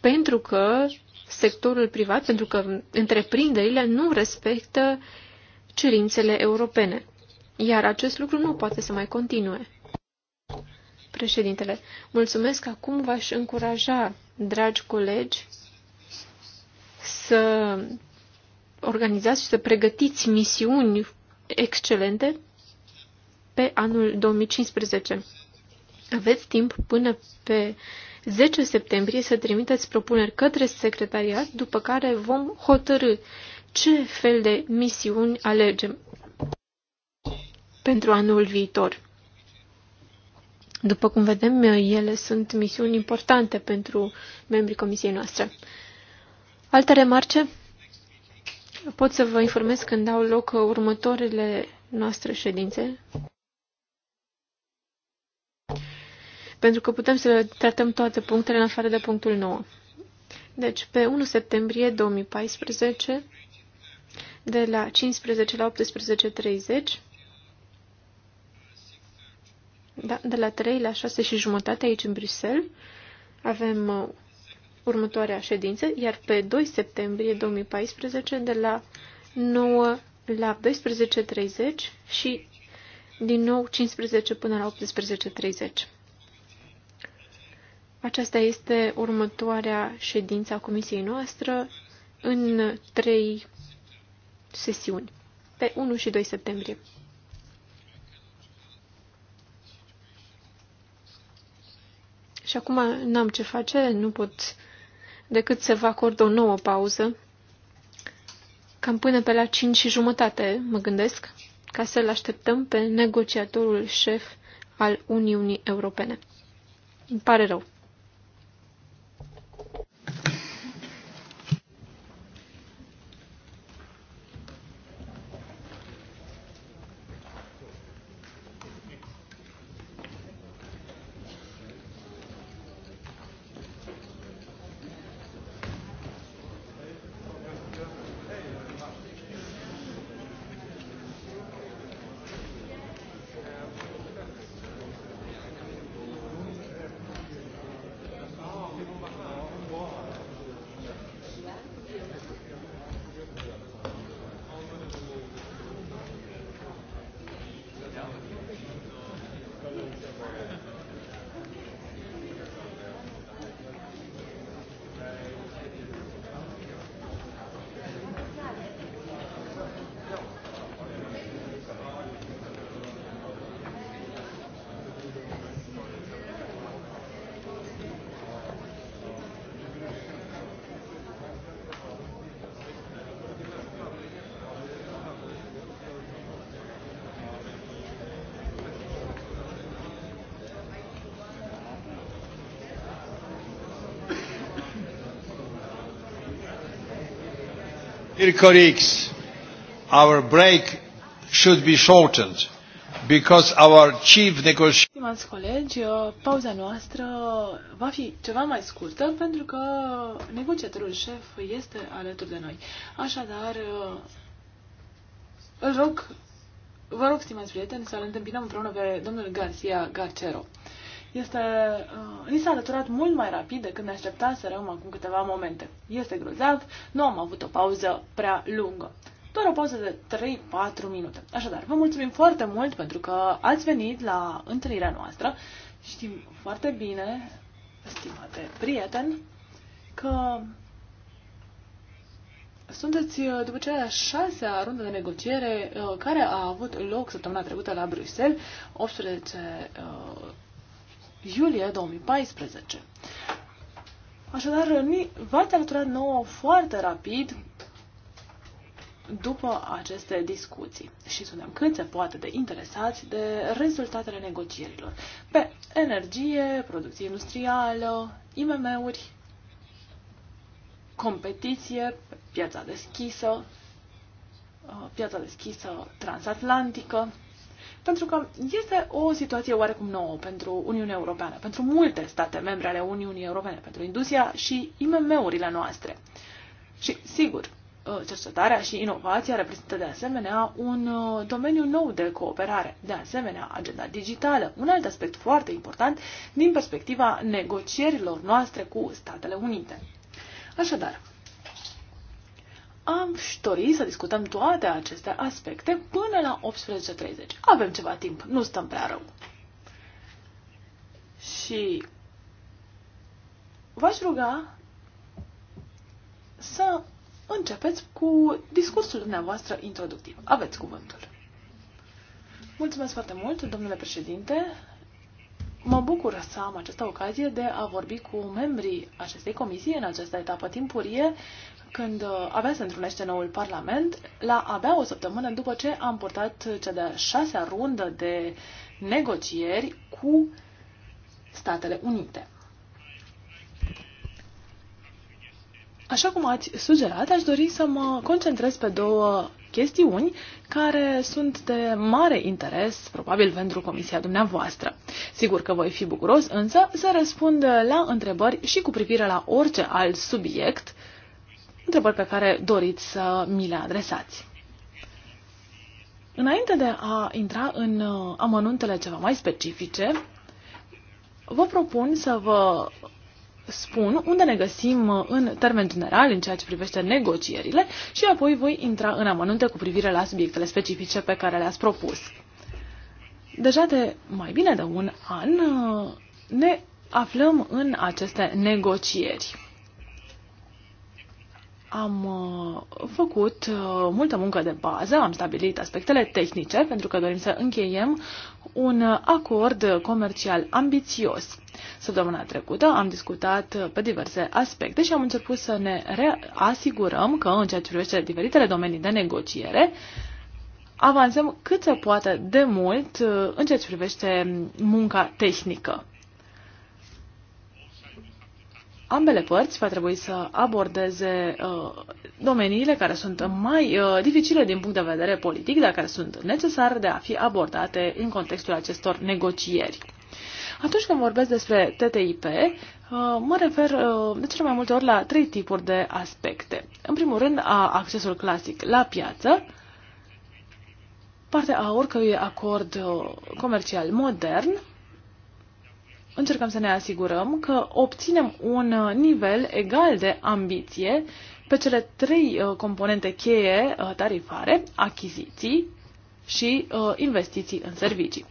pentru că sectorul privat, pentru că întreprinderile nu respectă cerințele europene. Iar acest lucru nu poate să mai continue președintele. Mulțumesc, acum v-aș încuraja, dragi colegi, să organizați și să pregătiți misiuni excelente pe anul 2015. Aveți timp până pe 10 septembrie să trimiteți propuneri către secretariat, după care vom hotărâ ce fel de misiuni alegem pentru anul viitor. După cum vedem, ele sunt misiuni importante pentru membrii comisiei noastre. Alte remarce? Pot să vă informez când au loc următoarele noastre ședințe? Pentru că putem să tratăm toate punctele în afară de punctul 9. Deci, pe 1 septembrie 2014, de la 15 la 18.30, da, de la 3 la 6 și jumătate aici în Bruxelles avem uh, următoarea ședință, iar pe 2 septembrie 2014 de la 9 la 12.30 și din nou 15 până la 18.30. Aceasta este următoarea ședință a comisiei noastre în trei sesiuni, pe 1 și 2 septembrie. Și acum n-am ce face, nu pot decât să vă acord o nouă pauză. Cam până pe la 5 și jumătate, mă gândesc, ca să-l așteptăm pe negociatorul șef al Uniunii Europene. Îmi pare rău. Dear colleagues, our break should be shortened because our chief negotiator... Stimați colegi, uh, pauza noastră va fi ceva mai scurtă pentru că negociatorul șef este alături de noi. Așadar, uh, îl rog, vă rog, stimați prieteni, să-l întâmpinăm împreună pe domnul Garcia Garcero este, uh, ni s-a alăturat mult mai rapid decât ne răm acum câteva momente. Este grozav, nu am avut o pauză prea lungă. Doar o pauză de 3-4 minute. Așadar, vă mulțumim foarte mult pentru că ați venit la întâlnirea noastră. Știm foarte bine, stimate prieten, că sunteți uh, după cea de-a șasea rundă de negociere uh, care a avut loc săptămâna trecută la Bruxelles, 18 iulie 2014. Așadar, v-ați alăturat nouă foarte rapid după aceste discuții și suntem cât se poate de interesați de rezultatele negocierilor pe energie, producție industrială, IMM-uri, competiție, piața deschisă, uh, piața deschisă transatlantică pentru că este o situație oarecum nouă pentru Uniunea Europeană, pentru multe state membre ale Uniunii Europene, pentru industria și IMM-urile noastre. Și, sigur, cercetarea și inovația reprezintă de asemenea un uh, domeniu nou de cooperare. De asemenea, agenda digitală, un alt aspect foarte important din perspectiva negocierilor noastre cu Statele Unite. Așadar, am ștori să discutăm toate aceste aspecte până la 18.30. Avem ceva timp, nu stăm prea rău. Și v-aș ruga să începeți cu discursul dumneavoastră introductiv. Aveți cuvântul. Mulțumesc foarte mult, domnule președinte, Mă bucur să am această ocazie de a vorbi cu membrii acestei comisii în această etapă timpurie, când uh, abia se întrunește noul Parlament, la abia o săptămână după ce am purtat cea de-a șasea rundă de negocieri cu Statele Unite. Așa cum ați sugerat, aș dori să mă concentrez pe două chestiuni care sunt de mare interes, probabil pentru comisia dumneavoastră. Sigur că voi fi bucuros, însă, să răspund la întrebări și cu privire la orice alt subiect, întrebări pe care doriți să mi le adresați. Înainte de a intra în uh, amănuntele ceva mai specifice, vă propun să vă spun unde ne găsim uh, în termen general în ceea ce privește negocierile și apoi voi intra în amănunte cu privire la subiectele specifice pe care le-ați propus. Deja de mai bine de un an uh, ne aflăm în aceste negocieri am uh, făcut uh, multă muncă de bază, am stabilit aspectele tehnice pentru că dorim să încheiem un acord comercial ambițios. Săptămâna trecută am discutat pe diverse aspecte și am început să ne asigurăm că în ceea ce privește diferitele domenii de negociere avansăm cât se poate de mult uh, în ceea ce privește munca tehnică ambele părți va trebui să abordeze uh, domeniile care sunt mai uh, dificile din punct de vedere politic, dar care sunt necesare de a fi abordate în contextul acestor negocieri. Atunci când vorbesc despre TTIP, uh, mă refer uh, de cele mai multe ori la trei tipuri de aspecte. În primul rând, a accesul clasic la piață, partea a oricărui acord uh, comercial modern, încercăm să ne asigurăm că obținem un uh, nivel egal de ambiție pe cele trei uh, componente cheie uh, tarifare, achiziții și investiții în servicii.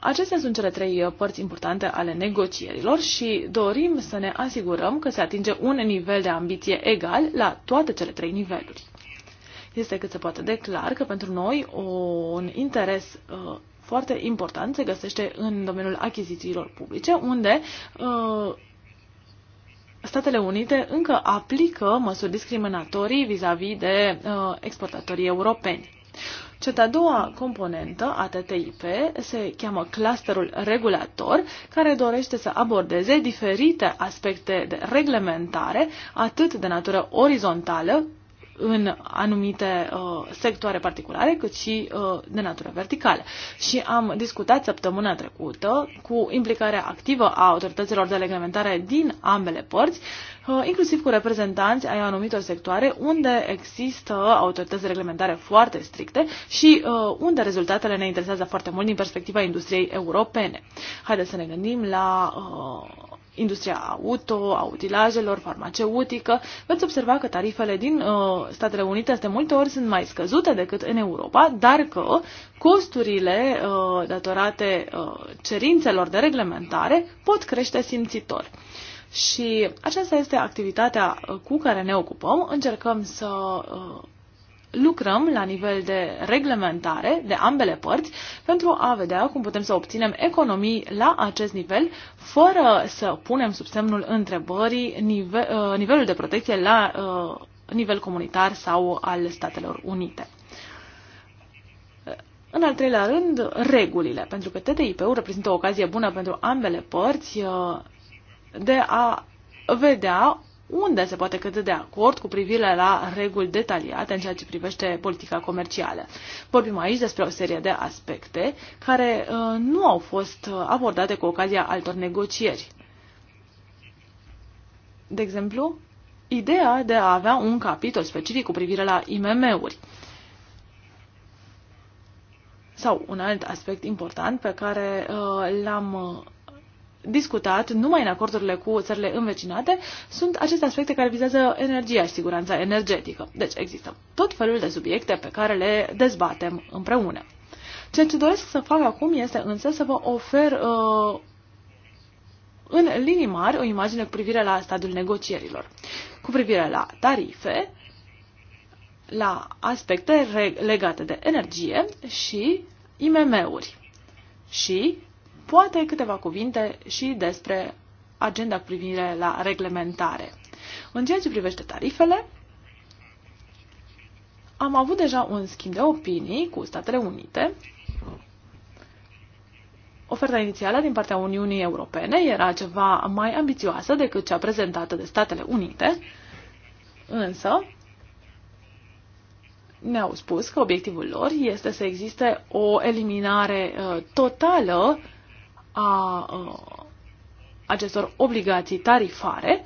Acestea sunt cele trei părți importante ale negocierilor și dorim să ne asigurăm că se atinge un nivel de ambiție egal la toate cele trei niveluri. Este cât se poate de clar că pentru noi un interes foarte important, se găsește în domeniul achizițiilor publice, unde uh, Statele Unite încă aplică măsuri discriminatorii vis-a-vis -vis de uh, exportatorii europeni. Cea de-a doua componentă a TTIP se cheamă clusterul regulator, care dorește să abordeze diferite aspecte de reglementare, atât de natură orizontală, în anumite uh, sectoare particulare, cât și uh, de natură verticală. Și am discutat săptămâna trecută cu implicarea activă a autorităților de reglementare din ambele părți, uh, inclusiv cu reprezentanți ai anumitor sectoare unde există autorități de reglementare foarte stricte și uh, unde rezultatele ne interesează foarte mult din perspectiva industriei europene. Haideți să ne gândim la uh, industria auto, a utilajelor, farmaceutică, veți observa că tarifele din uh, Statele Unite de multe ori sunt mai scăzute decât în Europa, dar că costurile uh, datorate uh, cerințelor de reglementare pot crește simțitor. Și aceasta este activitatea uh, cu care ne ocupăm. Încercăm să uh, lucrăm la nivel de reglementare de ambele părți pentru a vedea cum putem să obținem economii la acest nivel fără să punem sub semnul întrebării nivel, uh, nivelul de protecție la uh, nivel comunitar sau al Statelor Unite. În al treilea rând, regulile, pentru că TTIP-ul reprezintă o ocazie bună pentru ambele părți uh, de a vedea unde se poate cădea de acord cu privire la reguli detaliate în ceea ce privește politica comercială. Vorbim aici despre o serie de aspecte care uh, nu au fost uh, abordate cu ocazia altor negocieri. De exemplu, ideea de a avea un capitol specific cu privire la IMM-uri. Sau un alt aspect important pe care uh, l-am uh, discutat numai în acordurile cu țările învecinate sunt aceste aspecte care vizează energia și siguranța energetică. Deci există tot felul de subiecte pe care le dezbatem împreună. Ceea ce doresc să fac acum este însă să vă ofer uh, în linii mari o imagine cu privire la stadiul negocierilor, cu privire la tarife, la aspecte legate de energie și IMM-uri și Poate câteva cuvinte și despre agenda cu privire la reglementare. În ceea ce privește tarifele, am avut deja un schimb de opinii cu Statele Unite. Oferta inițială din partea Uniunii Europene era ceva mai ambițioasă decât cea prezentată de Statele Unite, însă ne-au spus că obiectivul lor este să existe o eliminare uh, totală a acestor obligații tarifare,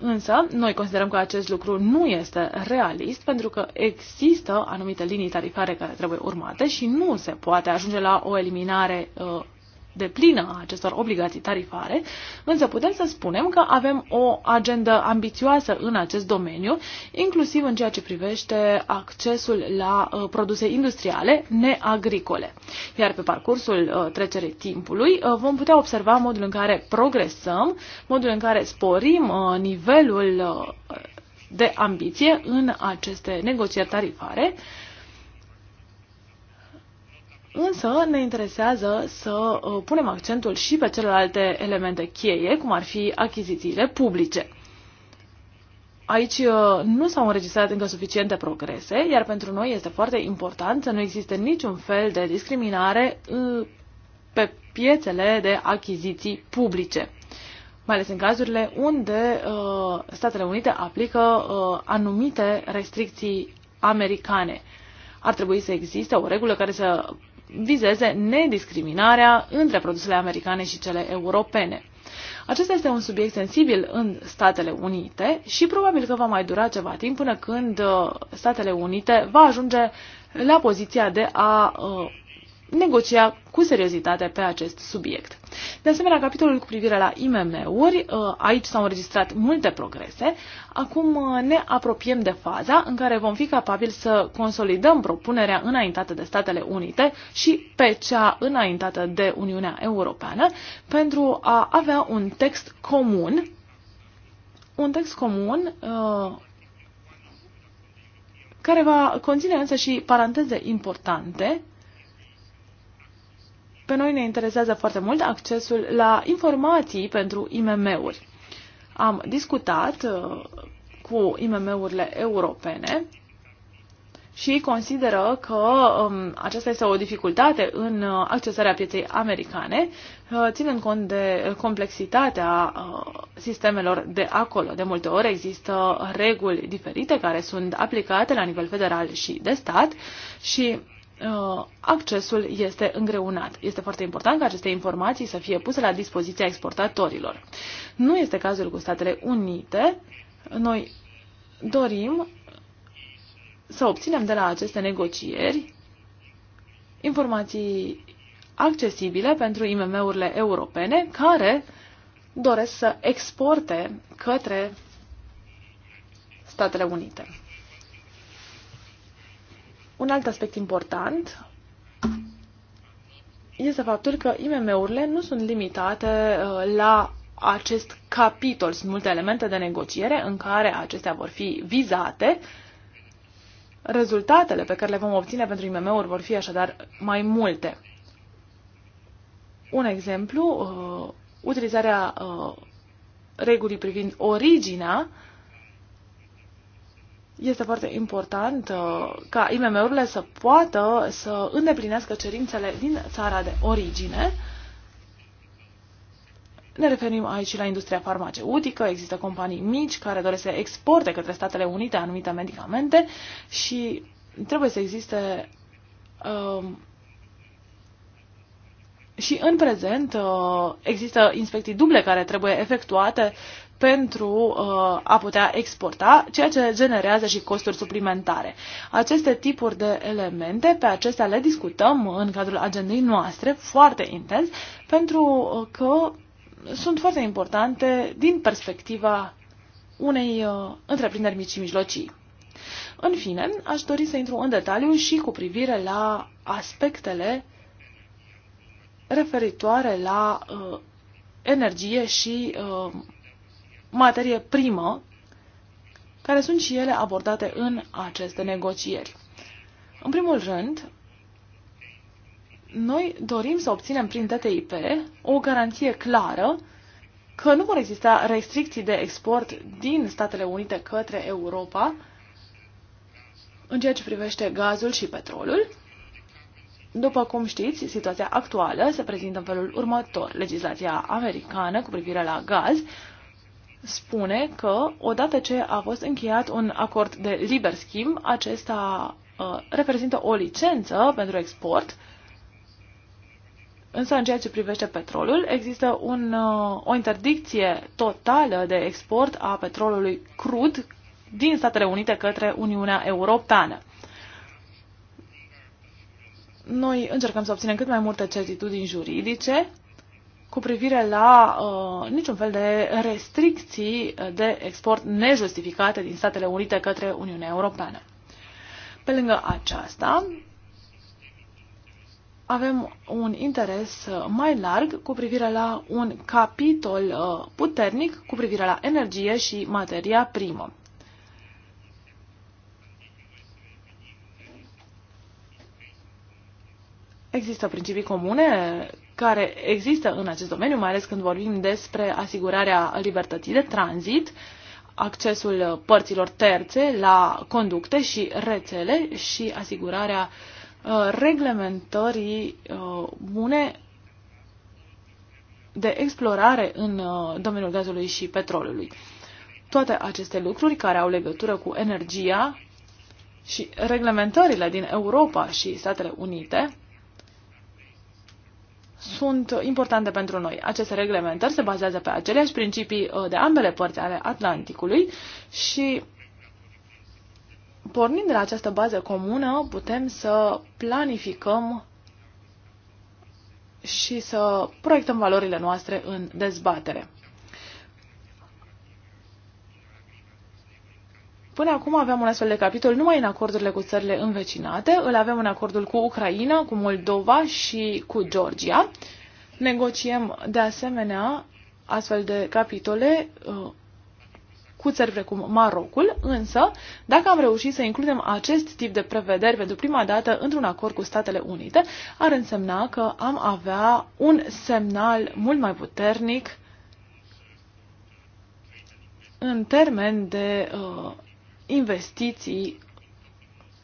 însă noi considerăm că acest lucru nu este realist pentru că există anumite linii tarifare care trebuie urmate și nu se poate ajunge la o eliminare uh, de plină a acestor obligații tarifare, însă putem să spunem că avem o agendă ambițioasă în acest domeniu, inclusiv în ceea ce privește accesul la uh, produse industriale neagricole. Iar pe parcursul trecerei uh, trecerii timpului uh, vom putea observa modul în care progresăm, modul în care sporim nivelul de ambiție în aceste negocieri tarifare, Însă ne interesează să ă, punem accentul și pe celelalte elemente cheie, cum ar fi achizițiile publice. Aici ă, nu s-au înregistrat încă suficiente progrese, iar pentru noi este foarte important să nu existe niciun fel de discriminare ă, pe piețele de achiziții publice, mai ales în cazurile unde Statele Unite aplică anumite restricții americane. Ar trebui să existe o regulă care să vizeze nediscriminarea între produsele americane și cele europene. Acesta este un subiect sensibil în Statele Unite și probabil că va mai dura ceva timp până când uh, Statele Unite va ajunge la poziția de a uh, negocia cu seriozitate pe acest subiect. De asemenea, capitolul cu privire la IMM-uri, uh, aici s-au înregistrat multe progrese. Acum uh, ne apropiem de faza în care vom fi capabili să consolidăm propunerea înaintată de Statele Unite și pe cea înaintată de Uniunea Europeană pentru a avea un text comun, un text comun uh, care va conține însă și paranteze importante pe noi ne interesează foarte mult accesul la informații pentru IMM-uri. Am discutat uh, cu IMM-urile europene și consideră că um, aceasta este o dificultate în uh, accesarea pieței americane, uh, ținând cont de complexitatea uh, sistemelor de acolo. De multe ori există reguli diferite care sunt aplicate la nivel federal și de stat și Uh, accesul este îngreunat. Este foarte important ca aceste informații să fie puse la dispoziția exportatorilor. Nu este cazul cu Statele Unite. Noi dorim să obținem de la aceste negocieri informații accesibile pentru IMM-urile europene care doresc să exporte către Statele Unite. Un alt aspect important este faptul că IMM-urile nu sunt limitate uh, la acest capitol. Sunt multe elemente de negociere în care acestea vor fi vizate. Rezultatele pe care le vom obține pentru IMM-uri vor fi așadar mai multe. Un exemplu, uh, utilizarea uh, regulii privind originea este foarte important uh, ca IMM-urile să poată să îndeplinească cerințele din țara de origine. Ne referim aici la industria farmaceutică, există companii mici care doresc să exporte către Statele Unite anumite medicamente și trebuie să existe uh, și în prezent uh, există inspecții duble care trebuie efectuate pentru uh, a putea exporta, ceea ce generează și costuri suplimentare. Aceste tipuri de elemente, pe acestea le discutăm în cadrul agendei noastre foarte intens, pentru uh, că sunt foarte importante din perspectiva unei uh, întreprinderi mici și mijlocii. În fine, aș dori să intru în detaliu și cu privire la aspectele referitoare la uh, energie și uh, materie primă, care sunt și ele abordate în aceste negocieri. În primul rând, noi dorim să obținem prin TTIP o garanție clară că nu vor exista restricții de export din Statele Unite către Europa în ceea ce privește gazul și petrolul. După cum știți, situația actuală se prezintă în felul următor. Legislația americană cu privire la gaz spune că odată ce a fost încheiat un acord de liber schimb, acesta uh, reprezintă o licență pentru export, însă în ceea ce privește petrolul există un, uh, o interdicție totală de export a petrolului crud din Statele Unite către Uniunea Europeană. Noi încercăm să obținem cât mai multe certitudini juridice cu privire la uh, niciun fel de restricții de export nejustificate din Statele Unite către Uniunea Europeană. Pe lângă aceasta, avem un interes mai larg cu privire la un capitol uh, puternic cu privire la energie și materia primă. Există principii comune care există în acest domeniu, mai ales când vorbim despre asigurarea libertății de tranzit, accesul părților terțe la conducte și rețele și asigurarea uh, reglementării uh, bune de explorare în uh, domeniul gazului și petrolului. Toate aceste lucruri care au legătură cu energia și reglementările din Europa și Statele Unite sunt importante pentru noi. Aceste reglementări se bazează pe aceleași principii uh, de ambele părți ale Atlanticului și pornind de la această bază comună putem să planificăm și să proiectăm valorile noastre în dezbatere. Până acum aveam un astfel de capitol numai în acordurile cu țările învecinate, îl avem în acordul cu Ucraina, cu Moldova și cu Georgia. Negociem de asemenea astfel de capitole uh, cu țări precum Marocul, însă dacă am reușit să includem acest tip de prevederi pentru prima dată într-un acord cu Statele Unite, ar însemna că am avea un semnal mult mai puternic în termen de uh, investiții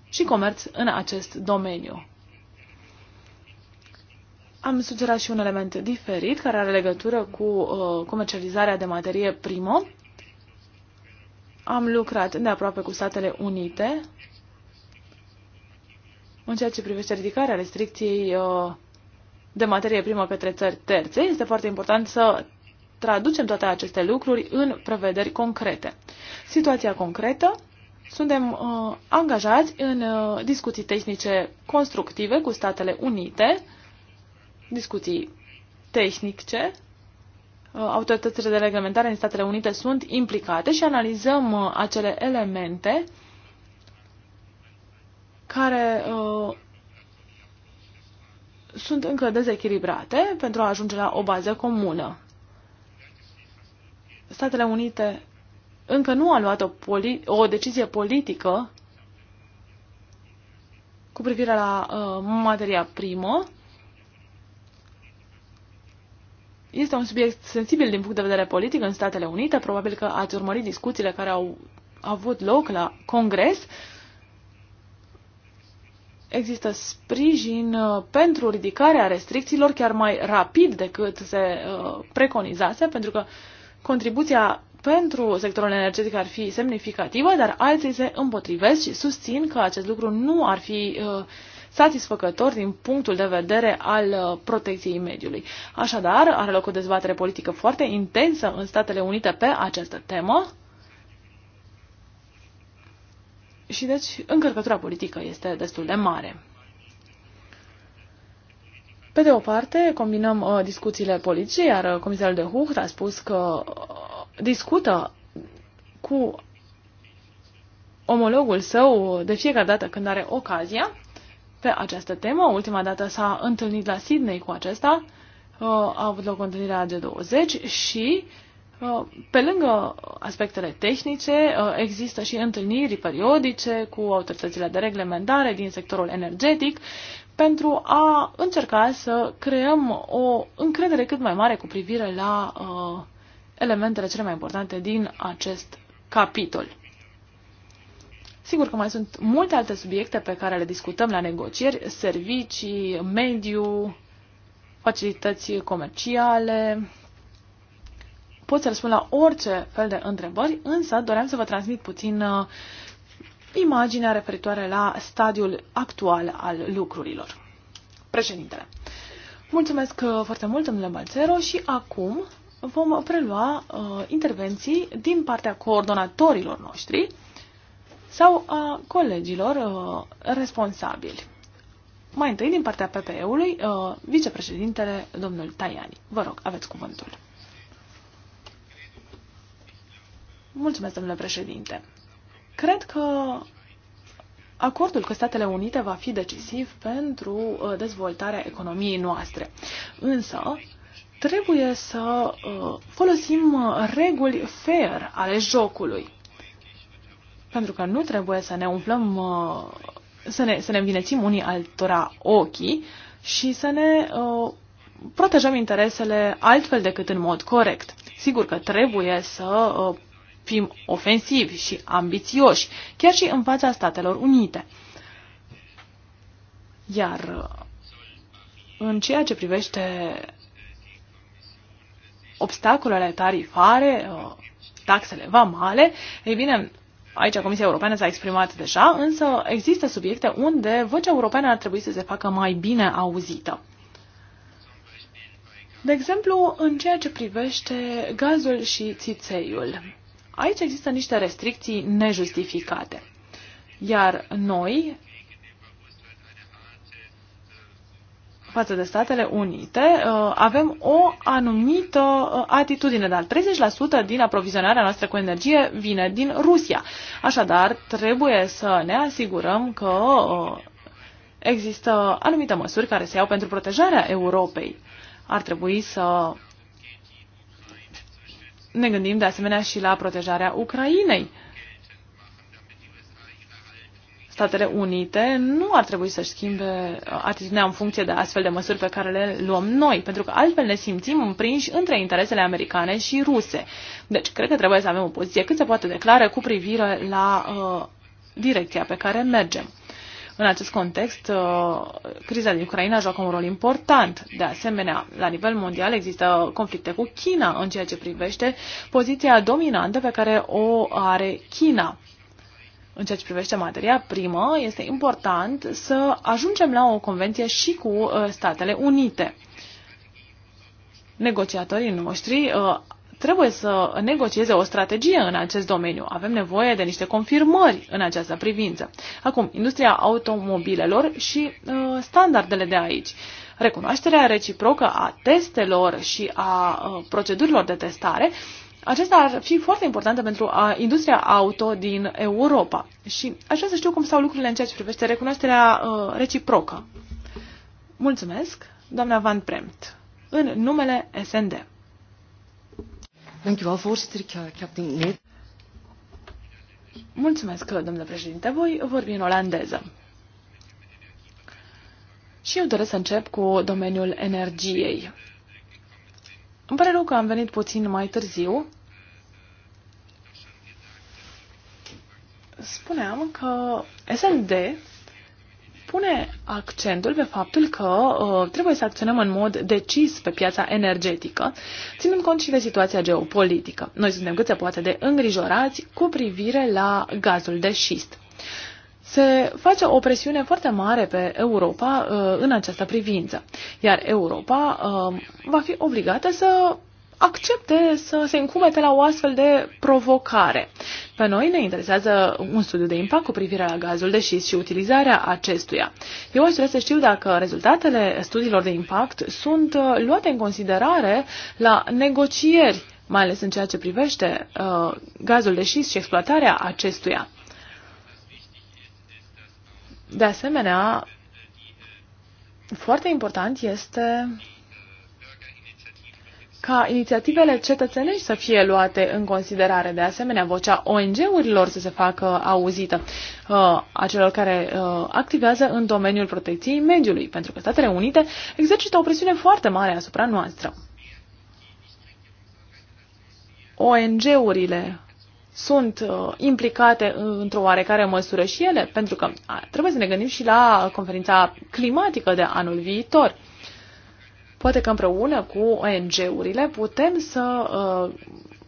și comerț în acest domeniu. Am sugerat și un element diferit care are legătură cu uh, comercializarea de materie primă. Am lucrat de aproape cu Statele Unite în ceea ce privește ridicarea restricției uh, de materie primă către țări terțe. Este foarte important să traducem toate aceste lucruri în prevederi concrete. Situația concretă suntem uh, angajați în uh, discuții tehnice constructive cu Statele Unite, discuții tehnice. Uh, autoritățile de reglementare din Statele Unite sunt implicate și analizăm uh, acele elemente care uh, sunt încă dezechilibrate pentru a ajunge la o bază comună. Statele Unite încă nu a luat o, o decizie politică cu privire la uh, materia primă. Este un subiect sensibil din punct de vedere politic în Statele Unite. Probabil că ați urmărit discuțiile care au avut loc la Congres. Există sprijin uh, pentru ridicarea restricțiilor chiar mai rapid decât se uh, preconizase, pentru că uh, contribuția pentru sectorul energetic ar fi semnificativă, dar alții se împotrivesc și susțin că acest lucru nu ar fi uh, satisfăcător din punctul de vedere al uh, protecției mediului. Așadar, are loc o dezbatere politică foarte intensă în Statele Unite pe această temă. Și deci încărcătura politică este destul de mare. Pe de o parte, combinăm uh, discuțiile poliției, iar uh, comisarul de Hucht a spus că uh, discută cu omologul său de fiecare dată când are ocazia pe această temă. Ultima dată s-a întâlnit la Sydney cu acesta, uh, a avut loc întâlnirea G20 și uh, pe lângă aspectele tehnice, uh, există și întâlniri periodice cu autoritățile de reglementare din sectorul energetic pentru a încerca să creăm o încredere cât mai mare cu privire la uh, elementele cele mai importante din acest capitol. Sigur că mai sunt multe alte subiecte pe care le discutăm la negocieri, servicii, mediu, facilități comerciale. Pot să răspund la orice fel de întrebări, însă doream să vă transmit puțin uh, imaginea referitoare la stadiul actual al lucrurilor. Președintele, mulțumesc uh, foarte mult, domnule Balțero, și acum vom prelua uh, intervenții din partea coordonatorilor noștri sau a colegilor uh, responsabili. Mai întâi, din partea PPE-ului, uh, vicepreședintele, domnul Tajani. Vă rog, aveți cuvântul. Mulțumesc, domnule președinte. Cred că acordul cu Statele Unite va fi decisiv pentru uh, dezvoltarea economiei noastre. Însă, trebuie să uh, folosim uh, reguli fair ale jocului. Pentru că nu trebuie să ne umplăm, să ne, să ne învinețim unii altora ochii și să ne protejăm interesele altfel decât în mod corect. Sigur că trebuie să fim ofensivi și ambițioși, chiar și în fața Statelor Unite. Iar uh, în ceea ce privește obstacolele tarifare, uh, taxele vamale, ei bine, aici Comisia Europeană s-a exprimat deja, însă există subiecte unde vocea europeană ar trebui să se facă mai bine auzită. De exemplu, în ceea ce privește gazul și țițeiul. Aici există niște restricții nejustificate. Iar noi, față de Statele Unite, uh, avem o anumită uh, atitudine, dar 30% din aprovizionarea noastră cu energie vine din Rusia. Așadar, trebuie să ne asigurăm că uh, există anumite măsuri care se iau pentru protejarea Europei. Ar trebui să ne gândim de asemenea și la protejarea Ucrainei. Statele Unite nu ar trebui să-și schimbe uh, atitudinea în funcție de astfel de măsuri pe care le luăm noi, pentru că altfel ne simțim împrinși între interesele americane și ruse. Deci, cred că trebuie să avem o poziție cât se poate declară cu privire la uh, direcția pe care mergem. În acest context, uh, criza din Ucraina joacă un rol important. De asemenea, la nivel mondial există conflicte cu China în ceea ce privește poziția dominantă pe care o are China. În ceea ce privește materia primă, este important să ajungem la o convenție și cu uh, Statele Unite negociatorii noștri uh, trebuie să negocieze o strategie în acest domeniu. Avem nevoie de niște confirmări în această privință. Acum, industria automobilelor și uh, standardele de aici. Recunoașterea reciprocă a testelor și a uh, procedurilor de testare acesta ar fi foarte importantă pentru a, uh, industria auto din Europa. Și aș vrea să știu cum stau lucrurile în ceea ce privește recunoașterea uh, reciprocă. Mulțumesc, doamna Van Premt, în numele SND. Dankjewel, voorzitter. Ik, eh, ik heb denk Mulțumesc, domnule președinte. Voi vorbi în olandeză. Și eu doresc să încep cu domeniul energiei. Îmi pare rău că am venit puțin mai târziu. Spuneam că SND pune accentul pe faptul că uh, trebuie să acționăm în mod decis pe piața energetică, ținând cont și de situația geopolitică. Noi suntem cât se poate de îngrijorați cu privire la gazul de șist. Se face o presiune foarte mare pe Europa uh, în această privință, iar Europa uh, va fi obligată să accepte să se încumete la o astfel de provocare. Pe noi ne interesează un studiu de impact cu privire la gazul de șist și utilizarea acestuia. Eu aș vrea să știu dacă rezultatele studiilor de impact sunt uh, luate în considerare la negocieri, mai ales în ceea ce privește uh, gazul de șist și exploatarea acestuia. De asemenea, foarte important este ca inițiativele cetățenești să fie luate în considerare. De asemenea, vocea ONG-urilor să se facă auzită uh, a celor care uh, activează în domeniul protecției mediului, pentru că Statele Unite exercită o presiune foarte mare asupra noastră. ONG-urile sunt uh, implicate într-o oarecare măsură și ele, pentru că a, trebuie să ne gândim și la conferința climatică de anul viitor. Poate că împreună cu ONG-urile putem să uh,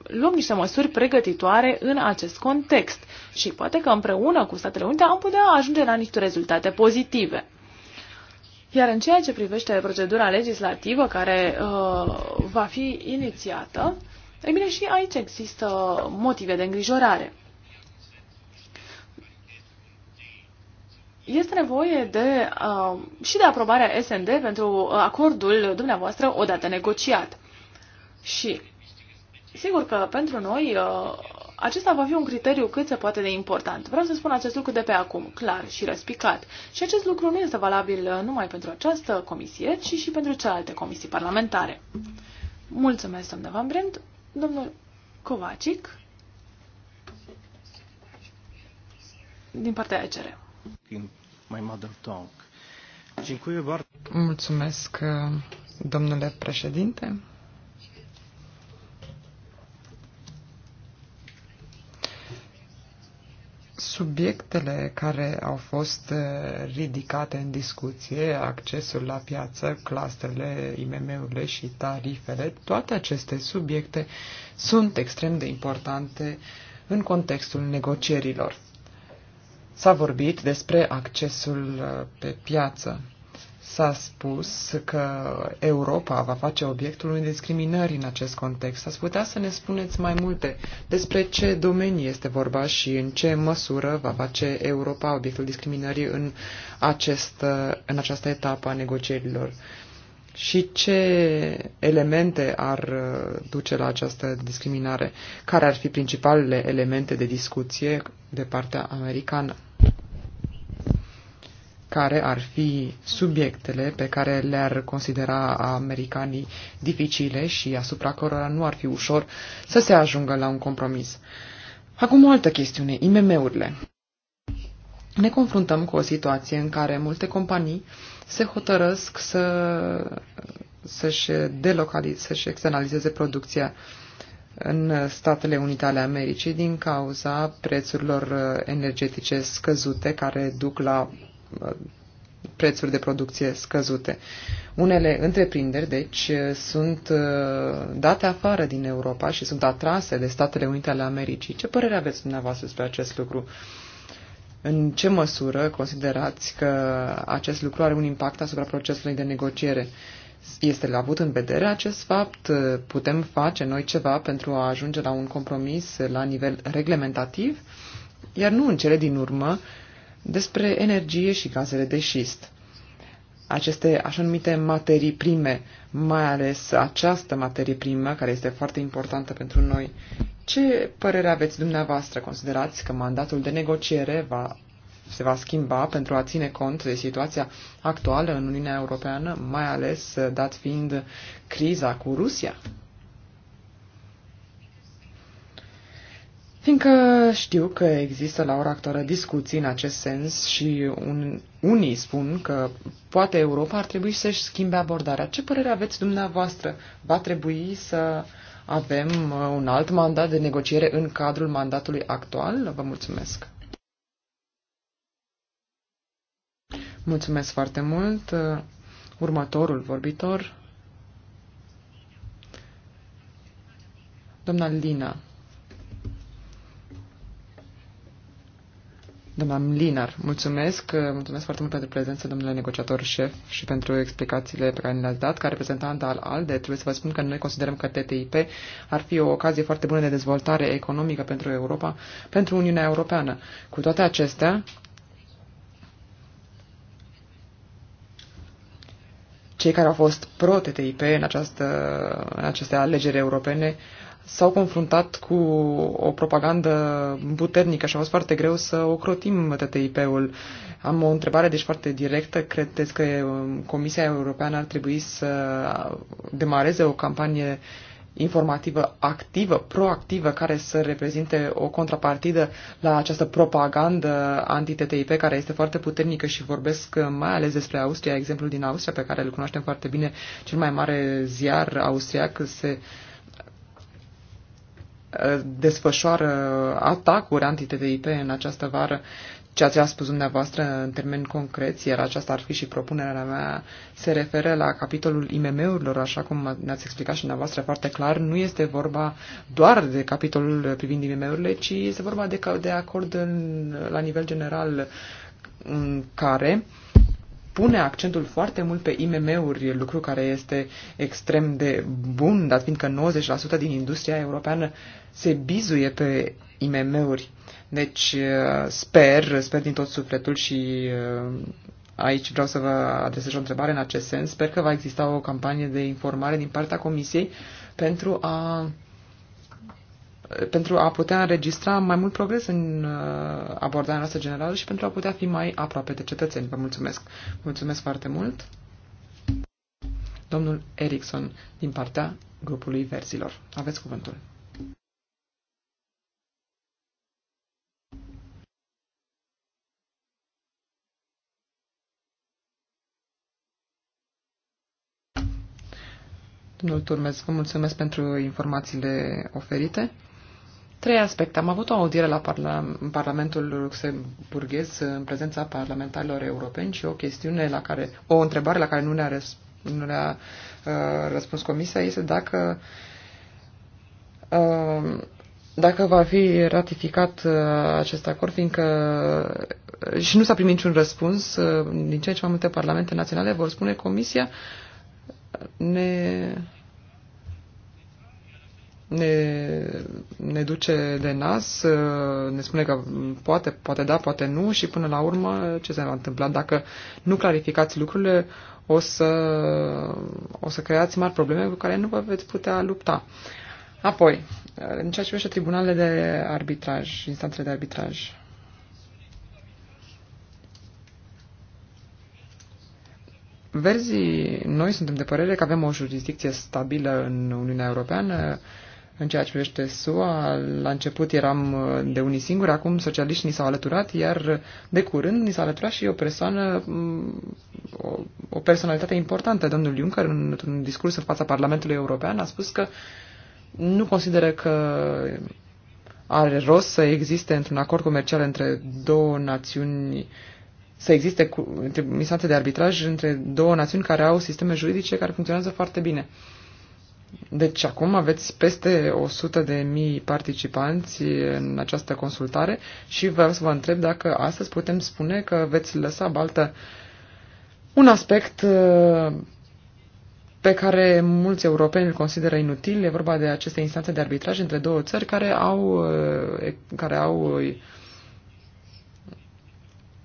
luăm niște măsuri pregătitoare în acest context și poate că împreună cu Statele Unite am putea ajunge la niște rezultate pozitive. Iar în ceea ce privește procedura legislativă care uh, va fi inițiată, ei bine, și aici există motive de îngrijorare. este nevoie de, uh, și de aprobarea SND pentru uh, acordul dumneavoastră odată negociat. Și sigur că pentru noi uh, acesta va fi un criteriu cât se poate de important. Vreau să spun acest lucru de pe acum, clar și răspicat. Și acest lucru nu este valabil uh, numai pentru această comisie, ci și pentru celelalte comisii parlamentare. Mulțumesc, domnule Van Brent. Domnul Covacic, din partea ECR. In my mother tongue. Mulțumesc, domnule președinte. subiectele care au fost ridicate în discuție, accesul la piață, clusterele, IMM-urile și tarifele, toate aceste subiecte sunt extrem de importante în contextul negocierilor. S-a vorbit despre accesul uh, pe piață. S-a spus că Europa va face obiectul unei discriminări în acest context. Ați putea să ne spuneți mai multe despre ce domenii este vorba și în ce măsură va face Europa obiectul discriminării în, acest, uh, în această etapă a negocierilor și ce elemente ar uh, duce la această discriminare, care ar fi principalele elemente de discuție de partea americană care ar fi subiectele pe care le-ar considera americanii dificile și asupra cărora nu ar fi ușor să se ajungă la un compromis. Acum o altă chestiune, IMM-urile. Ne confruntăm cu o situație în care multe companii se hotărăsc să, să-și delocalizeze, să-și externalizeze producția în Statele Unite ale Americii din cauza prețurilor energetice scăzute care duc la prețuri de producție scăzute. Unele întreprinderi, deci, sunt uh, date afară din Europa și sunt atrase de Statele Unite ale Americii. Ce părere aveți dumneavoastră despre acest lucru? În ce măsură considerați că acest lucru are un impact asupra procesului de negociere? Este avut în vedere acest fapt? Putem face noi ceva pentru a ajunge la un compromis la nivel reglementativ? Iar nu în cele din urmă, despre energie și gazele de șist. Aceste așa numite materii prime, mai ales această materie primă, care este foarte importantă pentru noi, ce părere aveți dumneavoastră? Considerați că mandatul de negociere va, se va schimba pentru a ține cont de situația actuală în Uniunea Europeană, mai ales dat fiind criza cu Rusia? Fiindcă știu că există la ora actuală discuții în acest sens și un, unii spun că poate Europa ar trebui să-și schimbe abordarea. Ce părere aveți dumneavoastră? Va trebui să avem uh, un alt mandat de negociere în cadrul mandatului actual? Vă mulțumesc! Mulțumesc foarte mult! Uh, următorul vorbitor, doamna Lina Doamna Mlinar, mulțumesc, uh, mulțumesc foarte mult pentru prezență, domnule negociator șef, și pentru explicațiile pe care le-ați dat. Ca reprezentant al ALDE, trebuie să vă spun că noi considerăm că TTIP ar fi o ocazie foarte bună de dezvoltare economică pentru Europa, pentru Uniunea Europeană. Cu toate acestea, cei care au fost pro-TTIP în, această, în aceste alegeri europene s-au confruntat cu o propagandă puternică și a fost foarte greu să ocrotim TTIP-ul. Am o întrebare deci foarte directă. Credeți că um, Comisia Europeană ar trebui să demareze o campanie informativă activă, proactivă, care să reprezinte o contrapartidă la această propagandă anti-TTIP, care este foarte puternică și vorbesc uh, mai ales despre Austria, exemplul din Austria, pe care îl cunoaștem foarte bine, cel mai mare ziar austriac se uh, desfășoară atacuri anti-TTIP în această vară, ceea ce a spus dumneavoastră în termeni concreți, iar aceasta ar fi și propunerea mea, se referă la capitolul IMM-urilor, așa cum ne-ați explicat și dumneavoastră foarte clar. Nu este vorba doar de capitolul privind IMM-urile, ci este vorba de, de acord în, la nivel general în care uh, pune accentul foarte mult pe IMM-uri, lucru care este extrem de bun, dat fiindcă 90% din industria europeană se bizuie pe IMM-uri. Deci uh, sper, sper din tot sufletul și uh, aici vreau să vă adresez o întrebare în acest sens. Sper că va exista o campanie de informare din partea Comisiei pentru a pentru a putea înregistra mai mult progres în uh, abordarea noastră generală și pentru a putea fi mai aproape de cetățeni. Vă mulțumesc. Mulțumesc foarte mult. Domnul Erickson, din partea grupului Verzilor. Aveți cuvântul. Domnul Turmes, vă mulțumesc pentru informațiile oferite trei aspecte. Am avut o audiere la parla Parlamentul luxemburghez în prezența parlamentarilor europeni și o chestiune la care, o întrebare la care nu ne-a, răs, ne uh, răspuns comisia este dacă uh, dacă va fi ratificat uh, acest acord, fiindcă uh, și nu s-a primit niciun răspuns, uh, din ceea ce mai multe parlamente naționale vor spune comisia ne ne, ne duce de nas, ne spune că poate, poate da, poate nu și până la urmă ce se va întâmpla? Dacă nu clarificați lucrurile, o să, o să creați mari probleme cu care nu vă veți putea lupta. Apoi, în ceea ce privește tribunalele de arbitraj, instanțele de arbitraj, Verzii, noi suntem de părere că avem o jurisdicție stabilă în Uniunea Europeană, în ceea ce privește SUA, la început eram uh, de unii singuri, acum socialiștii ni s-au alăturat, iar de curând ni s-a alăturat și o persoană, mm, o, o personalitate importantă. Domnul Juncker, într-un discurs în fața Parlamentului European, a spus că nu consideră că are rost să existe într-un acord comercial între două națiuni să existe instanțe de arbitraj între două națiuni care au sisteme juridice care funcționează foarte bine. Uh, deci acum aveți peste 100 de mii participanți în această consultare și vreau să vă întreb dacă astăzi putem spune că veți lăsa baltă un aspect uh, pe care mulți europeni îl consideră inutil. E vorba de aceste instanțe de arbitraj între două țări care au, uh, care au, uh,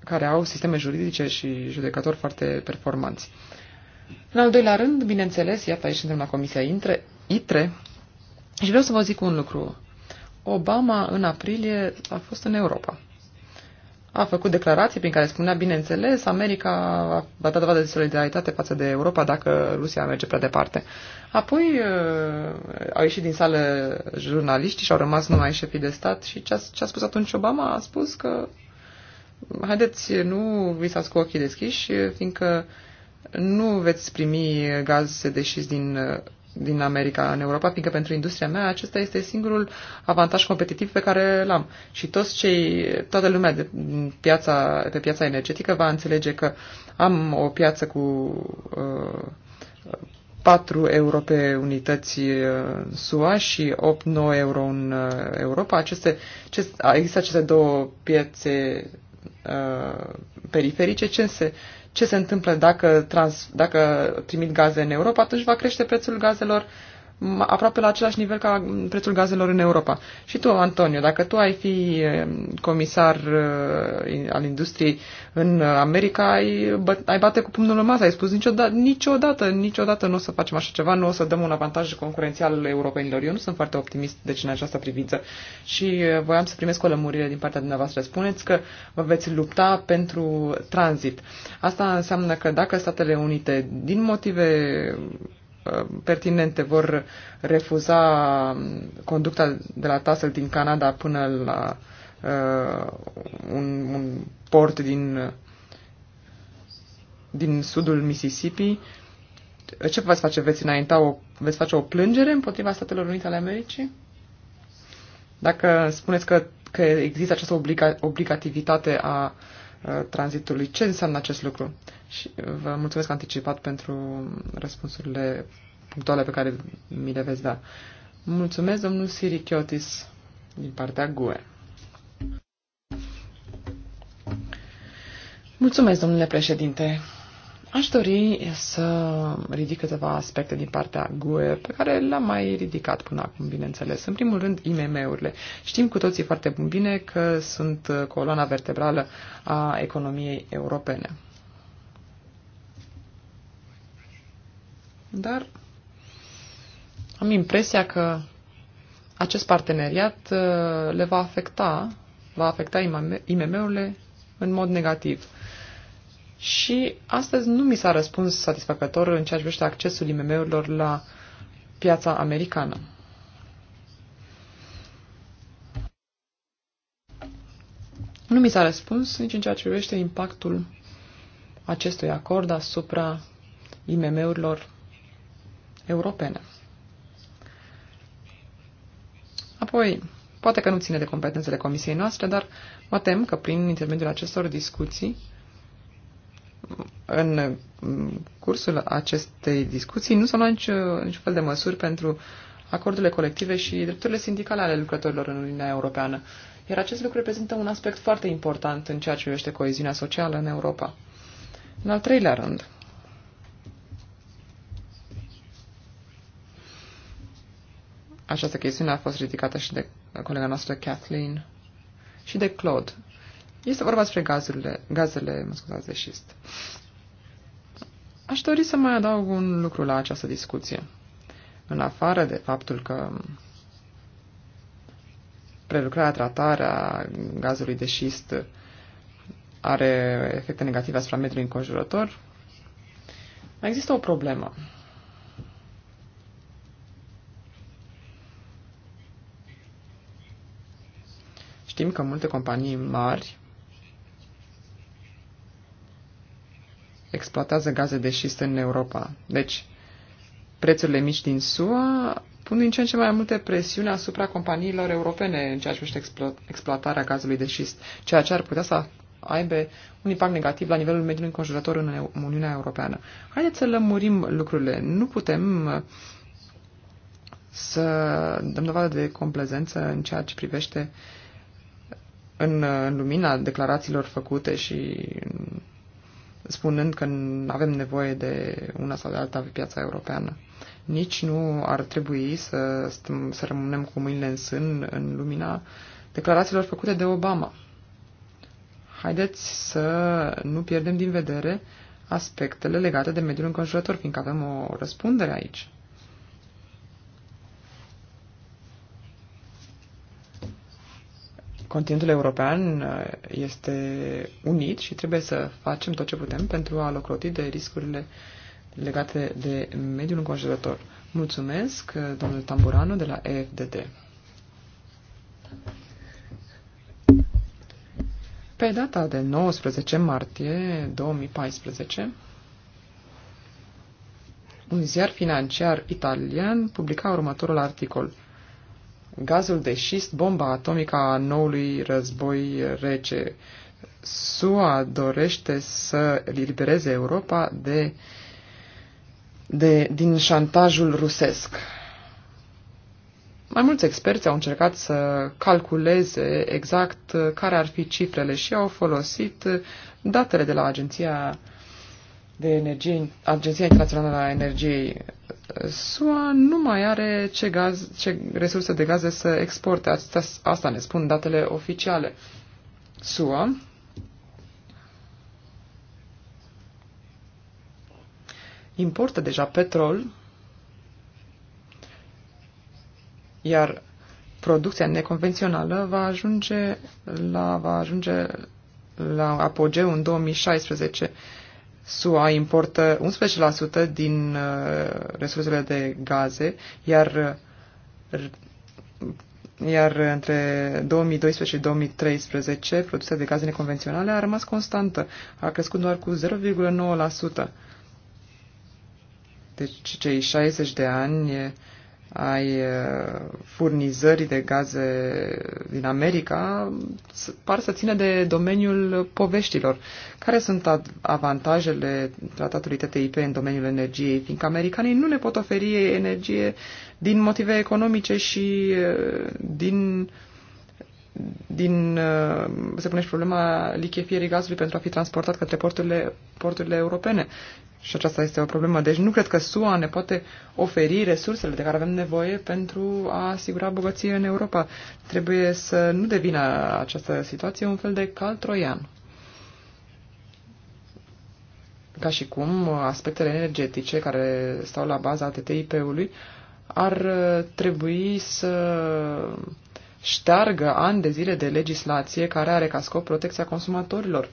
care au sisteme juridice și judecători foarte performanți. În al doilea rând, bineînțeles, iată aici suntem la Comisia Intre, ITRE și vreau să vă zic un lucru. Obama în aprilie a fost în Europa. A făcut declarații prin care spunea, bineînțeles, America va da dovadă de solidaritate față de Europa dacă Rusia merge prea departe. Apoi uh, au ieșit din sală jurnaliștii și au rămas numai șefii de stat și ce a, ce a spus atunci Obama a spus că haideți, nu visați cu ochii deschiși, fiindcă uh, nu veți primi gaze de șist din, din America în Europa, fiindcă pentru industria mea acesta este singurul avantaj competitiv pe care l-am. Și toți cei, toată lumea de piața, pe piața energetică va înțelege că am o piață cu uh, 4 euro pe unități în uh, SUA și 8-9 euro în uh, Europa. Aceste, acest, există aceste două piețe uh, periferice. Ce, se, ce se întâmplă dacă, trans, dacă trimit gaze în Europa, atunci va crește prețul gazelor aproape la același nivel ca prețul gazelor în Europa. Și tu, Antonio, dacă tu ai fi comisar eh, al industriei în America, ai, ai bate cu pumnul în masă, ai spus niciodată, niciodată, niciodată nu o să facem așa ceva, nu o să dăm un avantaj concurențial europenilor. Eu nu sunt foarte optimist, deci, în această privință. Și eh, voiam să primesc o lămurire din partea dumneavoastră. Spuneți că vă veți lupta pentru tranzit. Asta înseamnă că dacă Statele Unite, din motive pertinente vor refuza conducta de la Tassel din Canada până la uh, un, un port din, din sudul Mississippi, ce veți face? Veți înainta o, veți face o plângere împotriva Statelor Unite ale Americii? Dacă spuneți că, că există această obliga, obligativitate a uh, Uh, tranzitului. Ce înseamnă acest lucru? Și uh, vă mulțumesc anticipat pentru răspunsurile punctuale pe care mi le veți da. Mulțumesc, domnul Siri Chiotis, din partea GUE. Mulțumesc, domnule președinte. Aș dori să ridic câteva aspecte din partea GUE pe care le-am mai ridicat până acum, bineînțeles. În primul rând, IMM-urile. Știm cu toții foarte bine că sunt coloana vertebrală a economiei europene. Dar am impresia că acest parteneriat uh, le va afecta, va afecta IMM-urile în mod negativ și astăzi nu mi s-a răspuns satisfăcător în ceea ce privește accesul IMM-urilor la piața americană. Nu mi s-a răspuns nici în ceea ce privește impactul acestui acord asupra IMM-urilor europene. Apoi, poate că nu ține de competențele comisiei noastre, dar mă tem că prin intermediul acestor discuții în cursul acestei discuții nu s-au luat niciun, niciun fel de măsuri pentru acordurile colective și drepturile sindicale ale lucrătorilor în Uniunea Europeană. Iar acest lucru reprezintă un aspect foarte important în ceea ce privește coeziunea socială în Europa. În al treilea rând, această chestiune a fost ridicată și de colega noastră Kathleen și de Claude este vorba despre gazurile, gazele, mă scuzați, de șist. Aș dori să mai adaug un lucru la această discuție. În afară de faptul că prelucrarea, tratarea gazului de șist are efecte negative asupra mediului înconjurător, mai există o problemă. Știm că multe companii mari exploatează gaze de șist în Europa. Deci, prețurile mici din SUA pun din ce în ce mai multe presiuni asupra companiilor europene în ceea ce privește explo- exploatarea gazului de șist, ceea ce ar putea să aibă un impact negativ la nivelul mediului înconjurător în Uniunea Europeană. Haideți să lămurim lucrurile. Nu putem uh, să dăm dovadă de complezență în ceea ce privește în, uh, în lumina declarațiilor făcute și în spunând că nu avem nevoie de una sau de alta pe piața europeană. Nici nu ar trebui să, stăm, să rămânem cu mâinile în sân în lumina declarațiilor făcute de Obama. Haideți să nu pierdem din vedere aspectele legate de mediul înconjurător, fiindcă avem o răspundere aici. Continentul european uh, este unit și trebuie să facem tot ce putem pentru a locroti de riscurile legate de mediul înconjurător. Mulțumesc, uh, domnul Tamburano de la EFDD. Pe data de 19 martie 2014, un ziar financiar italian publica următorul articol – gazul de șist, bomba atomică a noului război rece. SUA dorește să elibereze Europa de, de, din șantajul rusesc. Mai mulți experți au încercat să calculeze exact care ar fi cifrele și au folosit datele de la Agenția de Energie, Agenția Internațională a Energiei, SUA nu mai are ce, gaz, ce resurse de gaze să exporte. Asta, asta ne spun datele oficiale. SUA importă deja petrol, iar producția neconvențională va ajunge la, va ajunge la apogeu în 2016 SUA importă 11% din uh, resursele de gaze, iar, uh, iar între 2012 și 2013 producția de gaze neconvenționale a rămas constantă, a crescut doar cu 0,9%. Deci cei 60 de ani ai uh, furnizării de gaze din America par să țină de domeniul poveștilor. Care sunt avantajele tratatului TTIP în domeniul energiei, fiindcă americanii nu ne pot oferi energie din motive economice și uh, din din, uh, se pune și problema lichefierii gazului pentru a fi transportat către porturile, porturile europene. Și aceasta este o problemă. Deci nu cred că SUA ne poate oferi resursele de care avem nevoie pentru a asigura bogăție în Europa. Trebuie să nu devină această situație un fel de cal troian. Ca și cum aspectele energetice care stau la baza TTIP-ului ar trebui să șteargă ani de zile de legislație care are ca scop protecția consumatorilor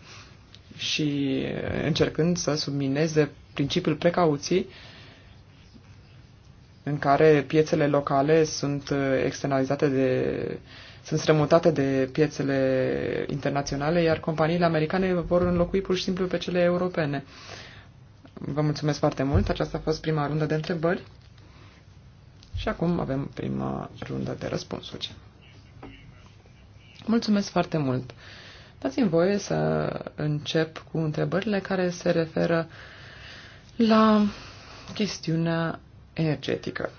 și încercând să submineze principiul precauției în care piețele locale sunt uh, externalizate de sunt strămutate de piețele internaționale, iar companiile americane vor înlocui pur și simplu pe cele europene. Vă mulțumesc foarte mult. Aceasta a fost prima rundă de întrebări. Și acum avem prima rundă de răspunsuri. Mulțumesc foarte mult. Dați-mi voie să încep cu întrebările care se referă uh, la chestiunea energetică.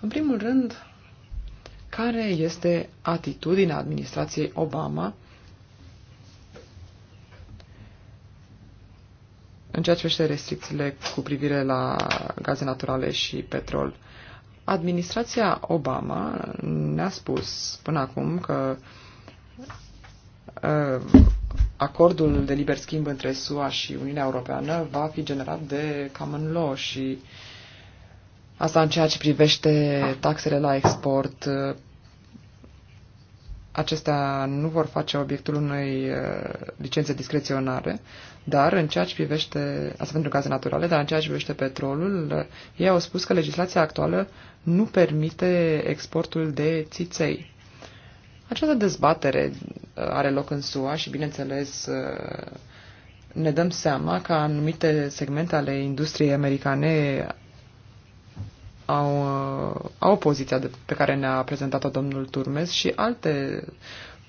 În primul rând, care este atitudinea administrației Obama în ceea ce privește restricțiile cu privire la gaze naturale și petrol. Administrația Obama ne-a spus până acum că uh, acordul de liber schimb între SUA și Uniunea Europeană va fi generat de common law și asta în ceea ce privește taxele la export. Acestea nu vor face obiectul unei uh, licențe discreționare, dar în ceea ce privește, asta pentru gaze naturale, dar în ceea ce privește petrolul, uh, ei au spus că legislația actuală nu permite exportul de țiței. Această dezbatere uh, are loc în SUA și, bineînțeles, uh, ne dăm seama că anumite segmente ale industriei americane au, uh, au poziția de, pe care ne-a prezentat-o domnul Turmes și alte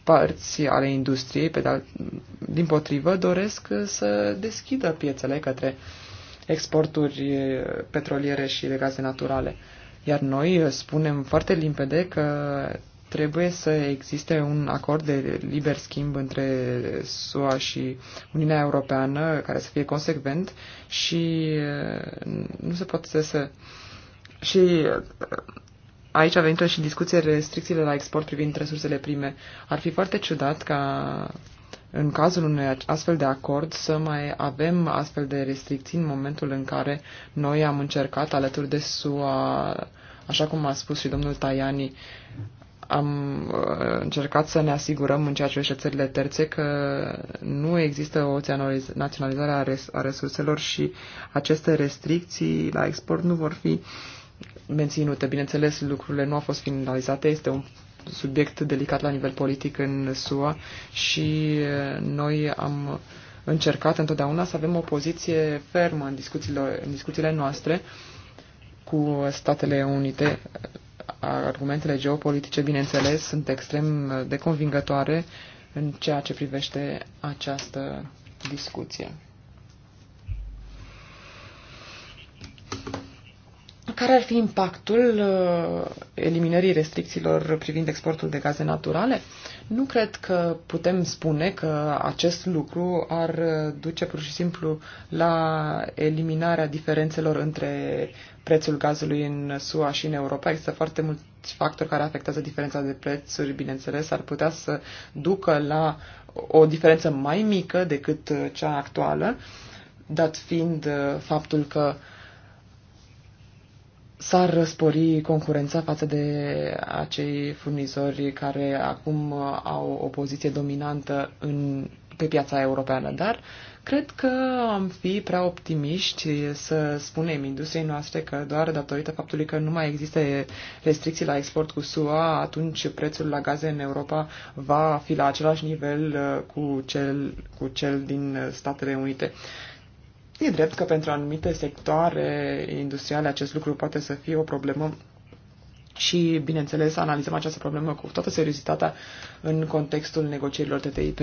părți ale industriei, pe de din potrivă, doresc să deschidă piețele către exporturi petroliere și de gaze naturale. Iar noi spunem foarte limpede că Trebuie să existe un acord de liber schimb între SUA și Uniunea Europeană care să fie consecvent și uh, nu se poate să... Și uh, aici a venit și discuție restricțiile la export privind resursele prime. Ar fi foarte ciudat ca în cazul unui astfel de acord să mai avem astfel de restricții în momentul în care noi am încercat alături de SUA, așa cum a spus și domnul Tajani, am uh, încercat să ne asigurăm în ceea ce privește țările terțe că nu există o naționalizare a, a resurselor și aceste restricții la export nu vor fi menținute. Bineînțeles, lucrurile nu au fost finalizate, este un subiect delicat la nivel politic în SUA și uh, noi am încercat întotdeauna să avem o poziție fermă în discuțiile, în discuțiile noastre cu Statele Unite argumentele geopolitice, bineînțeles, sunt extrem de convingătoare în ceea ce privește această discuție. Care ar fi impactul uh, eliminării restricțiilor privind exportul de gaze naturale? Nu cred că putem spune că acest lucru ar duce pur și simplu la eliminarea diferențelor între prețul gazului în SUA și în Europa. Există foarte mulți factori care afectează diferența de prețuri, bineînțeles, ar putea să ducă la o diferență mai mică decât cea actuală, dat fiind faptul că uh, s-ar răspori concurența față de acei furnizori care acum au o poziție dominantă în, pe piața europeană, dar cred că am fi prea optimiști să spunem industriei noastre că doar datorită faptului că nu mai există restricții la export cu SUA, atunci prețul la gaze în Europa va fi la același nivel uh, cu cel, cu cel din Statele Unite. Uh, E drept că pentru anumite sectoare industriale acest lucru poate să fie o problemă și, bineînțeles, analizăm această problemă cu toată seriozitatea în contextul negocierilor TTIP,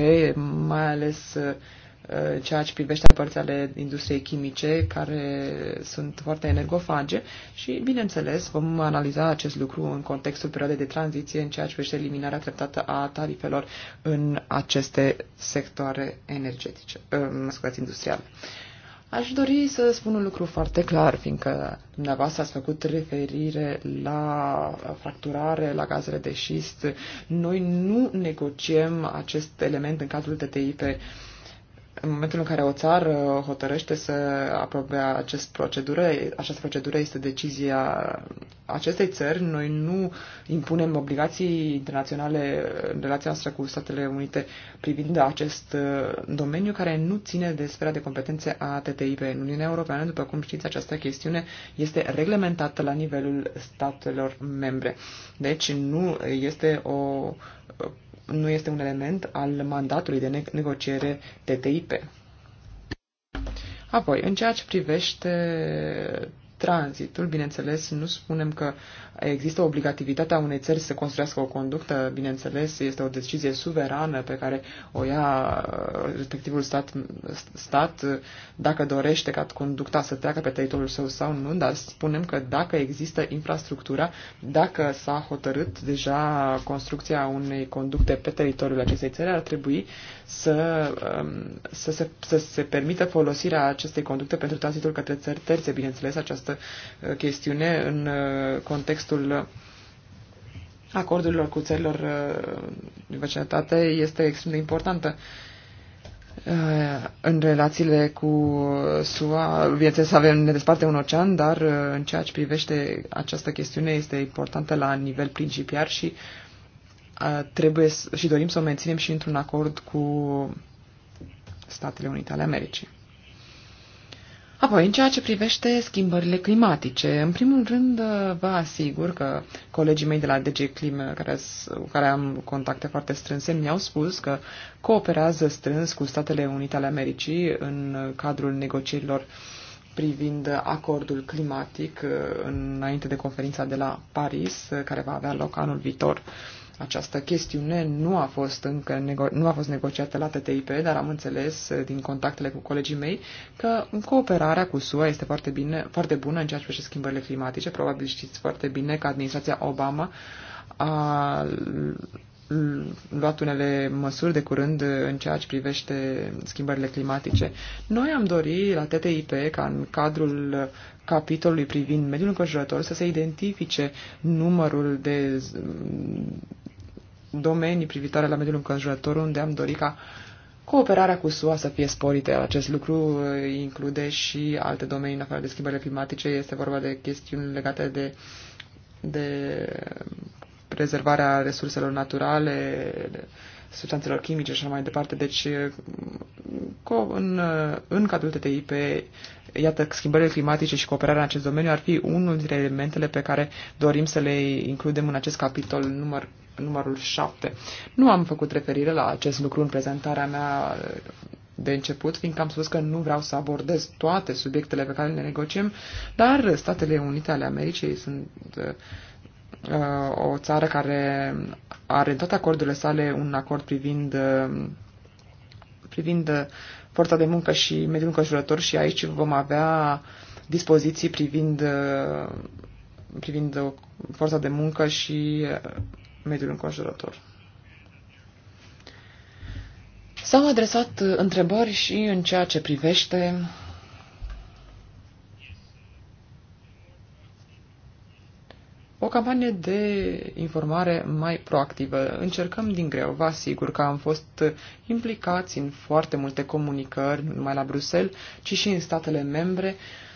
mai ales uh, ceea ce privește părți ale industriei chimice, care sunt foarte energofage și, bineînțeles, vom analiza acest lucru în contextul perioadei de tranziție, în ceea ce privește eliminarea treptată a tarifelor în aceste sectoare energetice, mă uh, scuzați, industriale. Aș dori să spun un lucru foarte clar, fiindcă dumneavoastră ați făcut referire la fracturare, la gazele de șist. Noi nu negociem acest element în cadrul TTIP. În momentul în care o țară hotărăște să aprobe acest procedură, această procedură este decizia acestei țări, noi nu impunem obligații internaționale în relația noastră cu Statele Unite privind acest uh, domeniu care nu ține de sfera de competențe a TTIP. În Uniunea Europeană, după cum știți, această chestiune este reglementată la nivelul statelor membre. Deci nu este o nu este un element al mandatului de negociere TTIP. Apoi, în ceea ce privește tranzitul. Bineînțeles, nu spunem că există obligativitatea unei țări să construiască o conductă, bineînțeles, este o decizie suverană pe care o ia uh, respectivul stat, stat uh, dacă dorește ca conducta să treacă pe teritoriul său sau nu, dar spunem că dacă există infrastructura, dacă s-a hotărât deja construcția unei conducte pe teritoriul acestei țări, ar trebui să, um, să, se, să se permită folosirea acestei conducte pentru tranzitul către țări terțe. Bineînțeles, această această uh, chestiune în uh, contextul acordurilor cu țărilor uh, din vecinătate este extrem de importantă în relațiile cu SUA, bineînțeles avem, ne desparte un ocean, dar în ceea ce privește această chestiune este importantă la nivel principiar și trebuie și dorim să o menținem și într-un acord cu Statele Unite ale Americii. Apoi, în ceea ce privește schimbările climatice, în primul rând uh, vă asigur că colegii mei de la DG Clim, uh, care, care am contacte foarte strânse, mi-au spus că cooperează strâns cu Statele Unite ale Americii în cadrul negocierilor privind acordul climatic uh, înainte de conferința de la Paris, care va avea loc anul viitor. Uh, această chestiune nu a fost încă nu a fost negociată la TTIP, dar am înțeles eh, din contactele cu colegii mei că cooperarea cu SUA este foarte, bine, foarte bună în ceea ce privește schimbările climatice. Probabil știți foarte bine că administrația Obama a luat unele măsuri de curând eh, în ceea ce privește schimbările climatice. Noi am dorit la TTIP ca în cadrul capitolului privind mediul înconjurător să se identifice numărul de domenii privitoare la mediul înconjurător unde am dorit ca cooperarea cu SUA să fie sporită. Acest lucru uh, include și alte domenii în afară de schimbările climatice. Este vorba de chestiuni legate de, de prezervarea resurselor naturale, substanțelor chimice și așa mai departe. Deci, uh, în, uh, în cadrul TTIP, iată, schimbările climatice și cooperarea în acest domeniu ar fi unul dintre elementele pe care dorim să le includem în acest capitol număr numărul 7. Nu am făcut referire la acest lucru în prezentarea mea de început, fiindcă am spus că nu vreau să abordez toate subiectele pe care le negociem, dar Statele Unite ale Americii sunt uh, o țară care are în toate acordurile sale un acord privind, uh, privind uh, forța de muncă și mediul înconjurător și aici vom avea dispoziții privind, uh, privind forța de muncă și uh, mediul înconjurător. S-au adresat întrebări și în ceea ce privește o campanie de informare mai proactivă. Încercăm din greu, vă asigur că am fost implicați în foarte multe comunicări, nu numai la Bruxelles, ci și în statele membre, uh,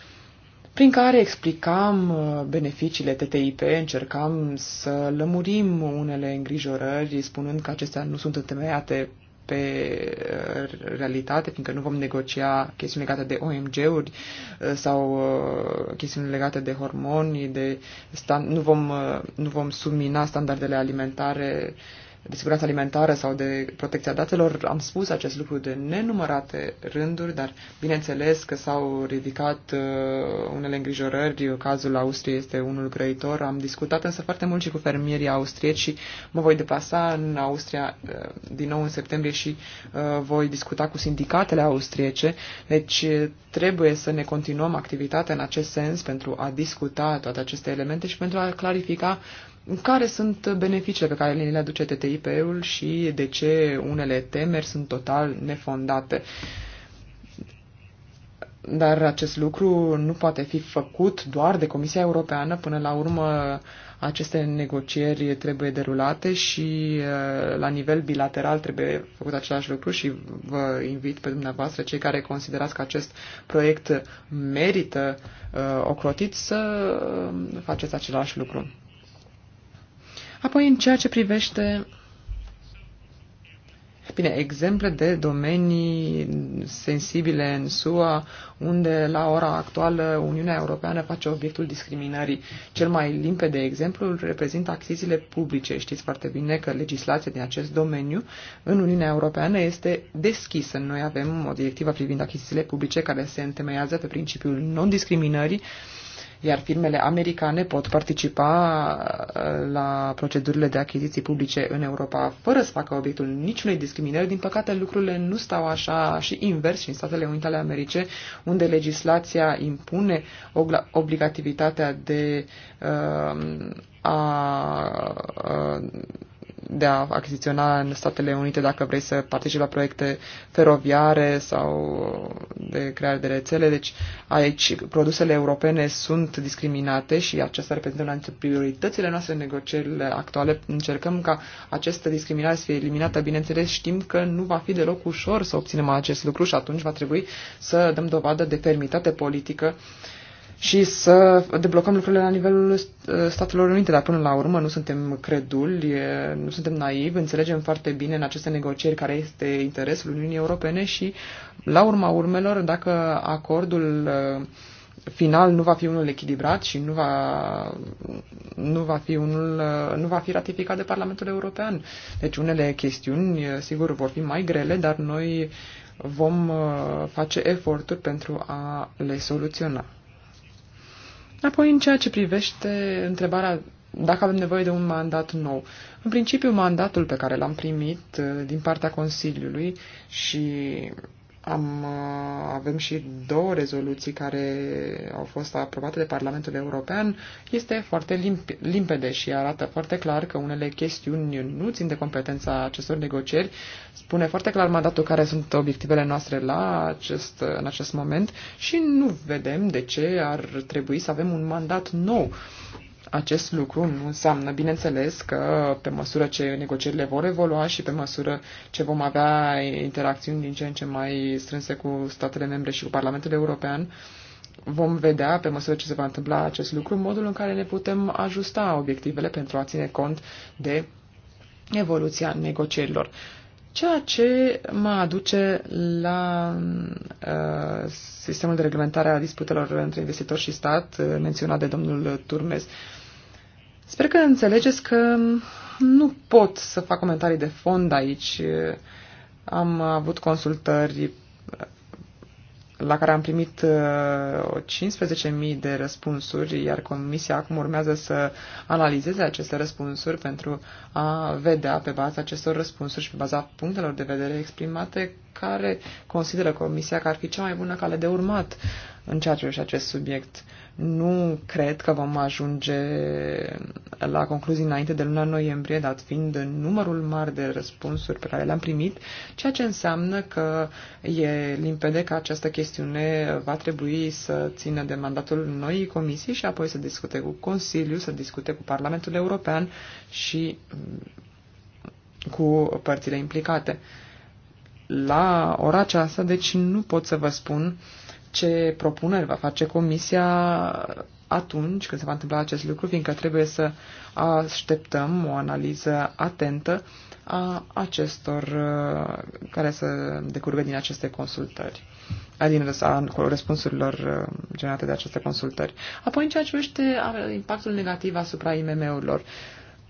prin care explicam uh, beneficiile TTIP, încercam să lămurim unele îngrijorări, spunând că acestea nu sunt întemeiate pe uh, realitate, fiindcă nu vom negocia chestiuni legate de OMG-uri uh, sau chestiuni legate de hormoni, de stand- nu, vom, nu vom submina standardele alimentare uh, de siguranță alimentară sau de protecția datelor. Am spus acest lucru de nenumărate rânduri, dar bineînțeles că s-au ridicat uh, unele îngrijorări. Cazul Austriei este unul grăitor. Am discutat însă foarte mult și cu fermierii austrieci și mă voi deplasa în Austria uh, din nou în septembrie și uh, voi discuta cu sindicatele austriece. Deci trebuie să ne continuăm activitatea în acest sens pentru a discuta toate aceste elemente și pentru a clarifica care sunt beneficiile pe care le aduce TTIP-ul și de ce unele temeri sunt total nefondate? Dar acest lucru nu poate fi făcut doar de Comisia Europeană. Până la urmă, aceste negocieri trebuie derulate și uh, la nivel bilateral trebuie făcut același lucru și vă invit pe dumneavoastră, cei care considerați că acest proiect merită uh, ocrotit, să uh, faceți același lucru. Apoi, în ceea ce privește Bine, exemple de domenii sensibile în SUA, unde la ora actuală Uniunea Europeană face obiectul discriminării. Cel mai limpede exemplu îl reprezintă achizițiile publice. Știți foarte bine că legislația din acest domeniu în Uniunea Europeană este deschisă. Noi avem o directivă privind achizițiile publice care se întemeiază pe principiul non-discriminării, uh, iar firmele americane pot participa uh, la procedurile de achiziții publice în Europa fără să facă obiectul niciunei discriminări. Din păcate, lucrurile nu stau așa și invers și în Statele Unite ale Americe, unde legislația impune obligativitatea de uh, a, uh, de a achiziționa în Statele Unite dacă vrei să participi la proiecte feroviare sau de creare de rețele. Deci aici produsele europene sunt discriminate și aceasta reprezintă una dintre prioritățile noastre în negocierile actuale. Încercăm ca această discriminare să fie eliminată. Bineînțeles, știm că nu va fi deloc ușor să obținem acest lucru și atunci va trebui să dăm dovadă de fermitate politică uh, și să deblocăm lucrurile la nivelul uh, Statelor Unite, dar până la urmă nu suntem creduli, nu suntem naivi, înțelegem foarte bine în aceste negocieri care este interesul Uniunii Europene și, la urma urmelor, dacă acordul uh, final nu va fi unul echilibrat și nu va, nu va, fi, unul, uh, nu va fi ratificat de Parlamentul European. Deci unele chestiuni, sigur, vor fi mai grele, dar noi vom face eforturi pentru a le soluționa. Apoi, în ceea ce privește întrebarea dacă avem nevoie de un mandat nou. În principiu, mandatul pe care l-am primit uh, din partea Consiliului și am, uh, avem și două rezoluții care au fost aprobate de Parlamentul European, este foarte limpede și arată foarte clar că unele chestiuni nu țin de competența acestor negocieri. Spune foarte clar mandatul care sunt obiectivele noastre la acest, în acest moment și nu vedem de ce ar trebui să avem un mandat nou acest lucru nu înseamnă, bineînțeles, că pe măsură ce negocierile vor evolua și pe măsură ce vom avea interacțiuni din ce în ce mai strânse cu statele membre și cu Parlamentul European, vom vedea, pe măsură ce se va întâmpla acest lucru, modul în care ne putem ajusta obiectivele pentru a ține cont de evoluția negocierilor. Ceea ce mă aduce la uh, sistemul de reglementare a disputelor între investitor și stat, uh, menționat de domnul Turmes. Sper că înțelegeți că nu pot să fac comentarii de fond aici. Am avut consultări la care am primit 15.000 uh, de răspunsuri, iar comisia acum urmează să analizeze aceste răspunsuri pentru a vedea pe baza acestor răspunsuri și pe baza punctelor de vedere exprimate care consideră comisia că ar fi cea mai bună cale de urmat în ceea ce acest subiect. Nu cred că vom ajunge la concluzii înainte de luna noiembrie, dat fiind numărul mare de răspunsuri pe care le-am primit, ceea ce înseamnă că e limpede că această chestiune va trebui să țină de mandatul noii comisii și apoi să discute cu Consiliul, să discute cu Parlamentul European și mm, cu părțile implicate. La ora aceasta, deci nu pot să vă spun uh, ce propuneri va face Comisia atunci când se va întâmpla acest lucru, fiindcă trebuie să așteptăm o analiză atentă a acestor uh, care să decurgă din aceste consultări din răspunsurilor uh, generate de aceste consultări. Apoi, în ceea ce privește uh, impactul negativ asupra IMM-urilor,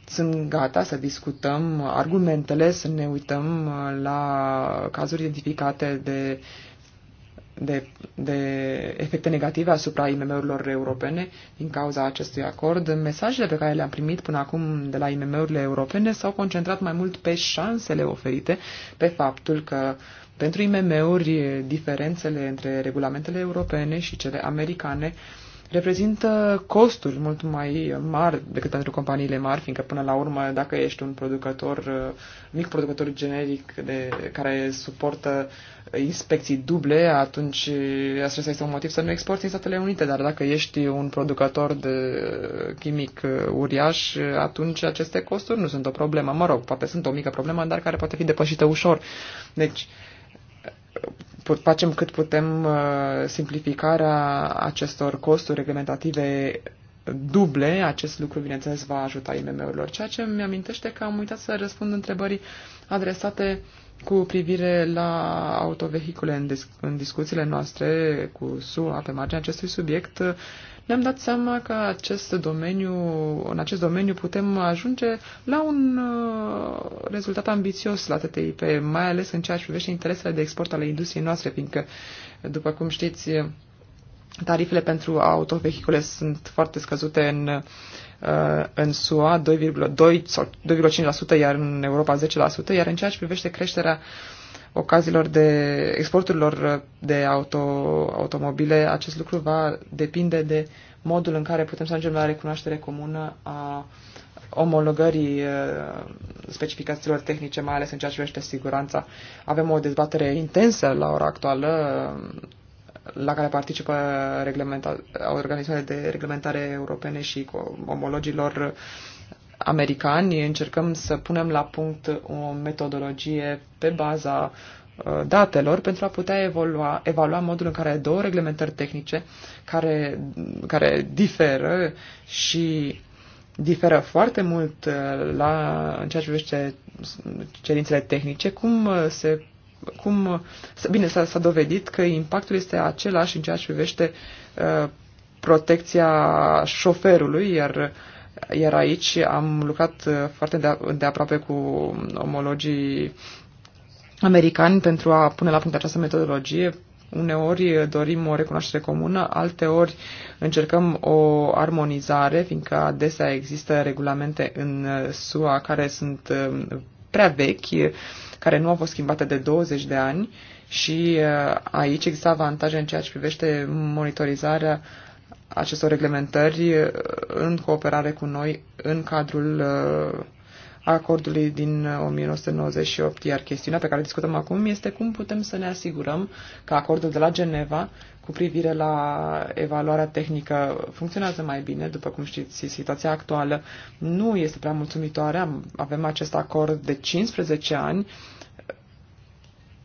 sunt gata să discutăm argumentele, să ne uităm la cazuri identificate de uh, de, de efecte negative asupra IMM-urilor europene din cauza acestui acord. Mesajele pe care le-am primit până acum de la IMM-urile europene s-au concentrat mai mult pe șansele oferite, pe faptul că pentru IMM-uri diferențele între regulamentele europene și cele americane uh, reprezintă costuri mult mai mari decât pentru companiile mari, fiindcă până la urmă, dacă ești un producător, uh, mic producător generic de, care suportă inspecții duble, atunci uh, acesta este un motiv să nu exporți în Statele Unite, dar dacă ești un producător de uh, chimic uriaș, atunci aceste costuri nu sunt o problemă. Mă rog, poate sunt o mică problemă, dar care poate fi depășită ușor. Deci, facem cât putem uh, simplificarea acestor costuri reglementative duble, acest lucru, bineînțeles, va ajuta IMM-urilor, ceea ce mi amintește că am uitat să răspund întrebării adresate cu privire la autovehicule în, dis- în discuțiile noastre cu SUA pe marginea acestui subiect ne-am dat seama că acest domeniu, în acest domeniu putem ajunge la un uh, rezultat ambițios la TTIP, mai ales în ceea ce privește interesele de export ale industriei noastre, fiindcă, după cum știți, tarifele pentru autovehicule sunt foarte scăzute în, uh, în SUA 2,2 sau 2,5%, iar în Europa 10%, iar în ceea ce privește creșterea uh, ocazilor de exporturilor de auto, automobile, acest lucru va depinde de modul în care putem să ajungem la recunoaștere comună a omologării uh, specificațiilor tehnice, mai ales în ceea ce privește siguranța. Avem o dezbatere intensă la ora actuală uh, la care participă organizațiile de reglementare europene și omologilor americani încercăm să punem la punct o metodologie pe baza uh, datelor pentru a putea evolua, evalua modul în care două reglementări tehnice care, care diferă și diferă foarte mult uh, la, în ceea ce privește cerințele tehnice, cum uh, se cum, bine, s-a, dovedit că impactul este același în ceea ce privește uh, protecția șoferului, iar uh, iar aici am lucrat uh, foarte de, de aproape cu omologii americani pentru a pune la punct această metodologie. Uneori uh, dorim o recunoaștere comună, alteori încercăm o armonizare, fiindcă adesea există regulamente în uh, SUA care sunt prea vechi, care nu au fost schimbate de 20 de ani și aici există avantaje în ceea ce privește monitorizarea uh, acestor reglementări uh, în cooperare cu noi în cadrul uh, acordului din 1998. Uh, Iar chestiunea pe care discutăm acum este cum putem să ne asigurăm că acordul de la Geneva cu privire la evaluarea tehnică funcționează mai bine. După cum știți, situația actuală nu este prea mulțumitoare. Avem acest acord de 15 ani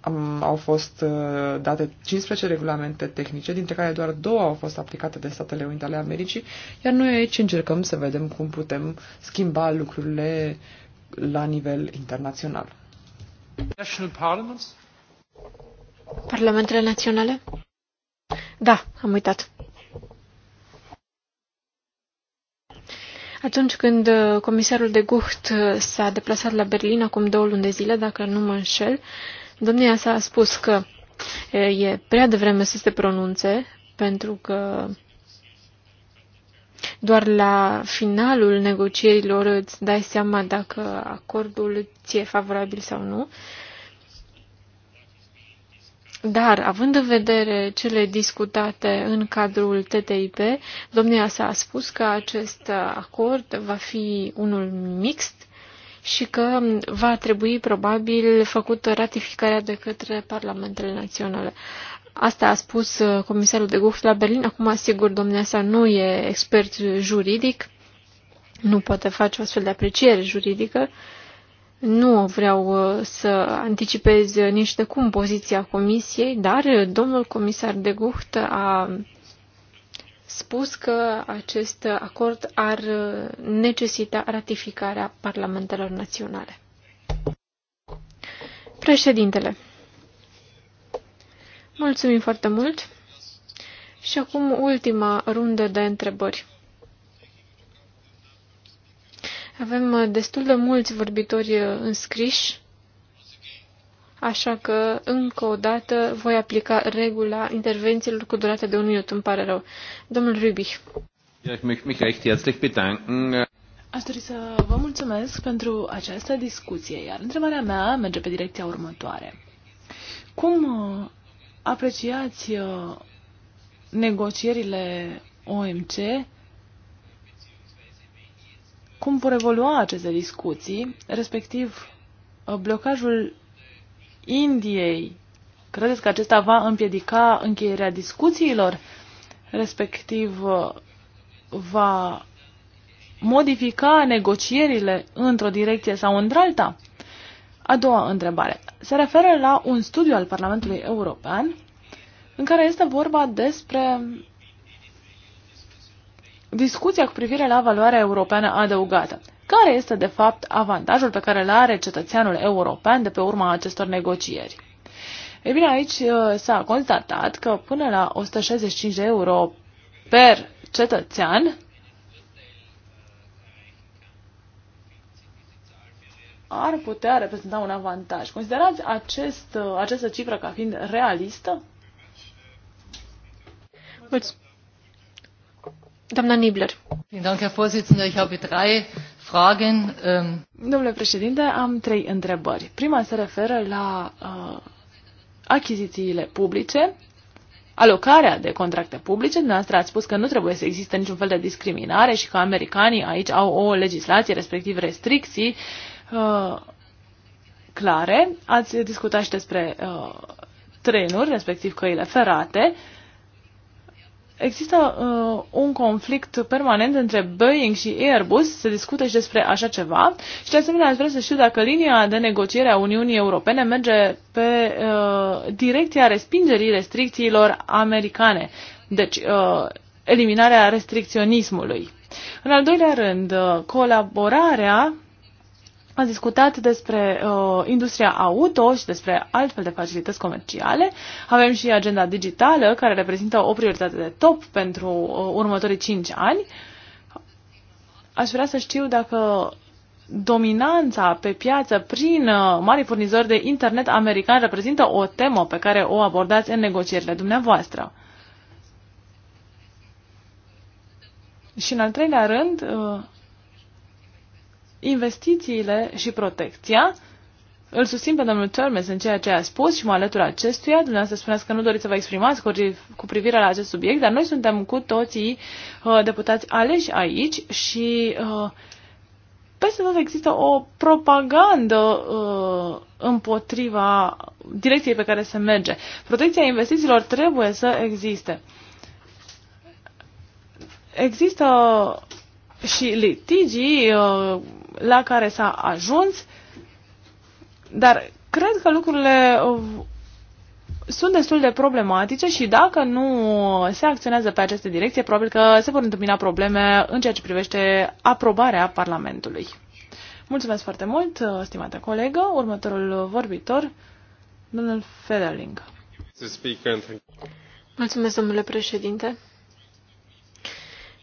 am, au fost uh, date 15 regulamente tehnice, dintre care doar două au fost aplicate de Statele Unite ale Americii, iar noi aici încercăm să vedem cum putem schimba lucrurile la nivel internațional. National Parliaments? Parlamentele naționale? Da, am uitat. Atunci când uh, comisarul de Gucht uh, s-a deplasat la Berlin acum două luni de zile, dacă nu mă înșel, uh, Domnia sa a spus că e prea devreme să se pronunțe, pentru că doar la finalul negocierilor îți dai seama dacă acordul e favorabil sau nu. Dar, având în vedere cele discutate în cadrul TTIP, domnia s-a spus că acest acord va fi unul mixt și că va trebui probabil făcută ratificarea de către parlamentele naționale. Asta a spus uh, comisarul de Gucht la Berlin. Acum, asigur, domnea sa nu e expert juridic, nu poate face o astfel de apreciere juridică. Nu vreau uh, să anticipez nici de cum poziția comisiei, dar uh, domnul comisar de guft a spus că acest acord ar necesita ratificarea parlamentelor naționale. Președintele, mulțumim foarte mult și acum ultima rundă de întrebări. Avem destul de mulți vorbitori înscriși Așa că, încă o dată, voi aplica regula intervențiilor cu durată de un minut. Îmi pare rău. Domnul Rübich. Aș dori să vă mulțumesc pentru această discuție, iar întrebarea mea merge pe direcția următoare. Cum uh, apreciați uh, negocierile OMC? Cum vor evolua aceste discuții, respectiv uh, blocajul Indiei. Credeți că acesta va împiedica încheierea discuțiilor, respectiv va modifica negocierile într-o direcție sau într-alta? A doua întrebare se referă la un studiu al Parlamentului European în care este vorba despre discuția cu privire la valoarea europeană adăugată care este de fapt avantajul pe care îl are cetățeanul european de pe urma acestor negocieri. Ei bine, aici uh, s-a constatat că până la 165 de euro per cetățean ar putea reprezenta un avantaj. Considerați acest, uh, această cifră ca fiind realistă? Mulțumesc. Doamna Nibler. Mulțumesc, Herr Vorsitzender. Ich habe drei Fragen. Ähm, Domnule președinte, am trei întrebări. Prima se referă la uh, achizițiile publice, alocarea de contracte publice. Dumneavoastră ați spus că nu trebuie să existe niciun fel de discriminare și că americanii aici au o legislație, respectiv restricții uh, clare. Ați discutat și despre uh, trenuri, respectiv căile ferate. Uh, Există uh, un conflict permanent între Boeing și Airbus, se discută și despre așa ceva și de asemenea aș vrea să știu dacă linia de negociere a Uniunii Europene merge pe uh, direcția respingerii restricțiilor americane, deci uh, eliminarea restricționismului. În al doilea rând, uh, colaborarea am discutat despre uh, industria auto și despre altfel de facilități comerciale. Avem și agenda digitală, care reprezintă o prioritate de top pentru uh, următorii 5 ani. Aș vrea să știu dacă dominanța pe piață prin uh, mari furnizori de internet american reprezintă o temă pe care o abordați în negocierile dumneavoastră. Și în al treilea rând, uh, investițiile și protecția. Îl susțin pe domnul Termes în ceea ce a spus și mă alătur acestuia. Dumneavoastră spuneați că nu doriți să vă exprimați cu privire la acest subiect, dar noi suntem cu toții uh, deputați aleși aici și uh, peste tot există o propagandă uh, împotriva direcției pe care se merge. Protecția investițiilor trebuie să existe. Există și litigii uh, la care s-a ajuns, dar cred că lucrurile uh, sunt destul de problematice și dacă nu se acționează pe această direcție, probabil că se vor întâmpina probleme în ceea ce privește aprobarea Parlamentului. Mulțumesc foarte mult, uh, stimată colegă. Următorul vorbitor, domnul Federling. Mulțumesc, domnule președinte.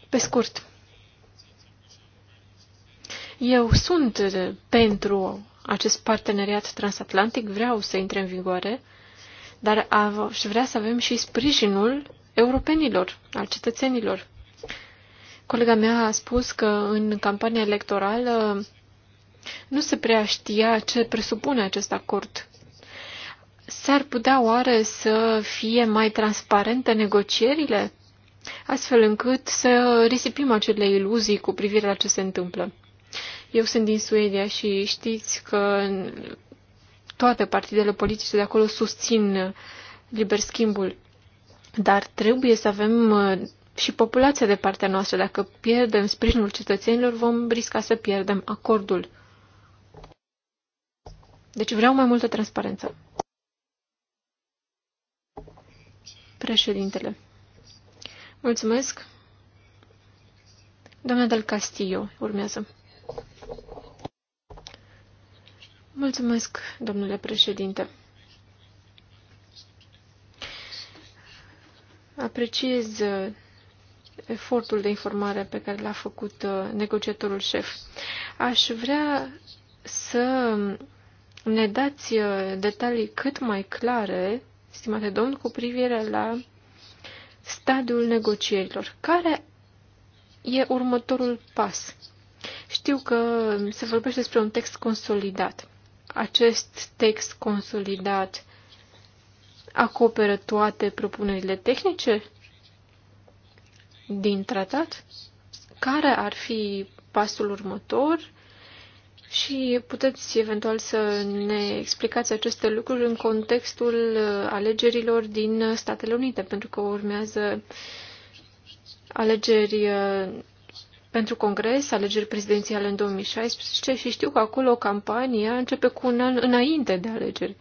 Pe scurt, eu sunt pentru acest parteneriat transatlantic, vreau să intre în vigoare, dar aș vrea să avem și sprijinul europenilor, al cetățenilor. Colega mea a spus că în campania electorală nu se prea știa ce presupune acest acord. S-ar putea oare să fie mai transparente negocierile, astfel încât să risipim acele iluzii cu privire la ce se întâmplă? Eu sunt din Suedia și știți că toate partidele politice de acolo susțin uh, liber schimbul. Dar trebuie să avem uh, și populația de partea noastră. Dacă pierdem sprijinul cetățenilor, vom risca să pierdem acordul. Deci vreau mai multă transparență. Președintele. Mulțumesc. Doamna del Castillo urmează. Mulțumesc, domnule președinte. Apreciez uh, efortul de informare pe care l-a făcut uh, negociatorul șef. Aș vrea să ne dați uh, detalii cât mai clare, stimate domn, cu privire la stadiul negocierilor. Care e următorul pas? Știu că se vorbește despre un text consolidat acest text consolidat acoperă toate propunerile tehnice din tratat? Care ar fi pasul următor? Și puteți eventual să ne explicați aceste lucruri în contextul alegerilor din Statele Unite, pentru că urmează alegeri pentru congres, alegeri prezidențiale în 2016 și știu că acolo campania începe cu un an înainte de alegeri.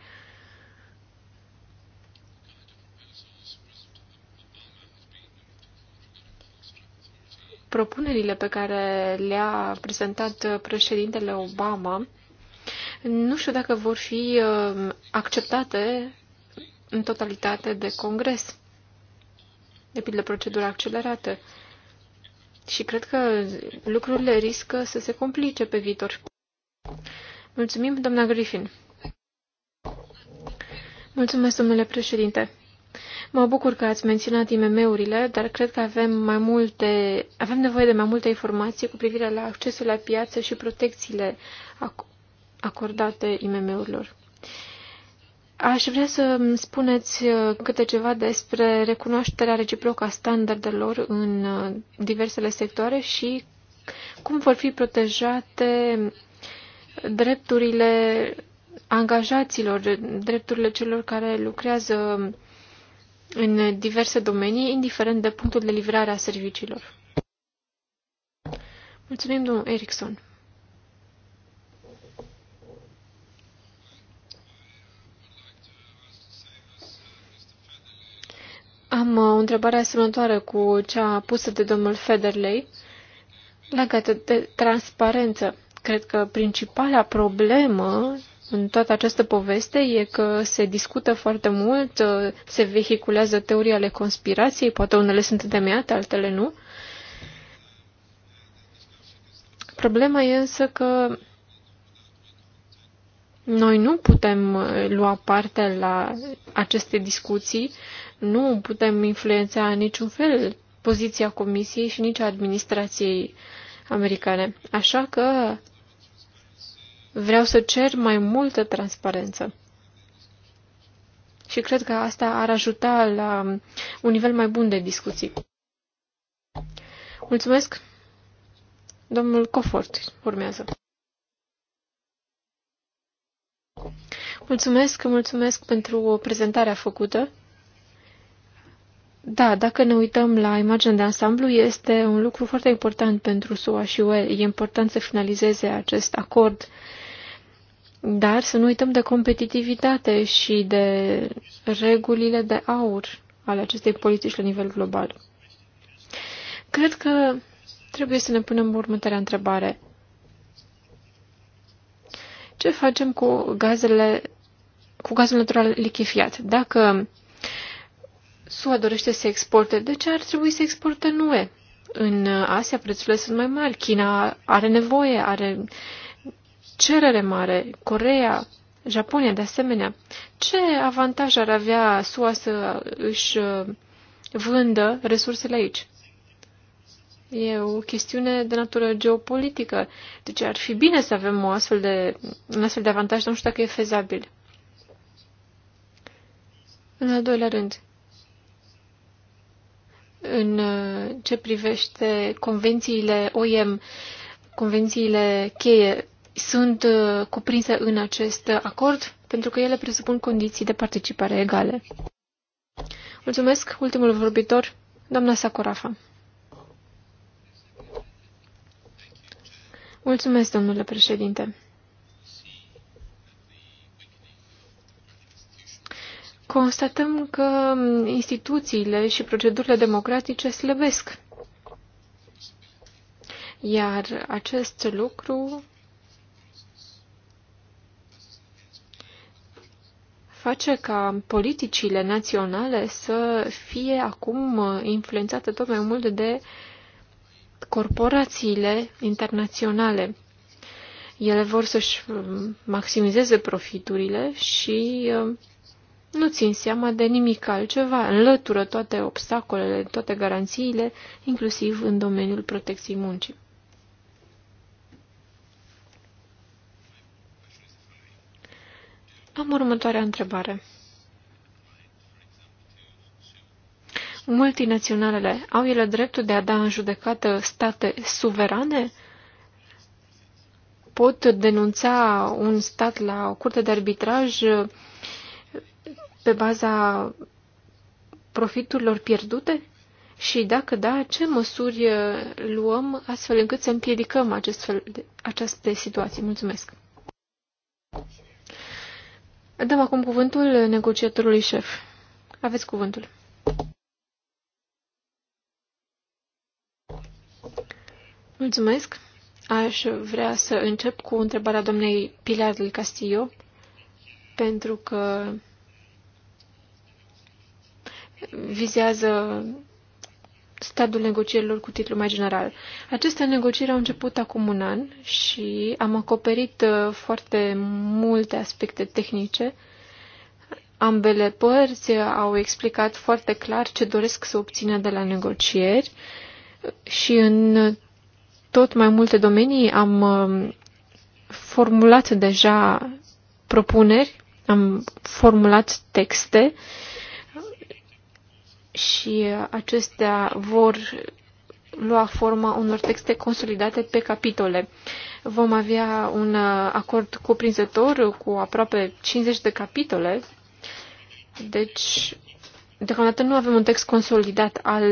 Propunerile pe care le-a prezentat președintele Obama nu știu dacă vor fi um, acceptate în totalitate de congres. De pildă procedura accelerată. Și cred că lucrurile riscă să se complice pe viitor. Mulțumim, doamna Griffin. Mulțumesc, domnule președinte. Mă bucur că ați menționat IMM-urile, dar cred că avem mai multe, avem nevoie de mai multe informații cu privire la accesul la piață și protecțiile acordate IMM-urilor. Aș vrea să spuneți uh, câte ceva despre recunoașterea reciprocă a standardelor în uh, diversele sectoare și cum vor fi protejate drepturile angajaților, drepturile celor care lucrează în diverse domenii, indiferent de punctul de livrare a serviciilor. Mulțumim, domnul Erickson. Am uh, o întrebare asemănătoare cu cea pusă de domnul Federley legată de transparență. Cred că principala problemă în toată această poveste e că se discută foarte mult, uh, se vehiculează teorii ale conspirației, poate unele sunt întemeiate, altele nu. Problema e însă că noi nu putem uh, lua parte la aceste discuții nu putem influența în niciun fel poziția Comisiei și nici a administrației americane. Așa că vreau să cer mai multă transparență. Și cred că asta ar ajuta la un nivel mai bun de discuții. Mulțumesc. Domnul Cofort urmează. Mulțumesc, mulțumesc pentru prezentarea făcută. Da, dacă ne uităm la imaginea de ansamblu, este un lucru foarte important pentru SUA și UE. E important să finalizeze acest acord, dar să nu uităm de competitivitate și de regulile de aur ale acestei politici la nivel global. Cred că trebuie să ne punem următoarea întrebare. Ce facem cu gazele cu gazul natural lichefiat? Dacă SUA dorește să exporte, de ce ar trebui să exporte în UE? În Asia prețurile sunt mai mari, China are nevoie, are cerere mare, Corea, Japonia de asemenea. Ce avantaj ar avea SUA să își uh, vândă resursele aici? E o chestiune de natură geopolitică. Deci ar fi bine să avem o astfel de, un astfel de avantaj, dar nu știu dacă e fezabil. În al doilea rând, în uh, ce privește convențiile OIM, convențiile cheie, sunt uh, cuprinse în acest acord pentru că ele presupun condiții de participare egale. Mulțumesc. Ultimul vorbitor, doamna Sakorafa. Mulțumesc, domnule președinte. constatăm că instituțiile și procedurile democratice slăbesc. Iar acest lucru face ca politicile naționale să fie acum influențate tot mai mult de corporațiile internaționale. Ele vor să-și maximizeze profiturile și uh, nu țin seama de nimic altceva, înlătură toate obstacolele, toate garanțiile, inclusiv în domeniul protecției muncii. Am următoarea întrebare. Multinaționalele au ele dreptul de a da în judecată state suverane? Pot denunța un stat la o curte de arbitraj pe baza profiturilor pierdute? Și dacă da, ce măsuri uh, luăm astfel încât să împiedicăm acest fel de, aceste situații? Mulțumesc! Dăm acum cuvântul negociatorului șef. Aveți cuvântul. Mulțumesc. Aș vrea să încep cu întrebarea doamnei Pilar del Castillo, pentru că vizează stadiul negocierilor cu titlu mai general. Aceste negocieri au început acum un an și am acoperit uh, foarte multe aspecte tehnice. Ambele părți uh, au explicat foarte clar ce doresc să obțină de la negocieri și în tot mai multe domenii am uh, formulat deja propuneri, am formulat texte uh, și acestea vor lua forma unor texte consolidate pe capitole. Vom avea un acord cuprinzător cu aproape 50 de capitole, deci deocamdată nu avem un text consolidat al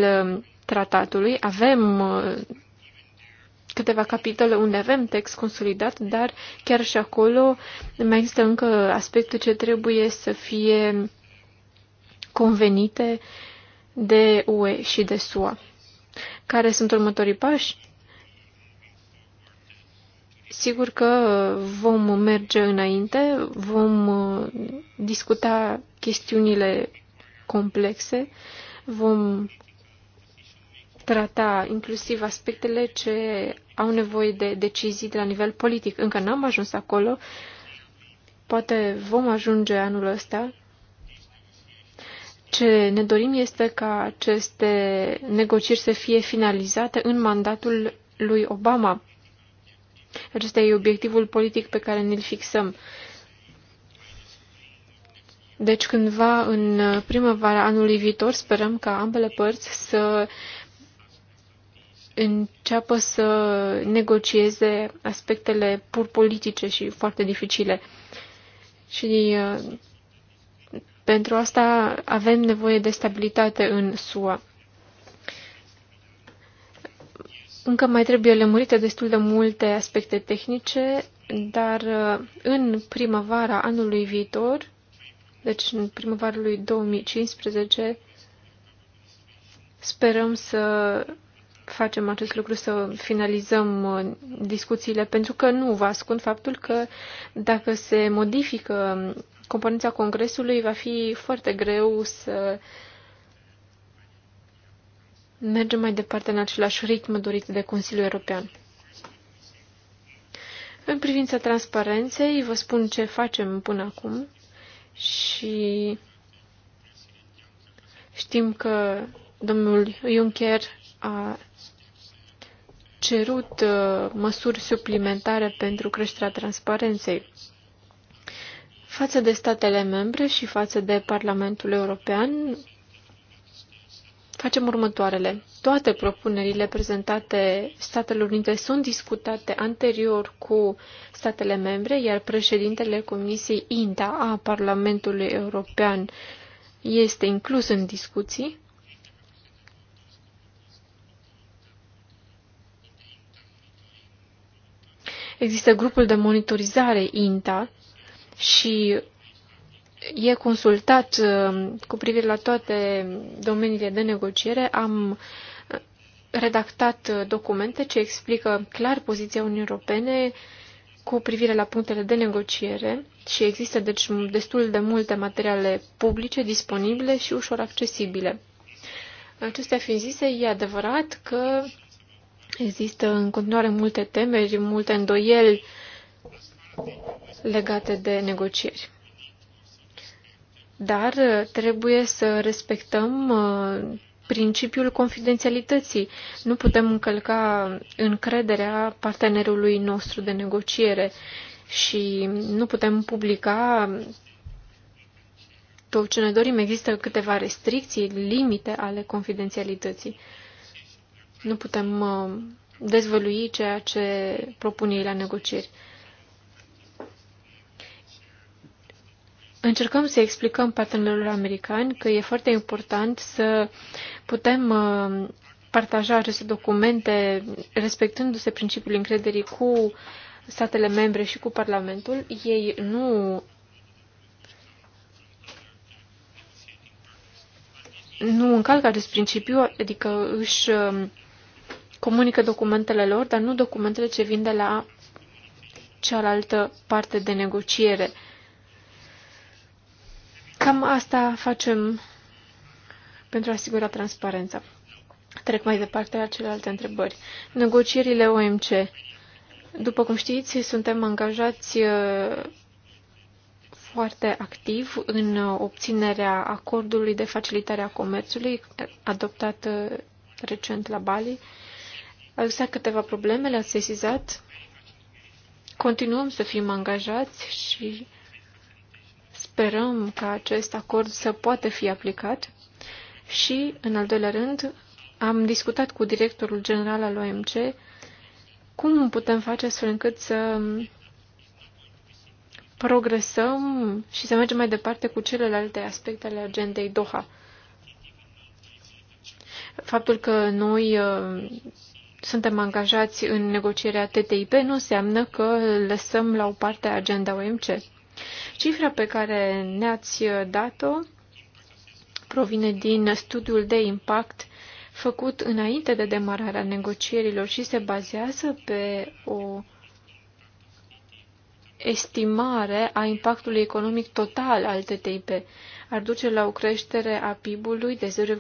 tratatului, avem uh, câteva capitole unde avem text consolidat, dar chiar și acolo mai există încă aspecte ce trebuie să fie convenite uh, de UE și de SUA. Care sunt următorii pași? Sigur că vom merge înainte, vom uh, discuta chestiunile complexe, vom trata inclusiv aspectele ce au nevoie de decizii de la nivel politic. Încă n-am ajuns acolo, poate vom ajunge anul ăsta, ce ne dorim este ca aceste negocieri să fie finalizate în mandatul lui Obama. Acesta e obiectivul politic pe care ne-l fixăm. Deci cândva în primăvara anului viitor sperăm ca ambele părți să înceapă să negocieze aspectele pur politice și foarte dificile. Și uh, pentru asta avem nevoie de stabilitate în SUA. Încă mai trebuie lămurite destul de multe aspecte tehnice, dar uh, în primăvara anului viitor, deci în primăvara lui 2015, sperăm să facem acest lucru, să finalizăm uh, discuțiile, pentru că nu vă ascund faptul că dacă se modifică um, componența Congresului va fi foarte greu să mergem mai departe în același ritm dorit de Consiliul European. În privința transparenței, vă spun ce facem până acum și știm că domnul Juncker a cerut uh, măsuri suplimentare pentru creșterea transparenței față de statele membre și față de Parlamentul European, facem următoarele. Toate propunerile prezentate Statelor Unite sunt discutate anterior cu statele membre, iar președintele Comisiei INTA a Parlamentului European este inclus în discuții. Există grupul de monitorizare INTA și e consultat uh, cu privire la toate domeniile de negociere. Am uh, redactat uh, documente ce explică clar poziția Uniunii Europene cu privire la punctele de negociere și există deci destul de multe materiale publice disponibile și ușor accesibile. Acestea fiind zise, e adevărat că există în continuare multe temeri, multe îndoieli legate de negocieri. Dar uh, trebuie să respectăm uh, principiul confidențialității. Nu putem încălca încrederea partenerului nostru de negociere și nu putem publica tot ce ne dorim. Există câteva restricții, limite ale confidențialității. Nu putem uh, dezvălui ceea ce propun ei la negocieri. încercăm să explicăm partenerilor americani că e foarte important să putem uh, partaja aceste documente respectându-se principiul încrederii cu statele membre și cu Parlamentul. Ei nu nu încalcă acest principiu, adică își uh, comunică documentele lor, dar nu documentele ce vin de la cealaltă parte de negociere. Cam asta facem pentru a asigura transparența. Trec mai departe la celelalte întrebări. Negocierile OMC. După cum știți, suntem angajați uh, foarte activ în obținerea acordului de facilitare a comerțului adoptat uh, recent la Bali. Au lăsat câteva probleme, le-ați sesizat. Continuăm să fim angajați și Sperăm ca acest acord să poată fi aplicat și, în al doilea rând, am discutat cu directorul general al OMC cum putem face astfel încât să progresăm și să mergem mai departe cu celelalte aspecte ale agendei Doha. Faptul că noi uh, suntem angajați în negocierea TTIP nu înseamnă că lăsăm la o parte agenda OMC. Cifra pe care ne-ați dat-o provine din studiul de impact făcut înainte de demararea negocierilor și se bazează pe o estimare a impactului economic total al TTIP ar duce la o creștere a PIB-ului de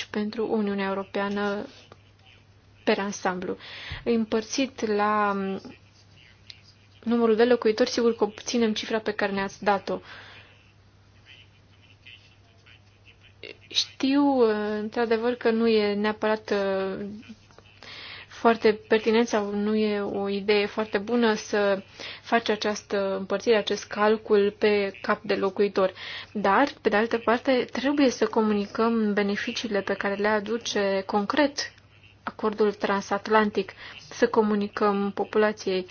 0,5 pentru Uniunea Europeană per ansamblu. Împărțit la numărul de locuitori, sigur că obținem cifra pe care ne-ați dat-o. Știu, într-adevăr, că nu e neapărat uh, foarte pertinent sau nu e o idee foarte bună să faci această împărțire, acest calcul pe cap de locuitor. Dar, pe de altă parte, trebuie să comunicăm beneficiile pe care le aduce concret acordul transatlantic, să comunicăm populației,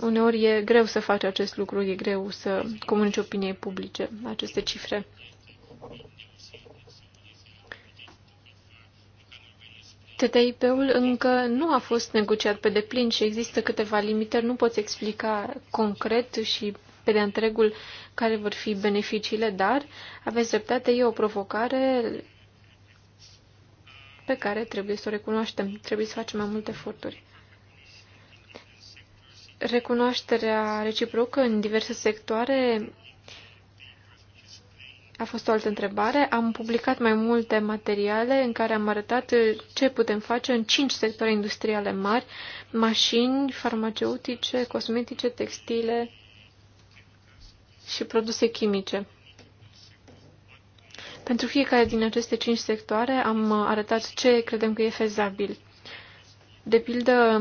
uneori e greu să faci acest lucru, e greu să comunici opiniei publice aceste cifre. TTIP-ul încă nu a fost negociat pe deplin și există câteva limitări. Nu poți explica concret și pe de întregul care vor fi beneficiile, dar aveți dreptate, e o provocare pe care trebuie să o recunoaștem. Trebuie să facem mai multe eforturi. Recunoașterea reciprocă în diverse sectoare a fost o altă întrebare. Am publicat mai multe materiale în care am arătat ce putem face în cinci sectoare industriale mari, mașini, farmaceutice, cosmetice, textile și produse chimice. Pentru fiecare din aceste cinci sectoare am arătat ce credem că e fezabil. De pildă,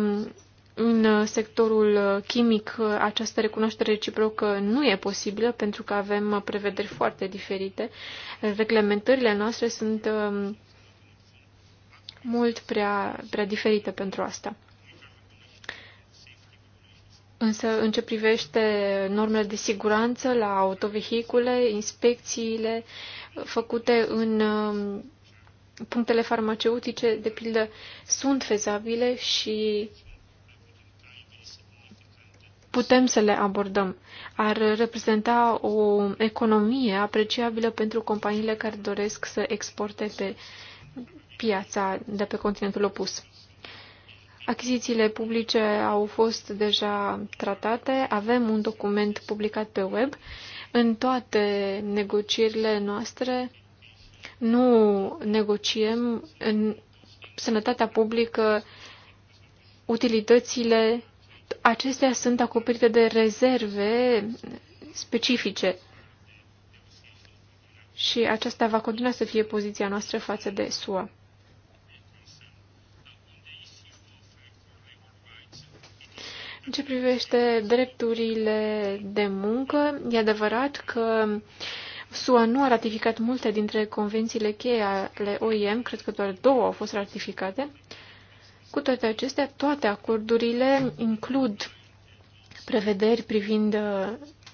în sectorul chimic, această recunoaștere reciprocă nu e posibilă pentru că avem prevederi foarte diferite. Reglementările noastre sunt um, mult prea, prea diferite pentru asta. Însă, în ce privește normele de siguranță la autovehicule, inspecțiile făcute în um, punctele farmaceutice, de pildă, sunt fezabile și putem să le abordăm. Ar reprezenta o economie apreciabilă pentru companiile care doresc să exporte pe piața de pe continentul opus. Achizițiile publice au fost deja tratate, avem un document publicat pe web. În toate negocierile noastre nu negociem în sănătatea publică utilitățile acestea sunt acoperite de rezerve specifice. Și aceasta va continua să fie poziția noastră față de SUA. În ce privește drepturile de muncă, e adevărat că SUA nu a ratificat multe dintre convențiile cheie ale OIM, cred că doar două au fost ratificate, cu toate acestea, toate acordurile includ prevederi privind uh,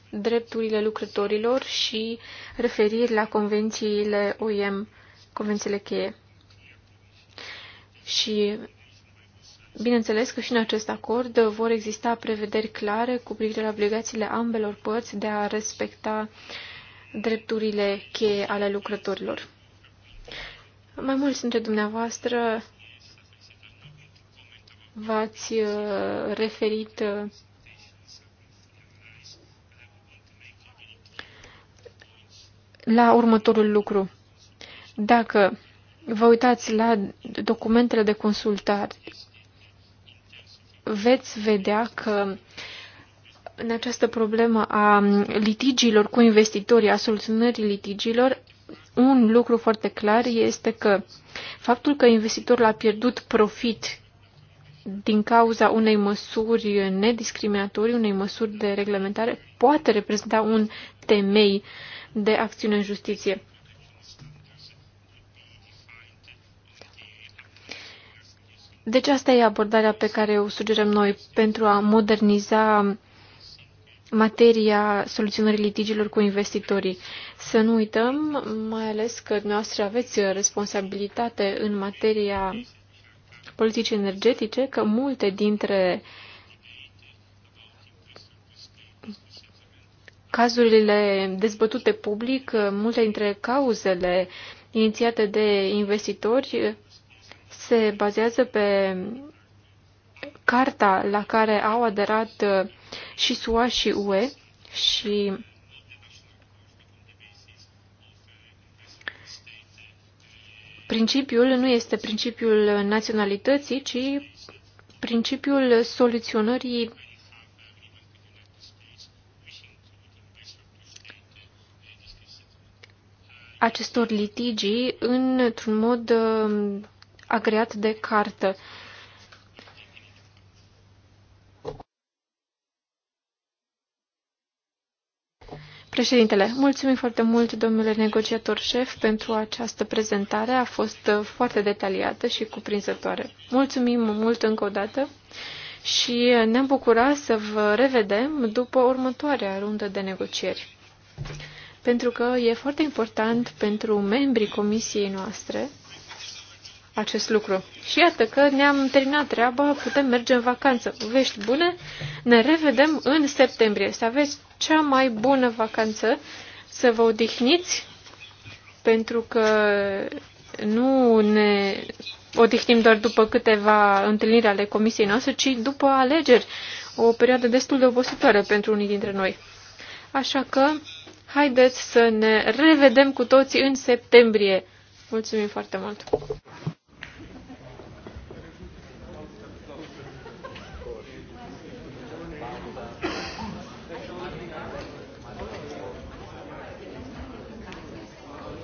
drepturile lucrătorilor și referiri la convențiile OIM, convențiile cheie. Și bineînțeles că și în acest acord vor exista prevederi clare cu privire la obligațiile ambelor părți de a respecta drepturile cheie ale lucrătorilor. Mai mulți dintre dumneavoastră v-ați uh, referit uh, la următorul lucru. Dacă vă uitați la documentele de consultare, veți vedea că în această problemă a litigiilor cu investitorii, a soluționării litigiilor, un lucru foarte clar este că faptul că investitorul a pierdut profit din cauza unei măsuri nediscriminatorii, unei măsuri de reglementare, poate reprezenta un temei de acțiune în justiție. Deci asta e abordarea pe care o sugerăm noi pentru a moderniza materia soluționării litigilor cu investitorii. Să nu uităm, mai ales că dumneavoastră aveți responsabilitate în materia politici energetice că multe dintre cazurile dezbătute public, multe dintre cauzele inițiate de investitori se bazează pe carta la care au aderat și SUA și UE și Principiul nu este principiul naționalității, ci principiul soluționării acestor litigii într-un mod uh, agreat de cartă. Președintele, mulțumim foarte mult, domnule negociator șef, pentru această prezentare. A fost uh, foarte detaliată și cuprinzătoare. Mulțumim mult încă o dată și uh, ne-am bucurat să vă revedem după următoarea rundă de negocieri. Pentru că e foarte important pentru membrii comisiei noastre acest lucru. Și iată că ne-am terminat treaba, putem merge în vacanță. Vești bune, ne revedem în septembrie. Să aveți cea mai bună vacanță, să vă odihniți, pentru că nu ne odihnim doar după câteva întâlniri ale comisiei noastre, ci după alegeri, o perioadă destul de obositoare pentru unii dintre noi. Așa că haideți să ne revedem cu toții în septembrie. Mulțumim foarte mult!